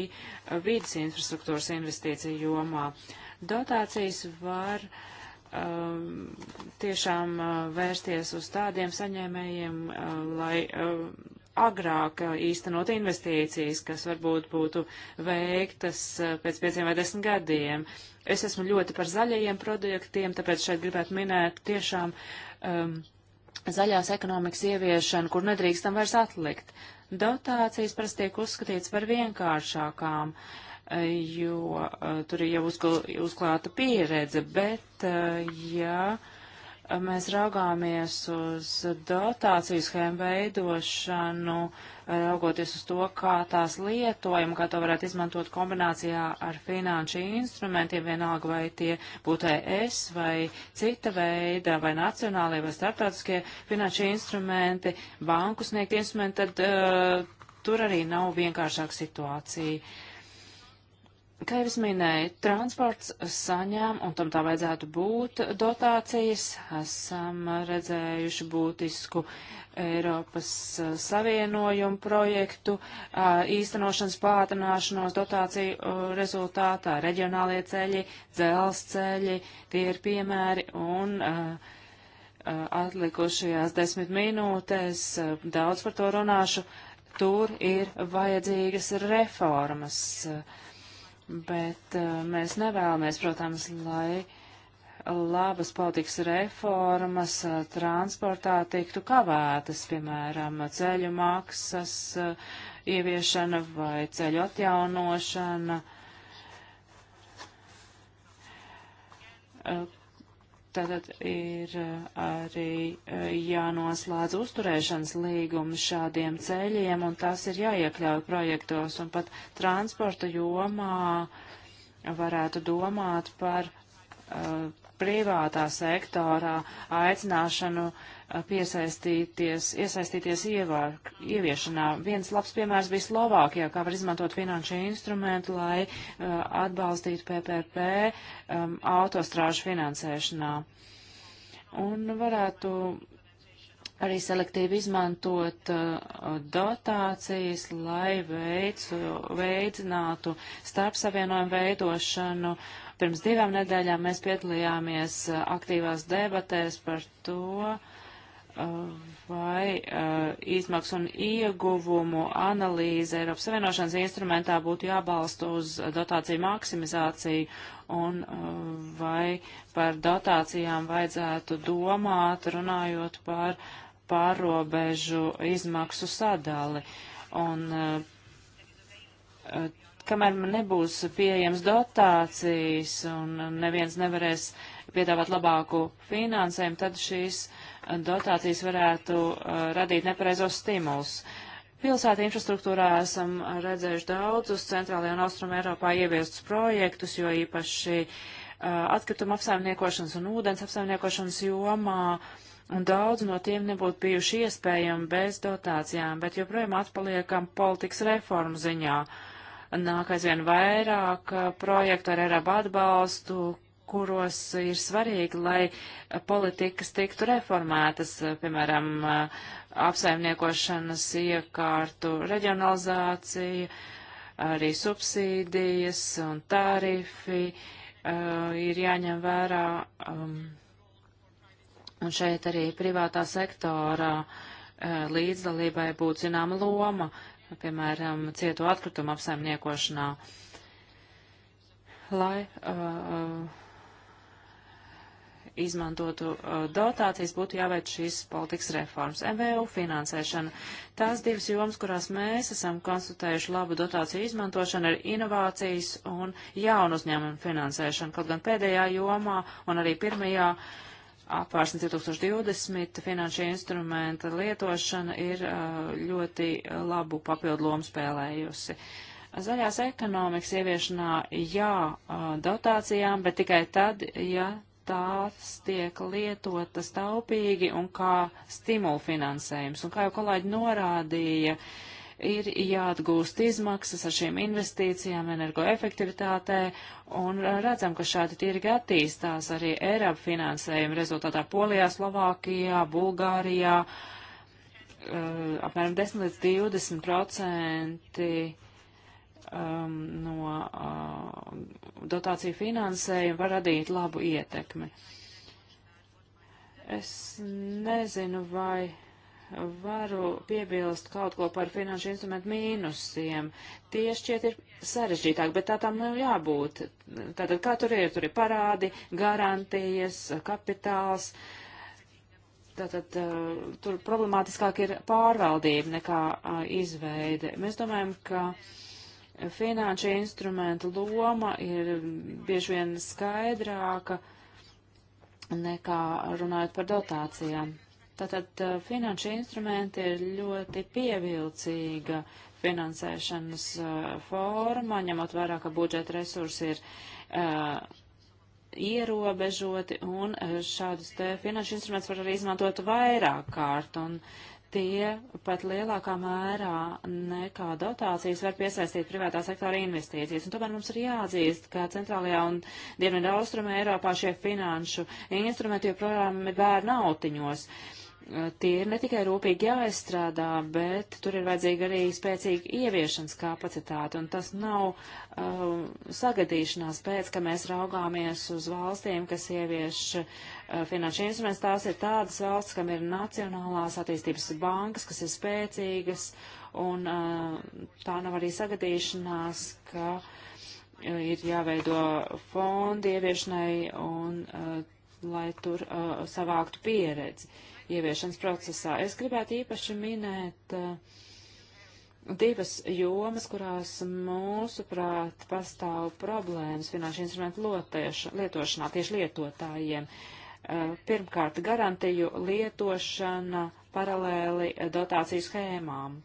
vidas infrastruktūras investīciju jomā. Dotācijas var uh, um, tiešām uh, vērsties uz tādiem saņēmējiem, uh, lai uh, agrāk uh, īstenot investīcijas, kas varbūt būtu veiktas uh, pēc pieciem vai desmit gadiem. Es esmu ļoti par zaļajiem produktiem, tāpēc šeit gribētu minēt tiešām um, zaļās ekonomikas ieviešanu, kur nedrīkstam vairs atlikt. Dotācijas parasti tiek uzskatīts par vienkāršākām. Uh, jo eh, tur ir jau uzklāta pieredze, bet eh, ja mēs raugāmies uz dotāciju schēmu veidošanu, eh, raugoties uz to, kā tās lietojam, kā to varētu izmantot kombinācijā ar finanšu instrumentiem, vienalga vai tie būtu ES vai cita veida, vai nacionālie vai starptautiskie finanšu instrumenti, banku sniegt instrumenti, tad uh, tur arī nav vienkāršāka situācija. Uh, Kā jau es minēju, transports saņem, un tam tā vajadzētu būt, dotācijas. Esam redzējuši būtisku Eiropas Savienojumu projektu īstenošanas pātrināšanos dotāciju rezultātā. Reģionālie ceļi, dzelzceļi, tie ir piemēri, un atlikušajās desmit minūtēs daudz par to runāšu. Tur ir vajadzīgas reformas. Uh, bet uh, mēs nevēlamies, protams, lai labas politikas reformas uh, transportā tiktu kavētas, piemēram, ceļu maksas uh, ieviešana vai ceļu atjaunošana. Uh, Tātad ir uh, arī uh, jānoslēdz uzturēšanas līgumi šādiem ceļiem, un tas ir jāiekļauj projektos, un pat transporta jomā varētu domāt par uh, privātā sektorā aicināšanu uh, piesaistīties, iesaistīties ievār, ieviešanā. Viens labs piemērs bija Slovākijā, kā var izmantot finanšu instrumentu, lai uh, atbalstītu PPP um, autostrāžu finansēšanā. Un varētu arī selektīvi izmantot uh, dotācijas, lai veicu, veicinātu starpsavienojumu veidošanu uh, Pirms divām nedēļām mēs piedalījāmies uh, aktīvās debatēs par to, Uh, vai uh, izmaksu un ieguvumu analīze Eiropas Savienošanas instrumentā būtu jābalsta uz dotāciju maksimizāciju un uh, vai par dotācijām vajadzētu domāt, runājot par pārobežu izmaksu sadali. Un, uh, uh kamēr nebūs pieejams dotācijas un neviens nevarēs piedāvāt labāku finansējumu, tad šīs uh, dotācijas varētu uh, radīt nepareizos stimulus. Pilsēta infrastruktūrā esam redzējuši daudzus centrālajā un austrum Eiropā ieviestus projektus, jo īpaši uh, atkrituma apsaimniekošanas un ūdens apsaimniekošanas jomā, un daudz no tiem nebūtu bijuši iespējami bez dotācijām, bet joprojām atpaliekam politikas reformu ziņā. Nāk aizvien vairāk uh, projektu ar Eiropu atbalstu, kuros ir svarīgi, lai politikas tiktu reformētas, piemēram, apsaimniekošanas iekārtu reģionalizācija, arī subsīdijas un tarifi uh, ir jāņem vērā. Um, un šeit arī privātā sektora uh, līdzdalībai būtu zināma loma, piemēram, cietu atkritumu apsaimniekošanā. Lai uh, izmantotu uh, dotācijas, būtu jāveic šīs politikas reformas. MVU finansēšana. Tās divas jomas, kurās mēs esam konstatējuši labu dotāciju izmantošanu, ir inovācijas un jaunu uzņēmumu finansēšana. Kaut gan pēdējā jomā un arī pirmajā apvārsnes 2020 finanšu instrumenta lietošana ir uh, ļoti labu papildu lomu spēlējusi. Zaļās ekonomikas ieviešanā jā uh, dotācijām, bet tikai tad, ja tās tiek lietotas taupīgi un kā stimulu finansējums. Un kā jau kolēģi norādīja, ir jāatgūst izmaksas ar šīm investīcijām energoefektivitātē, un redzam, ka šādi tirgi attīstās arī Eiropa finansējuma rezultātā Polijā, Slovākijā, Bulgārijā. Uh, apmēram 10 līdz 20 procenti um, no uh, dotāciju finansējuma var radīt labu ietekmi. Es nezinu, vai varu piebilst kaut ko par finanšu instrumentu mīnusiem. Tie šķiet ir sarežģītāk, bet tā tam nav jābūt. Tātad, kā tur ir, tur ir parādi, garantijas, kapitāls. Tātad, uh, tur problemātiskāk ir pārvaldība nekā uh, izveide. Mēs domājam, ka. Uh, Finanšu instrumentu loma ir bieži vien skaidrāka nekā runājot par dotācijām. Tātad eh, finanšu instrumenti ir ļoti pievilcīga finansēšanas uh, forma, ņemot vērā, ka budžeta resursi ir uh, ierobežoti, un šādus te finanšu instrumentus var arī izmantot vairāk kārt, un tie pat lielākā mērā nekā dotācijas var piesaistīt privātā sektora investīcijas. Un tomēr mums ir jāatzīst, ka centrālajā un dienvidu austrumē Eiropā šie finanšu instrumenti joprojām bērnu autiņos. Uh, tie ir ne tikai rūpīgi jāizstrādā, bet tur ir vajadzīga arī spēcīga ieviešanas kapacitāte, un tas nav um, sagadīšanās pēc, ka mēs raugāmies uz valstīm, kas ievieš uh, finanšu instruments. Tās ir tādas valsts, kam ir nacionālās attīstības bankas, kas ir spēcīgas, un uh, tā nav arī sagadīšanās, ka uh, ir jāveido fondi ieviešanai un. Uh, lai tur uh, savāktu pieredzi. Uh, ieviešanas procesā. Es gribētu īpaši minēt uh, divas jomas, kurās mūsuprāt pastāv problēmas finanšu instrumentu lotiešu, lietošanā tieši lietotājiem. Uh, pirmkārt, garantiju lietošana paralēli dotāciju schēmām.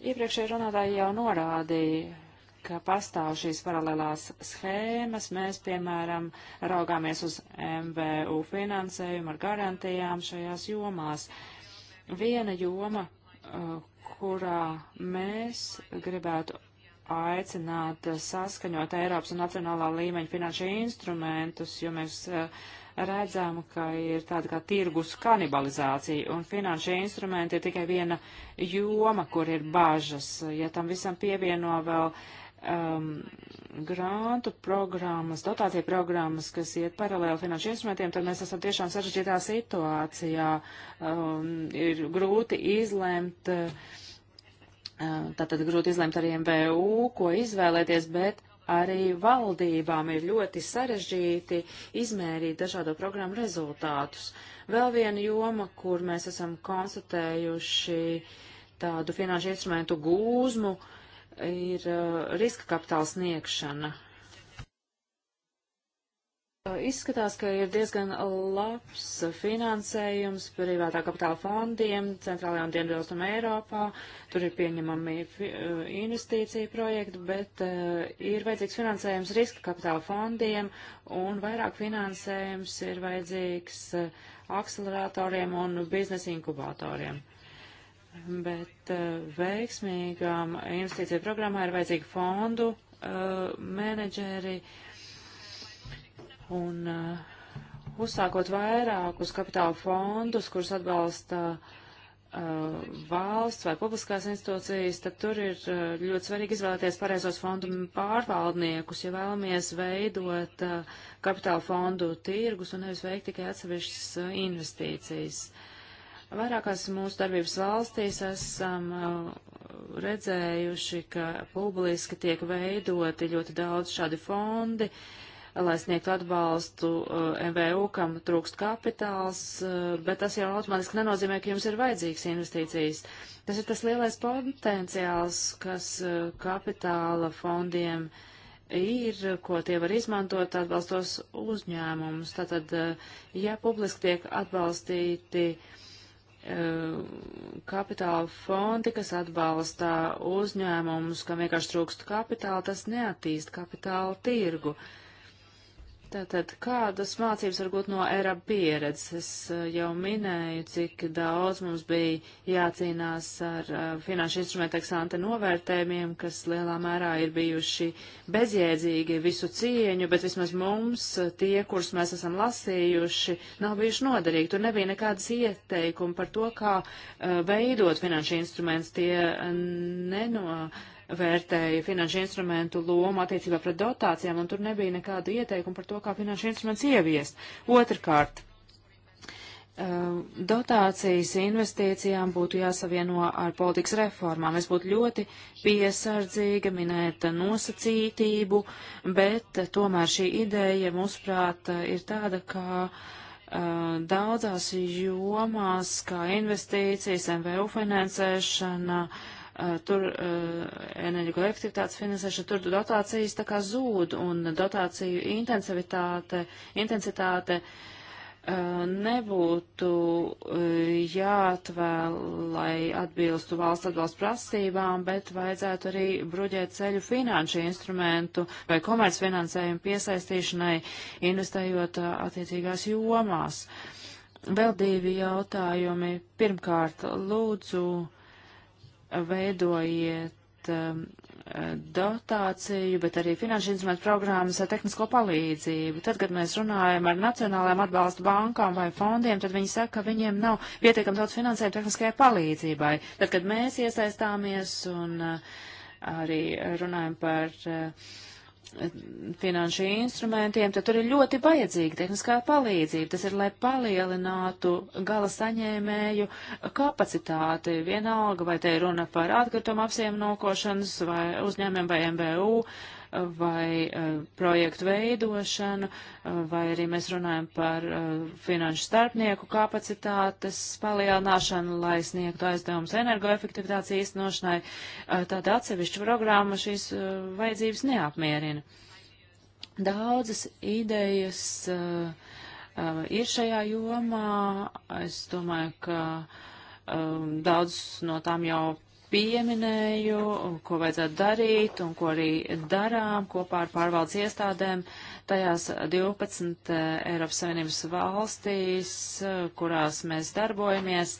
Iepriekšēji runātāji jau norādīja ka pastāv šīs paralēlās schēmas. Mēs, piemēram, raugāmies uz MVU finansējumu ar garantijām šajās jomās. Viena joma, uh, kurā mēs gribētu aicināt saskaņot Eiropas un nacionālā līmeņa finanšu instrumentus, jo mēs uh, redzam, ka ir tāda kā tirgus kanibalizācija, un finanšu instrumenti ir tikai viena joma, kur ir bažas. Ja tam visam pievieno vēl uh, um, grāntu programmas, dotācija programmas, kas iet paralēli finanšu instrumentiem, tad mēs esam tiešām sarežģītā situācijā. Um, ir grūti izlemt, uh, tātad grūti izlemt arī MVU, ko izvēlēties, bet arī valdībām ir ļoti sarežģīti izmērīt dažādo programmu rezultātus. Vēl viena joma, kur mēs esam konstatējuši tādu finanšu instrumentu gūzmu, uh, ir uh, riska kapitāla sniegšana. Uh, izskatās, ka ir diezgan labs finansējums privātā kapitāla fondiem centrālajā un dienvidostam Eiropā. Tur ir pieņemami uh, investīcija projekti, bet uh, ir vajadzīgs finansējums riska kapitāla fondiem un vairāk finansējums ir vajadzīgs akceleratoriem un biznesa inkubatoriem. Uh, bet eh, veiksmīgām investīciju programmā ir vajadzīgi fondu eh, menedžeri un eh, uzsākot vairākus kapitāla fondus, kurus atbalsta valsts vai publiskās institūcijas, tad tur ir ļoti svarīgi izvēlēties pareizos fondu pārvaldniekus, ja vēlamies veidot kapitāla fondu tirgus un nevis veikt tikai atsevišķas investīcijas. Uh, Vairākās mūsu darbības valstīs esam uh, redzējuši, ka publiski tiek veidoti ļoti daudz šādi fondi, lai sniegtu atbalstu uh, MVU, kam trūkst kapitāls, uh, bet tas jau automātiski nenozīmē, ka jums ir vajadzīgs investīcijas. Tas ir tas lielais potenciāls, kas kapitāla fondiem ir, ko tie var izmantot atbalstos uzņēmumus. Tātad, ja publiski tiek atbalstīti uh, Eh, kapitāla fondi, kas atbalsta uzņēmumus, kam vienkārši trūkst kapitāla, tas neattīst kapitāla tirgu. Uh, Tātad, kādas mācības var būt no erab pieredzes? Es eh, jau minēju, cik daudz mums bija jācīnās ar eh, finanšu instrumentu eksante novērtējumiem, kas lielā mērā ir bijuši bezjēdzīgi visu cieņu, bet vismaz mums eh, tie, kurus mēs esam lasījuši, nav bijuši noderīgi. Tur nebija nekādas ieteikumi par to, kā veidot finanšu instrumentus. Tie neno vērtēja finanšu instrumentu lomu attiecībā pret dotācijām, un tur nebija nekādu ieteikumu par to, kā finanšu instruments ieviest. Otrakārt, um, dotācijas investīcijām būtu jāsavieno ar politikas reformām. Es būtu ļoti piesardzīga minēt nosacītību, bet tomēr šī ideja, mūsuprāt, ir tāda, ka uh, daudzās jomās, kā investīcijas, MVU finansēšana, uh, Eh, tur eh, energoefektivitātes finansēšana, tur dotācijas tā kā zūd un dotāciju intensivitāte, intensitāte eh, nebūtu jāatvēl, lai atbilstu valsts atbalsta prasībām, bet vajadzētu arī bruģēt ceļu finanšu instrumentu vai komercfinansējumu piesaistīšanai, investējot attiecīgās jomās. Vēl divi jautājumi. Pirmkārt, lūdzu veidojiet um, dotāciju, bet arī finanšu instrumentu programmas ar tehnisko palīdzību. Tad, kad mēs runājam ar nacionālajām atbalstu bankām vai fondiem, tad viņi saka, ka viņiem nav pietiekami daudz finansējuma tehniskajai palīdzībai. Tad, kad mēs iesaistāmies un uh, arī runājam par uh, finanšu instrumentiem, tad tur ir ļoti vajadzīga tehniskā palīdzība. Tas ir, lai palielinātu gala saņēmēju kapacitāti. Vienalga, vai te ir runa par atkritumu apsiemnokošanas vai uzņēmiem vai MBU vai eh, projektu veidošanu, eh, vai arī mēs runājam par eh, finanšu starpnieku kapacitātes palielināšanu, lai sniegtu aizdevumus energoefektivitātes īstenošanai. Tāda atsevišķa programma šīs vajadzības neapmierina. Daudzas idejas ir šajā jomā. Es domāju, ka daudz no tām jau pieminēju, ko vajadzētu darīt un ko arī darām kopā ar pārvaldes iestādēm tajās 12 eh, Eiropas Savienības valstīs, eh, kurās mēs darbojamies.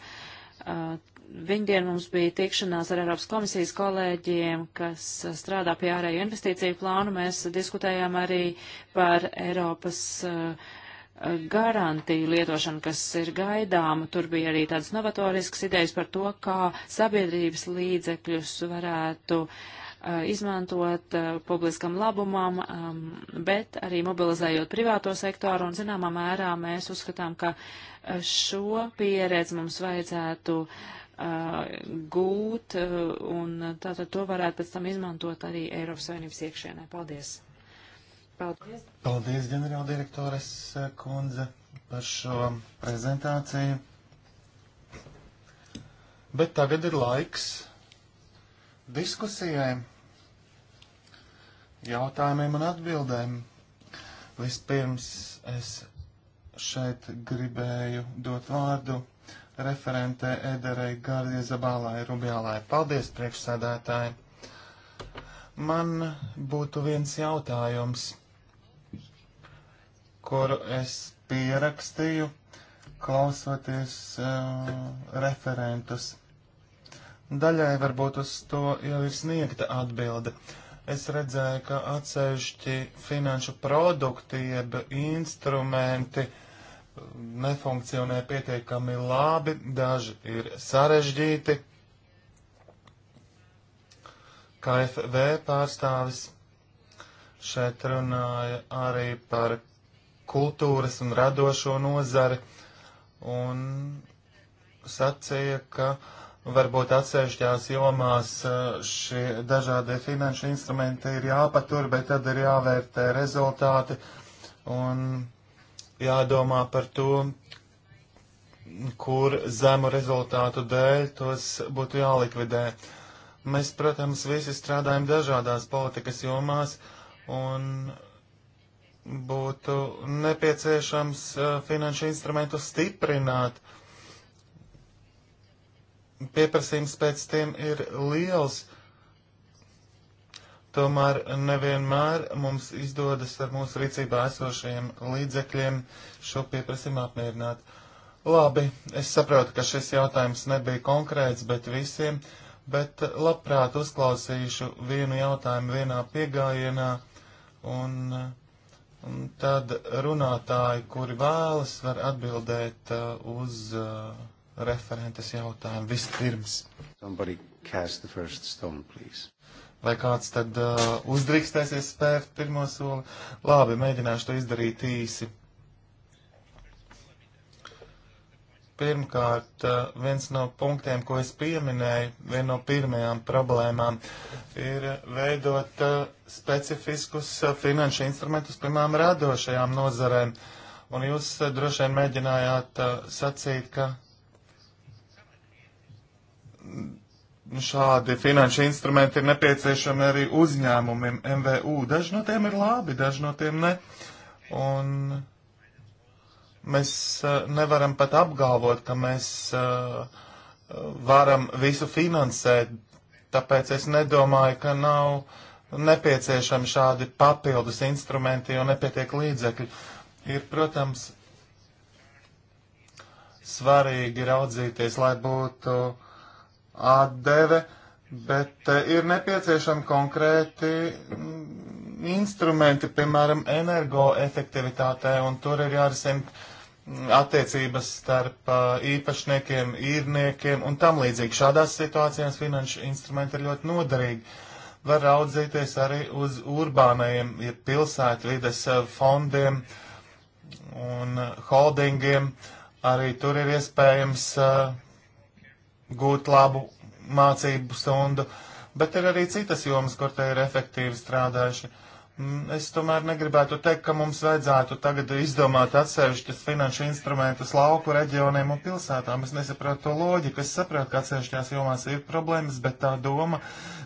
Eh, Viņdien mums bija tikšanās ar Eiropas komisijas kolēģiem, kas strādā pie ārēju investīciju plānu. Mēs diskutējām arī par Eiropas uh, garantiju lietošanu, kas ir gaidāma. Tur bija arī tādas novatoriskas idejas par to, kā sabiedrības līdzekļus varētu uh, izmantot uh, publiskam labumam, um, bet arī mobilizējot privāto sektoru, un zināmā mērā mēs uzskatām, ka uh, šo pieredzi mums vajadzētu uh, gūt, uh, un tātad to varētu pēc tam izmantot arī Eiropas Savienības iekšienē. Paldies! Paldies. Paldies, ģenerāldirektores eh, kundze, par šo prezentāciju. Bet tagad ir laiks diskusijai, jautājumiem un atbildēm. Vispirms es šeit gribēju dot vārdu referentē Ederei Gardie Zabālai Rubjālai. Paldies, priekšsēdētāji! Man būtu viens jautājums kuru es pierakstīju, klausoties uh, referentus. Daļai varbūt uz to jau ir sniegta atbilde. Es redzēju, ka atsevišķi finanšu produkti jeb instrumenti eh, nefunkcionē pietiekami labi, daži ir sarežģīti. KFV pārstāvis šeit runāja arī par kultūras un radošo nozari un sacīja, ka varbūt atsevišķās jomās e, šie dažādie finanšu instrumenti ir jāpatur, bet tad ir jāvērtē rezultāti un jādomā par to, kur zemu rezultātu dēļ tos būtu jālikvidē. Mēs, protams, visi strādājam dažādās politikas jomās, un būtu nepieciešams finanšu instrumentu stiprināt. Pieprasījums pēc tiem ir liels, tomēr nevienmēr mums izdodas ar mūsu rīcībā esošajiem līdzekļiem šo pieprasījumu apmierināt. Labi, es saprotu, ka šis jautājums nebija konkrēts, bet visiem, bet labprāt uzklausīšu vienu jautājumu vienā piegājienā un uh, Un tad runātāji, kuri vēlas, var atbildēt uh, uz uh, referentes jautājumu vispirms. Stone, Vai kāds tad uh, uzdrīkstēsies spērt pirmo soli? Labi, mēģināšu to izdarīt īsi. Pirmkārt, eh, viens no punktiem, ko es pieminēju, viena no pirmajām problēmām ir veidot eh, specifiskus eh, finanšu instrumentus, piemēram, radošajām nozarēm. Un jūs droši vien mēģinājāt sacīt, ka šādi finanšu instrumenti ir nepieciešami arī uzņēmumiem, MVU. Daži no tiem ir labi, daži no tiem ne. Un Mēs eh, nevaram pat apgalvot, ka mēs eh, varam visu finansēt, tāpēc es nedomāju, ka nav nepieciešami šādi papildus instrumenti, jo nepietiek līdzekļi. Ir, protams, svarīgi raudzīties, lai būtu atdeve, bet eh, ir nepieciešami konkrēti mm, instrumenti, piemēram, energoefektivitātē, un tur ir jārisina attiecības starp uh, īpašniekiem, īrniekiem un tam līdzīgi. Šādās situācijās finanšu instrumenti ir ļoti noderīgi. Var raudzīties arī uz urbānajiem, ja pilsētvides fondiem un holdingiem. Arī tur ir iespējams uh, gūt labu mācību stundu, bet ir arī citas jomas, kur te ir efektīvi strādājuši. Uh, Mm, es tomēr negribētu teikt, ka mums vajadzētu tagad izdomāt atsevišķas finanšu instrumentus lauku reģioniem un pilsētām. Es nesaprotu to loģiku. Es saprotu, ka atsevišķās jomās ir problēmas, bet tā doma,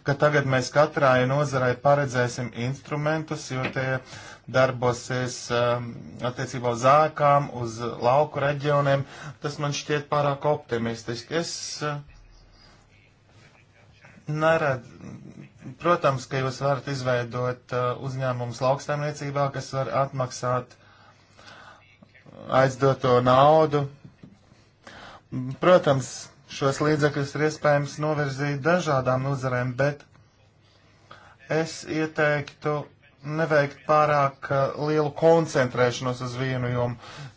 ka tagad mēs katrai nozarei paredzēsim instrumentus, jo tie darbosies um, attiecībā uz ēkām, uz lauku reģioniem, tas man šķiet pārāk optimistiski. Es uh, neredzu Protams, ka jūs varat izveidot uh, uzņēmumus lauksaimniecībā, kas var atmaksāt aizdoto naudu. Protams, šos līdzekļus ir iespējams novirzīt dažādām nozarēm, bet es ieteiktu neveikt pārāk eh, lielu koncentrēšanos uz vienu jomu.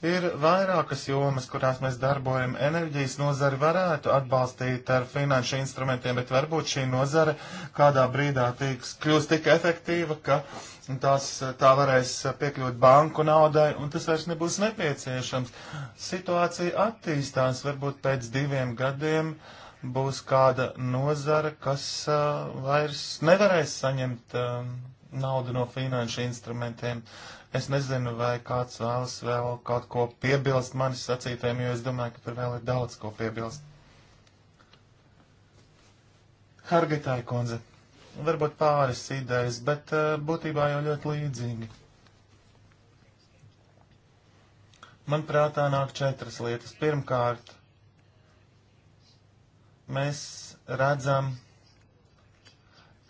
Ir vairākas jomas, kurās mēs darbojam. Enerģijas nozari varētu atbalstīt ar finanšu instrumentiem, bet varbūt šī nozare kādā brīdā tiks kļūst tik efektīva, ka tās, tā varēs piekļūt banku naudai, un tas vairs nebūs nepieciešams. Situācija attīstās, varbūt pēc diviem gadiem būs kāda nozara, kas uh, vairs nevarēs saņemt. Uh, naudu no finanšu instrumentiem. Es nezinu, vai kāds vēlas vēl kaut ko piebilst manis sacītēm, jo es domāju, ka tur vēl ir daudz ko piebilst. Hargitāja kundze, varbūt pāris idejas, bet uh, būtībā jau ļoti līdzīgi. Man prātā nāk četras lietas. Pirmkārt, mēs redzam,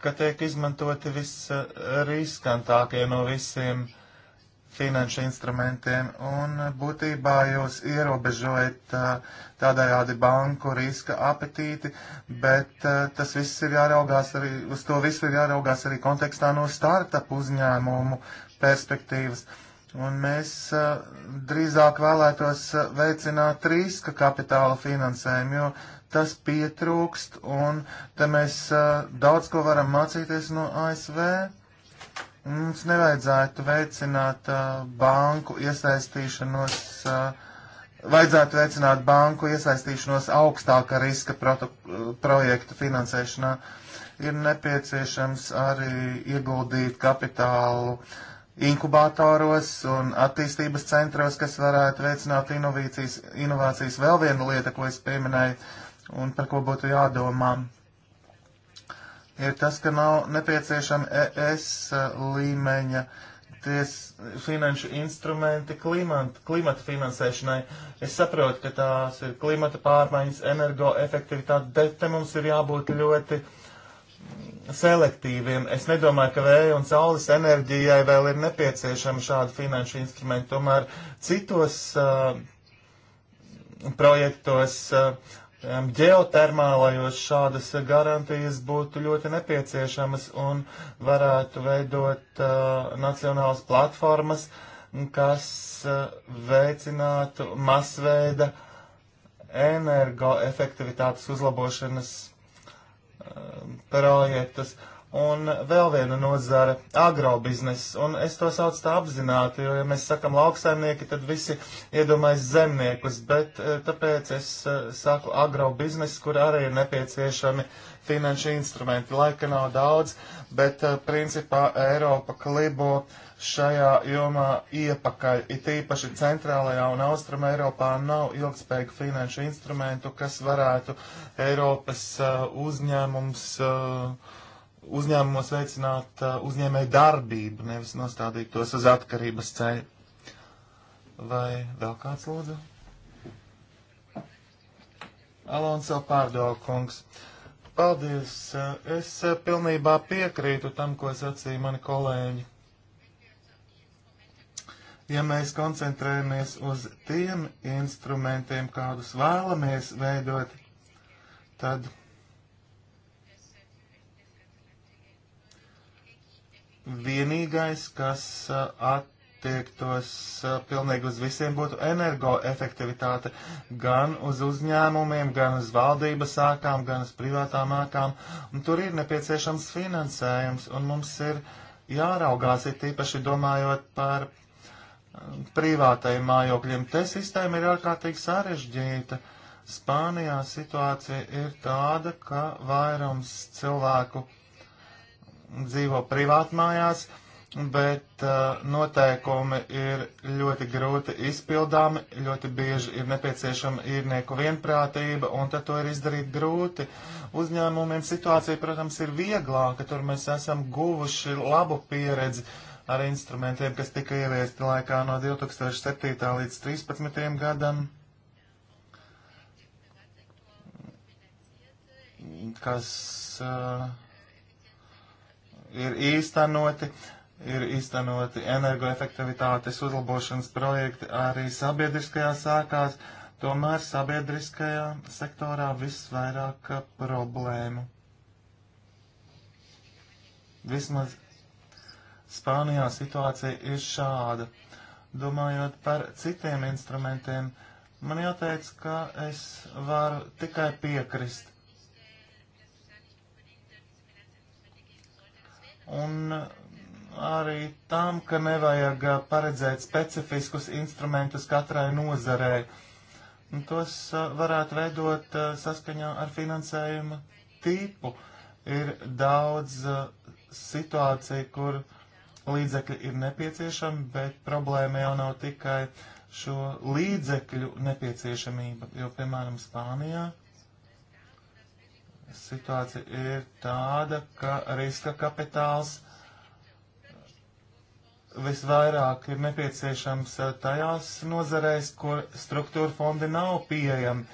ka tiek izmantoti visriskantākie no visiem finanšu instrumentiem, un būtībā jūs ierobežojat tādējādi banku riska apetīti, bet tas viss ir jāraugās arī, uz to visu ir jāraugās arī kontekstā no startup uzņēmumu perspektīvas. Un mēs drīzāk vēlētos veicināt riska kapitāla finansējumu, jo tas pietrūkst, un te mēs uh, daudz ko varam mācīties no ASV. Mums nevajadzētu veicināt uh, banku iesaistīšanos, uh, vajadzētu veicināt banku iesaistīšanos augstāka riska protu, projektu finansēšanā. Ir nepieciešams arī ieguldīt kapitālu uh, inkubatoros un attīstības centros, kas varētu veicināt inovācijas. Vēl viena lieta, ko es pieminēju, un par ko būtu jādomā, ir tas, ka nav nepieciešama ES līmeņa ties, finanšu instrumenti klimata, klimata finansēšanai. Es saprotu, ka tās ir klimata pārmaiņas, energoefektivitāte, bet te mums ir jābūt ļoti selektīviem. Es nedomāju, ka vēja un saules enerģijai vēl ir nepieciešama šāda finanšu instrumenta. Tomēr citos uh, projektos uh, ģeotermālajos šādas garantijas būtu ļoti nepieciešamas un varētu veidot uh, nacionālas platformas, kas uh, veicinātu masveida energoefektivitātes uzlabošanas uh, projektus. Uh, Un vēl viena nozara - agrobiznes. Un es to saucu tā apzināti, jo, ja mēs sakam lauksaimnieki, tad visi iedomājas zemniekus, bet e, tāpēc es e, saku agrobiznes, kur arī ir nepieciešami finanšu instrumenti. Laika nav daudz, bet e, principā Eiropa klibo šajā jomā iepakaļ. It īpaši centrālajā un austruma Eiropā nav ilgspējīgu finanšu instrumentu, kas varētu Eiropas uh, uzņēmums. Uh, uzņēmumos veicināt uh, uzņēmēju darbību, nevis nostādīt tos uz atkarības ceļu. Vai vēl kāds lūdzu? Alonso Pārdo kungs. Paldies. Uh, es uh, pilnībā piekrītu tam, ko sacīja mani kolēģi. Ja mēs koncentrējamies uz tiem instrumentiem, kādus vēlamies veidot, tad vienīgais, kas uh, attiektos uh, pilnīgi uz visiem, būtu energoefektivitāte gan uz uzņēmumiem, gan uz valdības ēkām, gan uz privātām ēkām. Un tur ir nepieciešams finansējums, un mums ir jāraugās, ir tīpaši domājot par um, privātajiem mājokļiem. Te sistēma ir ārkārtīgi sarežģīta. Spānijā situācija ir tāda, ka vairums cilvēku dzīvo privātmājās, bet uh, noteikumi ir ļoti grūti izpildāmi, ļoti bieži ir nepieciešama īrnieku vienprātība, un tad to ir izdarīt grūti. Uzņēmumiem situācija, protams, ir vieglāka, tur mēs esam guvuši labu pieredzi ar instrumentiem, kas tika ieviesti laikā no 2007. līdz 2013. gadam. kas uh, ir īstenoti, ir īstenoti energoefektivitātes uzlabošanas projekti arī sabiedriskajā sākās, tomēr sabiedriskajā sektorā visvairāk eh, problēmu. Vismaz Spānijā situācija ir šāda. Domājot par citiem instrumentiem, man jāteic, ka es varu tikai piekrist un arī tam, ka nevajag uh, paredzēt specifiskus instrumentus katrai nozarei. Un tos uh, varētu veidot uh, saskaņā ar finansējuma tipu. Ir daudz situāciju, kur līdzekļi ir nepieciešami, bet problēma jau nav tikai šo līdzekļu nepieciešamība, jo, piemēram, Spānijā situācija ir tāda, ka riska kapitāls visvairāk ir nepieciešams tajās nozarēs, kur struktūra fondi nav pieejami.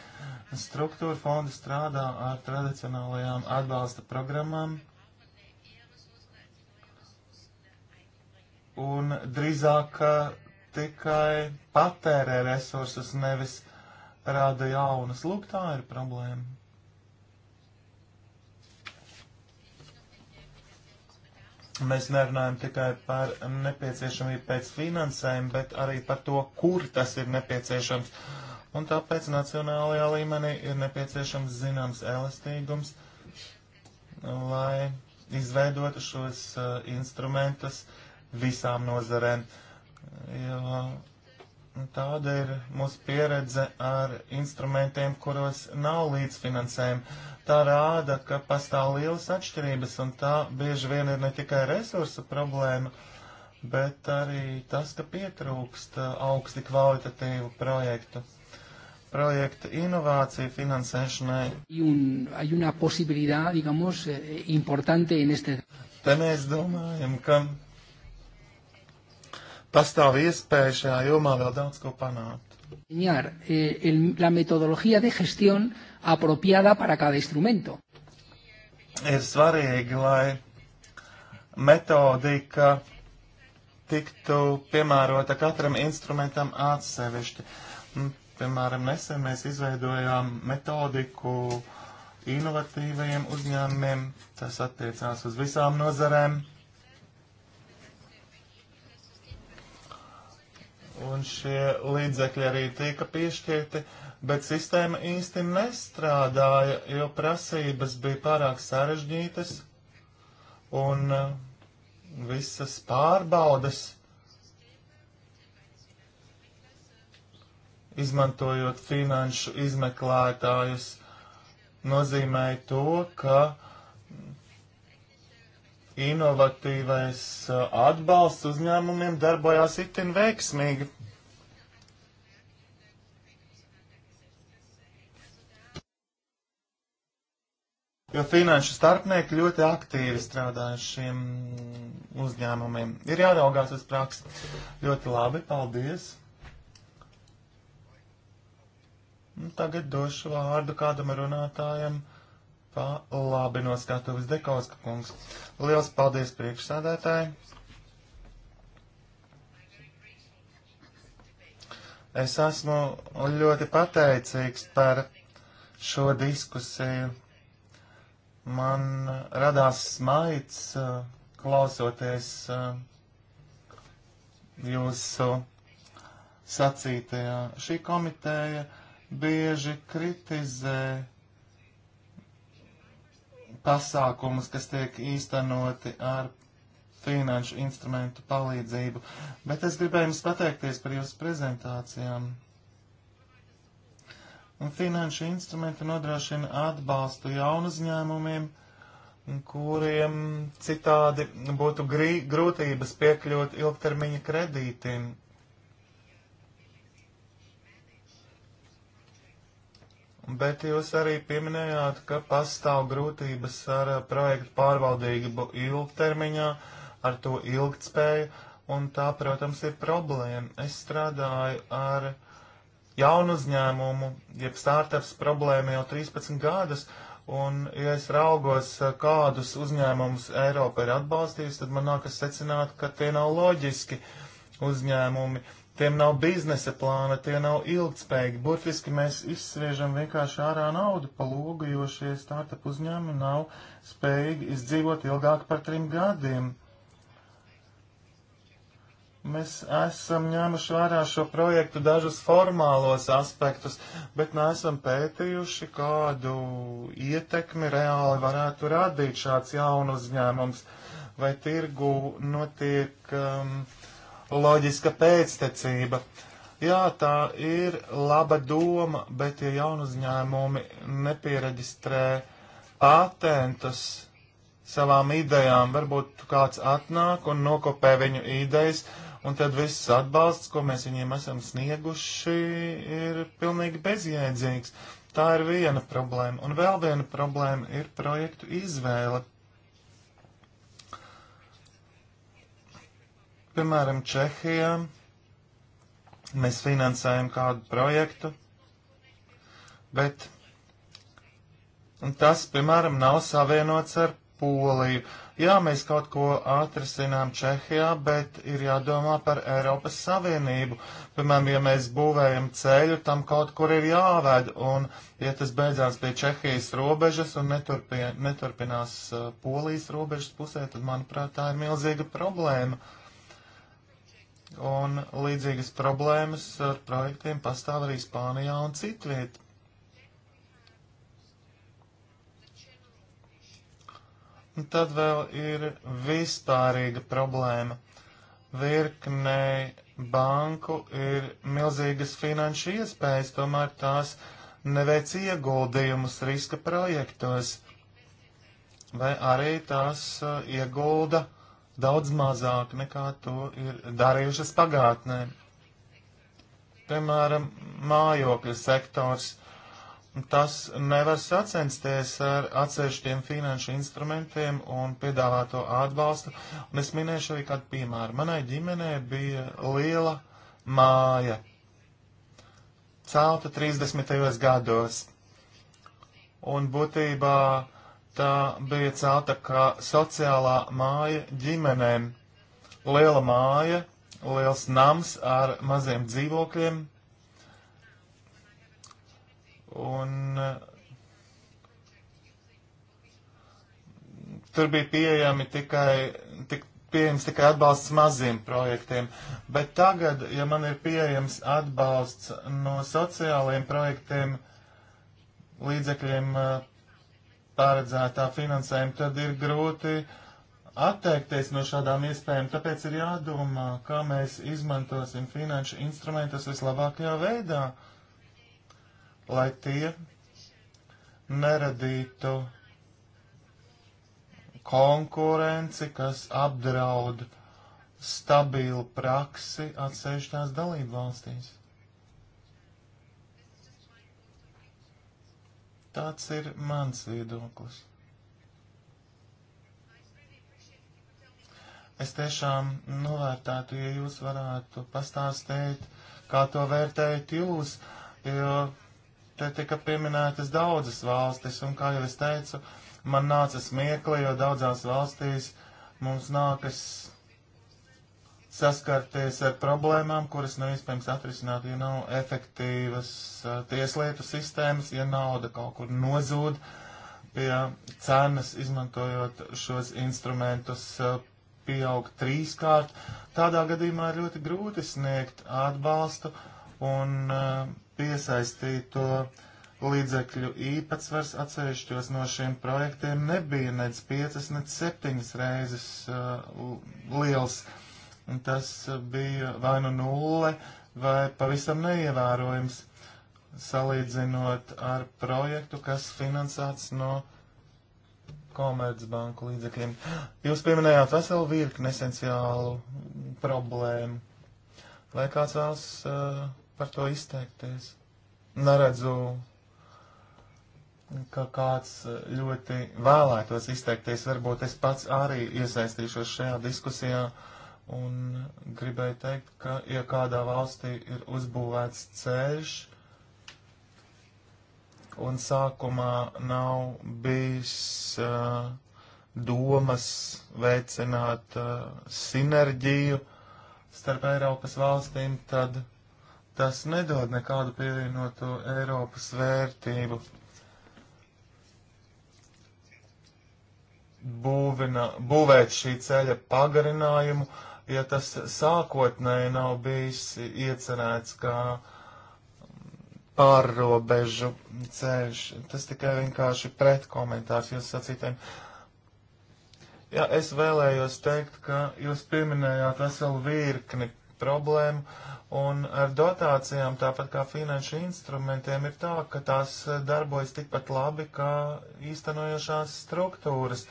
Struktūra fondi strādā ar tradicionālajām atbalsta programmām un drīzāk tikai patērē resursus, nevis rada jaunas. Lūk, tā ir problēma. mēs nerunājam tikai par nepieciešamību pēc finansējuma, bet arī par to, kur tas ir nepieciešams. Un tāpēc nacionālajā līmenī ir nepieciešams zināms elastīgums, lai izveidotu šos uh, instrumentus visām nozarēm. Jo Tāda ir mūsu pieredze ar instrumentiem, kuros nav līdzfinansējumi. Tā rāda, ka pastāv lielas atšķirības, un tā bieži vien ir ne tikai resursu problēma, bet arī tas, ka pietrūkst uh, augsti kvalitatīvu projektu. Projekta inovācija finansēšanai. Un, digamos, eh, este... Te mēs domājam, ka pastāv iespēja šajā jomā vēl daudz ko panākt. Señor, eh, el, la metodología de gestión apropiada para cada instrumento. Ir svarīgi, lai metodika tiktu piemērota katram instrumentam atsevišķi. Piemēram, nesen mēs izveidojām metodiku inovatīvajiem uzņēmumiem, tas attiecās uz visām nozarēm un šie līdzekļi arī tika piešķirti, bet sistēma īsti nestrādāja, jo prasības bija pārāk sarežģītas un uh, visas pārbaudas, izmantojot finanšu izmeklētājus, nozīmēja to, ka inovatīvais uh, atbalsts uzņēmumiem darbojās itin veiksmīgi. Jo finanšu starpnieki ļoti aktīvi strādāja šiem uzņēmumiem. Ir jāraugās uz praksi. Ļoti labi, paldies. Un nu, tagad došu vārdu kādam runātājam Pa, labi, no skatuves Dekovska kungs. Liels paldies priekšsādētāji. Es esmu ļoti pateicīgs par šo diskusiju. Man radās smaids uh, klausoties uh, jūsu sacītajā. Šī komiteja bieži kritizē pasākumus, kas tiek īstenoti ar finanšu instrumentu palīdzību. Bet es gribēju jums pateikties par jūsu prezentācijām. Un finanšu instrumenti nodrošina atbalstu jaunu uzņēmumiem, kuriem citādi būtu grī, grūtības piekļūt ilgtermiņa kredītiem. bet jūs arī pieminējāt, ka pastāv grūtības ar eh, projektu pārvaldību ilgtermiņā, ar to ilgtspēju, un tā, protams, ir problēma. Es strādāju ar jaunu uzņēmumu, jeb startups problēma jau 13 gadus, un, ja es raugos, eh, kādus uzņēmumus Eiropa ir atbalstījusi, tad man nākas secināt, ka tie nav loģiski uzņēmumi Tiem nav biznesa plāna, tie nav ilgspējīgi. Burtiski mēs izsviežam vienkārši ārā naudu pa lūgu, jo šie startup uzņēmumi nav spējīgi izdzīvot ilgāk par trim gadiem. Mēs esam ņēmuši vērā šo projektu dažus formālos aspektus, bet neesam pētījuši, kādu ietekmi reāli varētu radīt šāds jaunu uzņēmums vai tirgu notiek. Um, loģiska pēctecība. Jā, tā ir laba doma, bet ja jaunuzņēmumi nepiereģistrē patentus savām idejām, varbūt kāds atnāk un nokopē viņu idejas, un tad viss atbalsts, ko mēs viņiem esam snieguši, ir pilnīgi bezjēdzīgs. Tā ir viena problēma, un vēl viena problēma ir projektu izvēle. Piemēram, Čehijā mēs finansējam kādu projektu, bet tas, piemēram, nav savienots ar Poliju. Jā, mēs kaut ko atrisinām Čehijā, bet ir jādomā par Eiropas Savienību. Piemēram, ja mēs būvējam ceļu, tam kaut kur ir jāved, un ja tas beidzās pie Čehijas robežas un neturpie, neturpinās uh, Polijas robežas pusē, tad, manuprāt, tā ir milzīga problēma. Uh, Un līdzīgas problēmas ar projektiem pastāv arī Spānijā un citviet. Un tad vēl ir vispārīga problēma. Virknei banku ir milzīgas finanšu iespējas, tomēr tās neveic ieguldījumus riska projektos, vai arī tās uh, iegulda daudz mazāk nekā to ir darījušas pagātnē. Piemēram, mājokļu sektors. Tas nevar sacensties ar atsevišķiem finanšu instrumentiem un piedāvāto atbalstu. Un es minēšu arī kādu piemēru. Manai ģimenē bija liela māja, celta 30. gados. Un būtībā tā bija celta kā sociālā māja ģimenēm. Liela māja, liels nams ar maziem dzīvokļiem. Un tur bija pieejami tikai, tik, pieejams tikai atbalsts maziem projektiem. Bet tagad, ja man ir pieejams atbalsts no sociālajiem projektiem, līdzekļiem eh, paredzētā finansējuma, tad ir grūti atteikties no šādām iespējām. Tāpēc ir jādomā, kā mēs izmantosim finanšu instrumentus vislabākajā veidā, lai tie neradītu konkurenci, kas apdraud stabilu praksi atsevišķās dalību valstīs. Tāds ir mans viedoklis. Es tiešām novērtētu, ja jūs varētu pastāstīt, kā to vērtējat jūs, jo te tika pieminētas daudzas valstis, un kā jau es teicu, man nāca smiekli, jo daudzās valstīs mums nākas saskarties ar problēmām, kuras nav iespējams atrisināt, ja nav efektīvas a, eh, tieslietu sistēmas, ja nauda kaut kur nozūd pie cenas, izmantojot šos instrumentus, a, eh, pieaug trīskārt. Tādā gadījumā ir ļoti grūti sniegt atbalstu un a, eh, piesaistīt to līdzekļu īpatsvars atsevišķos no šiem projektiem nebija nec piecas, nec septiņas reizes uh, liels. Uh, tas bija vai nu nulle, vai pavisam neievērojams, salīdzinot ar projektu, kas finansēts no Komercbanku līdzekļiem. Jūs pieminējāt veselu virkni esenciālu problēmu. Vai kāds vēlas uh, par to izteikties? Neredzu, ka kāds uh, ļoti vēlētos izteikties. Varbūt es pats arī iesaistīšos šajā diskusijā. Uh, Un gribēju teikt, ka, ja kādā valstī ir uzbūvēts ceļš un sākumā nav bijis uh, domas veicināt uh, sinerģiju starp Eiropas valstīm, tad tas nedod nekādu pievienoto Eiropas vērtību. Būvina, būvēt šī ceļa pagarinājumu, uh, ja tas sākotnēji nav bijis iecerēts kā pārrobežu ceļš. Tas tikai vienkārši pretkomentārs jūsu sacītēm. Jā, es vēlējos teikt, ka jūs pieminējāt veselu virkni problēmu. Un ar dotācijām, tāpat kā finanšu instrumentiem, ir tā, ka tās eh, darbojas tikpat labi kā īstenojošās struktūras.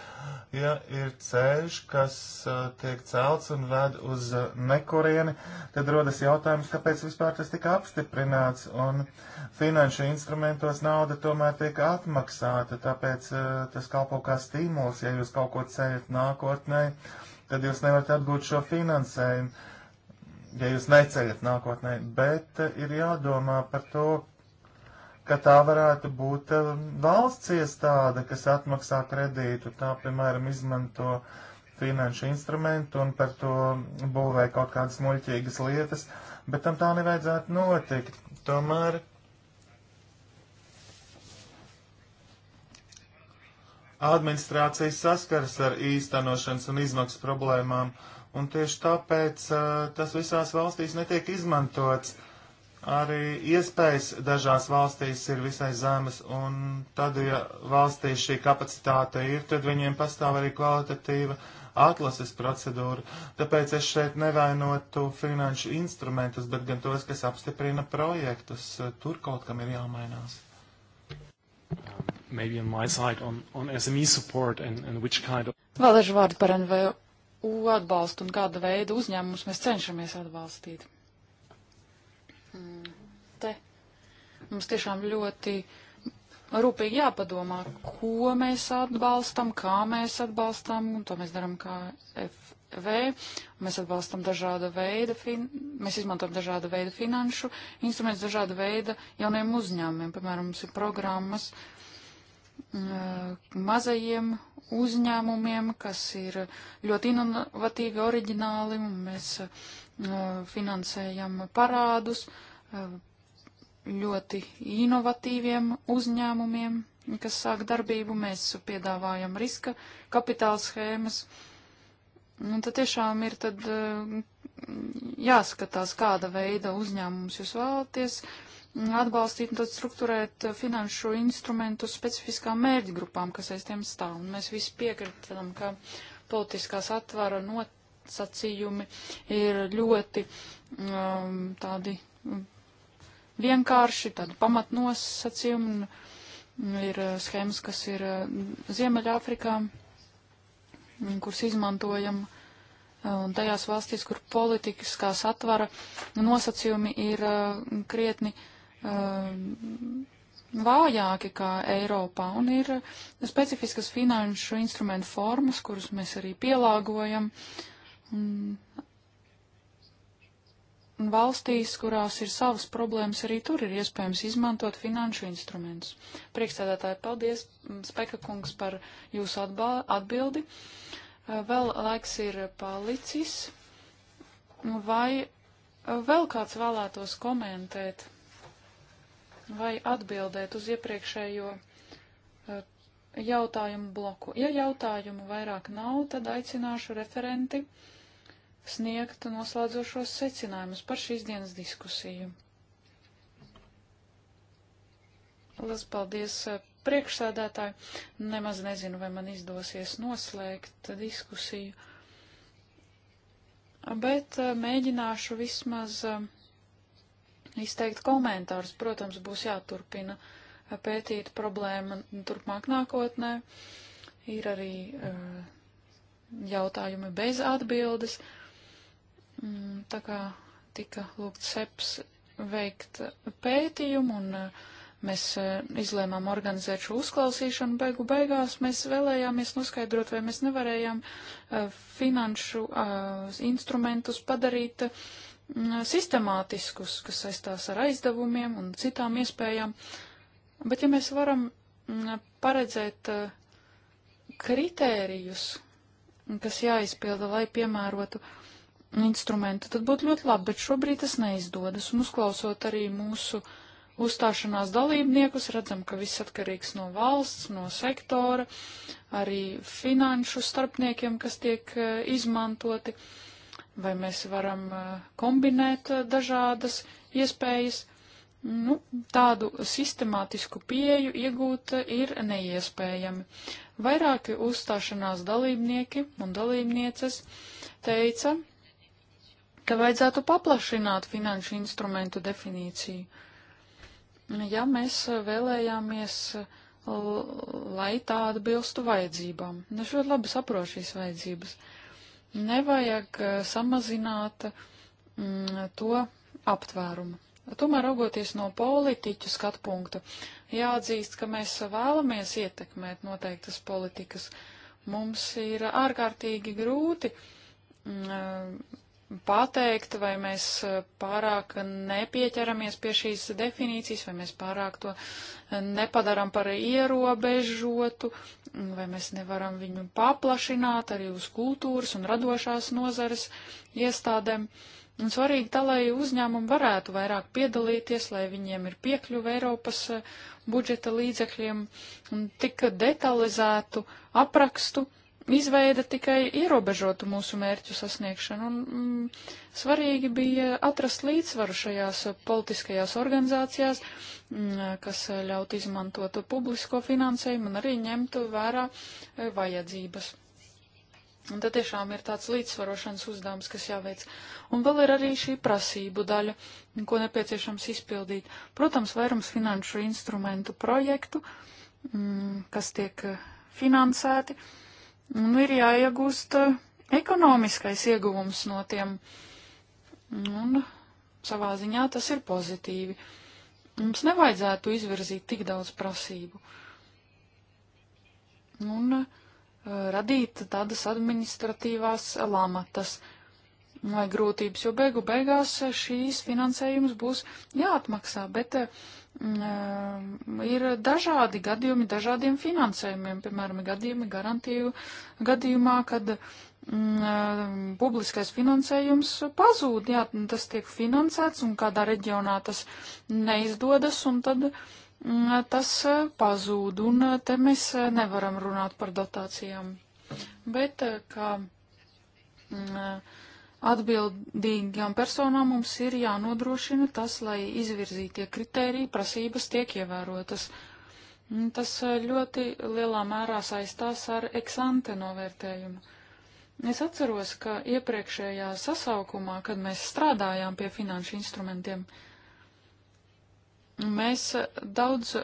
Ja ir ceļš, kas eh, tiek celts un ved uz eh, nekurieni, tad rodas jautājums, kāpēc vispār tas tika apstiprināts. Un finanšu instrumentos nauda tomēr tiek atmaksāta, tāpēc tas kalpo kā stimuls, ja jūs kaut ko ceļat nākotnē, tad jūs nevarat atgūt šo finansējumu ja jūs neceļat nākotnē, bet eh, ir jādomā par to, ka tā varētu būt eh, valsts iestāde, kas atmaksā kredītu, tā piemēram izmanto finanšu instrumentu un par to būvē kaut kādas muļķīgas lietas, bet tam tā nevajadzētu notikt. Tomēr administrācija saskaras ar īstenošanas un izmaksu problēmām un tieši tāpēc uh, tas visās valstīs netiek izmantots. Arī iespējas dažās valstīs ir visai zemes, un tad, ja valstīs šī kapacitāte ir, tad viņiem pastāv arī kvalitatīva atlases procedūra. Tāpēc es šeit nevainotu finanšu instrumentus, bet gan tos, kas apstiprina projektus. Tur kaut kam ir jāmainās. Um, maybe on my side on, on SME support and, and which kind of... Vēl dažu vārdu par NVO MVU atbalstu un kāda veida uzņēmumus mēs cenšamies atbalstīt. Hmm. Te mums tiešām ļoti rūpīgi jāpadomā, ko mēs atbalstam, kā mēs atbalstam, un to mēs darām kā FV. Mēs atbalstam dažāda veida, fin... mēs izmantojam dažāda veida finanšu instrumentus, dažāda veida jauniem uzņēmumiem. Piemēram, mums ir programmas, uh, Mm, mazajiem uzņēmumiem, kas ir ļoti inovatīvi, oriģināli, un mēs mm, finansējam parādus mm, ļoti inovatīviem uzņēmumiem, kas sāk darbību, mēs piedāvājam riska kapitāla schēmas. Un tad tiešām ir tad jāskatās, kāda veida uzņēmums jūs vēlaties, uh, atbalstīt un tad struktūrēt finanšu instrumentu specifiskām mērķgrupām, kas aiz tiem stāv. Un mēs visi piekritam, ka politiskās atvara nosacījumi ir ļoti um, tādi um, vienkārši, tādi pamatnosacījumi. Ir uh, schēmas, kas ir uh, Ziemeļāfrikā, kuras izmantojam, uh, un tajās valstīs, kur politikas atvara nosacījumi ir krietni uh, um, vājāki kā Eiropā, un ir specifiskas finanšu instrumentu formas, kurus mēs arī pielāgojam. Un, un valstīs, kurās ir savas problēmas, arī tur ir iespējams izmantot finanšu instrumentus. Priekšstādātāji, paldies, mm, Speka kungs, par jūsu atbildi. Uh, vēl laiks ir palicis. Vai vēl kāds vēlētos komentēt? vai atbildēt uz iepriekšējo eh, jautājumu bloku. Ja jautājumu vairāk nav, tad aicināšu referenti sniegt noslēdzošos secinājumus par šīs dienas diskusiju. Lielas paldies eh, priekšsēdētāji. Nemaz nezinu, vai man izdosies noslēgt diskusiju, bet eh, mēģināšu vismaz uh, izteikt komentārus. Protams, būs jāturpina pētīt problēma turpmāk nākotnē. Ir arī eh, jautājumi bez atbildes. Mm, tā kā tika lūgts seps veikt pētījumu un eh, mēs eh, izlēmām organizēt šo uzklausīšanu. Beigu beigās mēs vēlējāmies noskaidrot, vai mēs nevarējām finanšu instrumentus padarīt Mm, sistemātiskus, kas saistās ar aizdevumiem un citām iespējām. Bet ja mēs varam mm, paredzēt eh, kritērijus, kas jāizpilda, lai piemērotu instrumentu, tad būtu ļoti labi, bet šobrīd tas neizdodas. Un uzklausot arī mūsu uzstāšanās dalībniekus, redzam, ka viss atkarīgs no valsts, no sektora, arī finanšu starpniekiem, kas tiek eh, izmantoti. Uh, vai mēs varam uh, kombinēt uh, dažādas iespējas. Nu, tādu sistemātisku pieju iegūt uh, ir neiespējami. Vairāki uzstāšanās dalībnieki un dalībnieces teica, ka vajadzētu paplašināt finanšu instrumentu definīciju. Ja mēs vēlējāmies, lai tā atbilstu vajadzībām, es ļoti labi saprotu šīs vajadzības. Uh, nevajag eh, samazināt mm, to aptvērumu. Tomēr, raugoties no politiķu skatu punkta, jāatzīst, ka mēs vēlamies ietekmēt noteiktas politikas. Mums ir ārkārtīgi grūti mm, pateikt, vai mēs e, pārāk nepieķeramies pie šīs definīcijas, vai mēs pārāk to e, nepadaram par ierobežotu, vai mēs nevaram viņu paplašināt arī uz kultūras un radošās nozares iestādēm. Un svarīgi tā, lai uzņēmumi varētu vairāk piedalīties, lai viņiem ir piekļuva Eiropas e, budžeta līdzekļiem un tik detalizētu aprakstu izveida tikai ierobežotu mūsu mērķu sasniegšanu, un mm, svarīgi bija atrast līdzsvaru šajās politiskajās organizācijās, mm, kas ļaut izmantot publisko finansējumu un arī ņemtu vērā e, vajadzības. Un tad tiešām ir tāds līdzsvarošanas uzdevums, kas jāveic. Un vēl ir arī šī prasību daļa, ko nepieciešams izpildīt. Protams, vairums finanšu instrumentu projektu, mm, kas tiek e, finansēti, uh, Un ir jāiegūst eh, ekonomiskais ieguvums no tiem. Un savā ziņā tas ir pozitīvi. Mums nevajadzētu izvirzīt tik daudz prasību. Un uh, radīt tādas administratīvās lamatas vai grūtības, jo beigu beigās eh, šīs finansējums būs jāatmaksā, bet uh, Mm, e, ir dažādi gadījumi dažādiem finansējumiem, piemēram, gadījumi garantiju gadījumā, kad mm, e, publiskais finansējums pazūd, jā, tas tiek finansēts un kādā reģionā tas neizdodas un tad mm, e, tas pazūd un te mēs nevaram runāt par dotācijām. Bet kā mm, Atbildīgām personām mums ir jānodrošina tas, lai izvirzītie kritēriji prasības tiek ievērotas. Tas eh, ļoti lielā mērā saistās ar eksante novērtējumu. Es atceros, ka iepriekšējā sasaukumā, kad mēs strādājām pie finanšu instrumentiem, mēs eh, daudz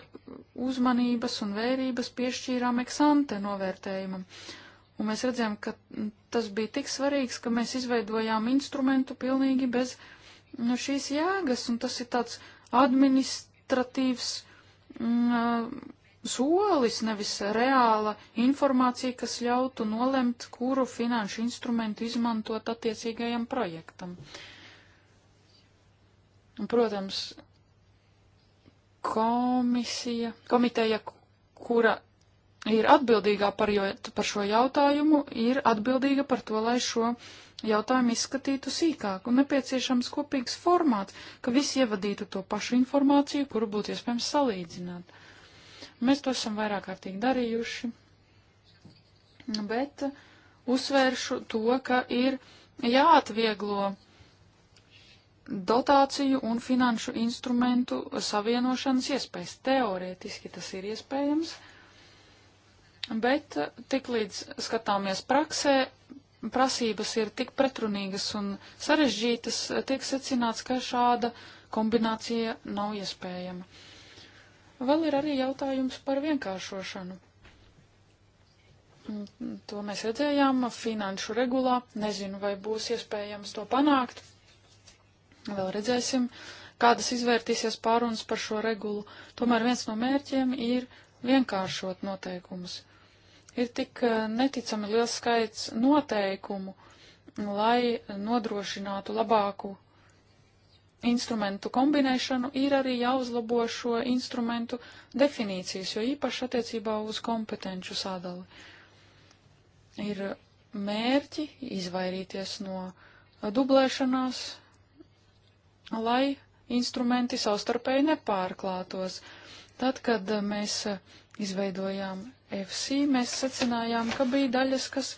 uzmanības un vērības piešķīrām eksante novērtējumam. Uh, Un mēs redzējām, ka mm, tas bija tik svarīgs, ka mēs izveidojām instrumentu pilnīgi bez nu, šīs jēgas, un tas ir tāds administratīvs mm, solis, nevis reāla informācija, kas ļautu nolemt, kuru finanšu instrumentu izmantot attiecīgajam projektam. Un, protams, komisija, komiteja, kura ir atbildīgā par, jo, par šo jautājumu, ir atbildīga par to, lai šo jautājumu izskatītu sīkāk un nepieciešams kopīgs formāts, ka visi ievadītu to pašu informāciju, kuru būtu iespējams salīdzināt. Mēs to esam vairāk kārtīgi darījuši, bet uzsvēršu to, ka ir jāatvieglo dotāciju un finanšu instrumentu savienošanas iespējas. Teorētiski tas ir iespējams. Uh, Bet eh, tik līdz skatāmies praksē, prasības ir tik pretrunīgas un sarežģītas, eh, tiek secināts, ka šāda kombinācija nav iespējama. Vēl ir arī jautājums par vienkāršošanu. Mm, mm, to mēs redzējām finanšu regulā. Nezinu, vai būs iespējams to panākt. Vēl redzēsim, kādas izvērtīsies pārunas par šo regulu. Tomēr viens no mērķiem ir vienkāršot noteikumus. Ir tik eh, neticami liels skaits noteikumu, lai nodrošinātu labāku instrumentu kombinēšanu, ir arī jāuzlabo šo instrumentu definīcijas, jo īpaši attiecībā uz kompetenču sadali. Ir mērķi izvairīties no dublēšanās, lai instrumenti savstarpēji nepārklātos. Tad, kad eh, mēs eh, izveidojām FC, mēs secinājām, ka bija daļas, kas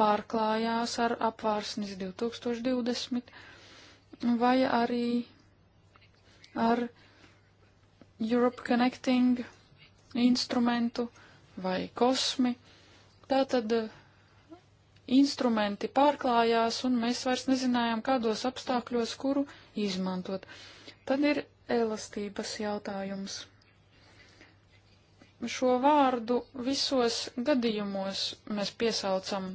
pārklājās ar apvārsnes 2020 vai arī ar Europe Connecting instrumentu vai kosmi. Tātad eh, instrumenti pārklājās, un mēs vairs nezinājām, kādos apstākļos kuru izmantot. Tad ir elastības jautājums. Šo vārdu visos gadījumos mēs piesaucam,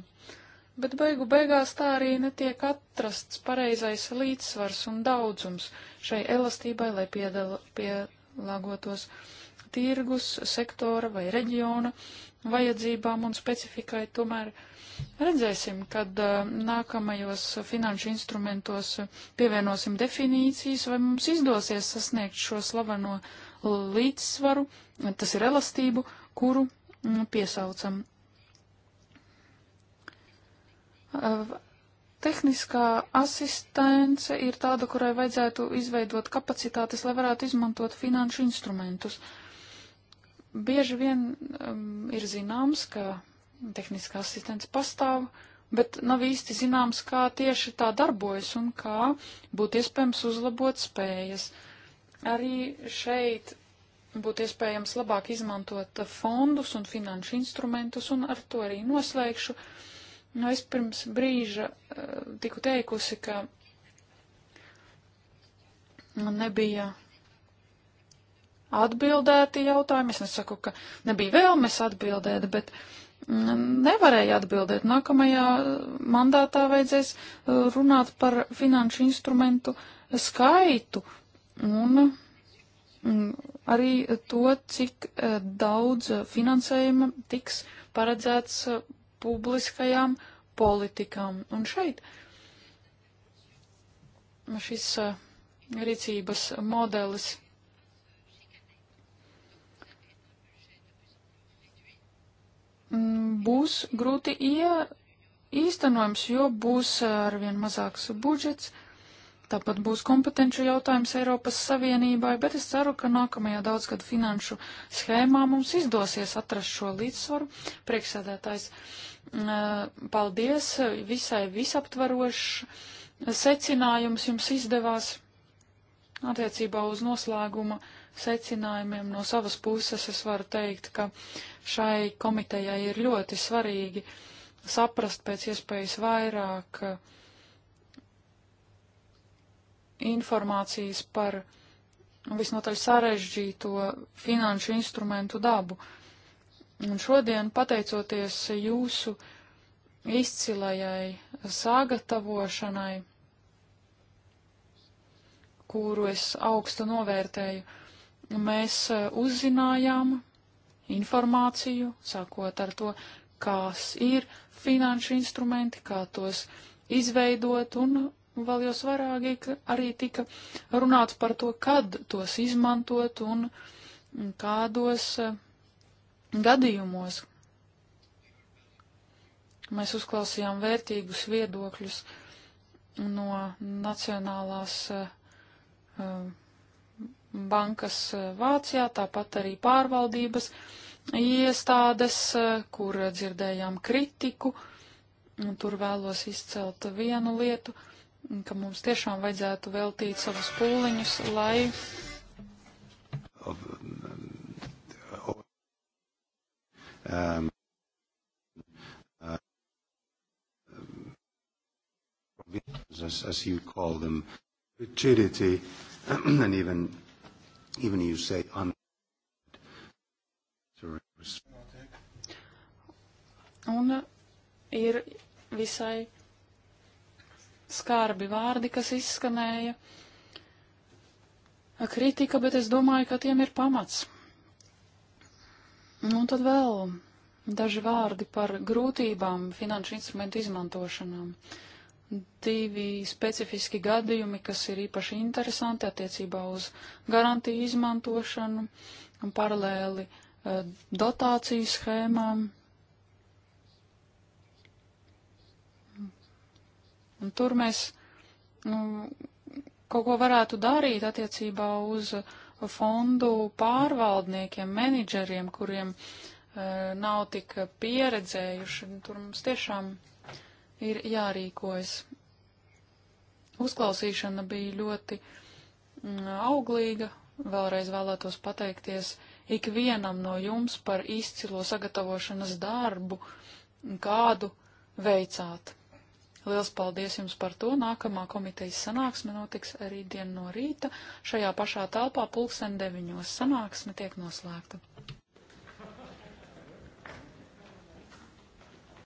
bet beigu beigās tā arī netiek atrasts pareizais līdzsvars un daudzums šai elastībai, lai piedala, pielāgotos tirgus, sektora vai reģiona vajadzībām un specifikai. Tomēr redzēsim, kad uh, nākamajos finanšu instrumentos pievienosim definīcijas, vai mums izdosies sasniegt šo slaveno no līdzsvaru, tas ir elastību, kuru mm, piesaucam. Tehniskā asistence ir tāda, kurai vajadzētu izveidot kapacitātes, lai varētu izmantot finanšu instrumentus. Bieži vien um, ir zināms, ka tehniskā asistence pastāv, bet nav īsti zināms, kā tieši tā darbojas un kā būtu iespējams uzlabot spējas. Uh, Arī šeit būtu iespējams labāk izmantot fondus un finanšu instrumentus, un ar to arī noslēgšu. Nu, es pirms brīža eh, tiku teikusi, ka nebija atbildēti jautājumi. Es nesaku, ka nebija vēlmes atbildēt, bet mm, nevarēja atbildēt. Nākamajā mandātā vajadzēs eh, runāt par finanšu instrumentu skaitu Un mm, arī to, cik eh, daudz finansējuma tiks paredzēts eh, publiskajām politikām. Un šeit šis eh, rīcības modelis mm, būs grūti ie, īstenojams, jo būs arvien mazāks budžets. Tāpat būs kompetenču jautājums Eiropas Savienībai, bet es ceru, ka nākamajā daudzgadu finanšu schēmā mums izdosies atrast šo līdzsvaru. Priekšsēdētājs, paldies, visai visaptvarošs secinājums jums izdevās attiecībā uz noslēguma secinājumiem no savas puses es varu teikt, ka šai komitejai ir ļoti svarīgi saprast pēc iespējas vairāk uh, informācijas par visnotaļ sarežģīto finanšu instrumentu dabu. Un šodien, pateicoties jūsu izcilajai sagatavošanai, kuru es augstu novērtēju, mēs e, uzzinājām informāciju, sākot ar to, kas ir finanšu instrumenti, kā tos izveidot un Un vēl jau svarīgi arī tika runāts par to, kad tos izmantot un kādos eh, gadījumos. Mēs uzklausījām vērtīgus viedokļus no Nacionālās eh, eh, bankas Vācijā, tāpat arī pārvaldības iestādes, kur dzirdējām kritiku, un tur vēlos izcelt vienu lietu. Uh, ka mums tiešām vajadzētu veltīt savus pūliņus, lai. Um, as, as you call them, rigidity, and even, even you say un. Un ir visai skārbi vārdi, kas izskanēja. Kritika, bet es domāju, ka tiem ir pamats. Nu, un tad vēl daži vārdi par grūtībām finanšu instrumentu izmantošanām. Divi specifiski gadījumi, kas ir īpaši interesanti attiecībā uz garantiju izmantošanu un paralēli eh, dotāciju schēmām Un tur mēs nu, kaut ko varētu darīt attiecībā uz fondu pārvaldniekiem, menedžeriem, kuriem uh, nav tik pieredzējuši. Tur mums tiešām ir jārīkojas. Uzklausīšana bija ļoti mm, auglīga. Vēlreiz vēlētos pateikties ikvienam no jums par izcilo sagatavošanas darbu, kādu veicāt. Liels paldies jums par to. Nākamā komitejas sanāksme notiks rītdien no rīta. Šajā pašā telpā pulksten deviņos sanāksme tiek noslēgta.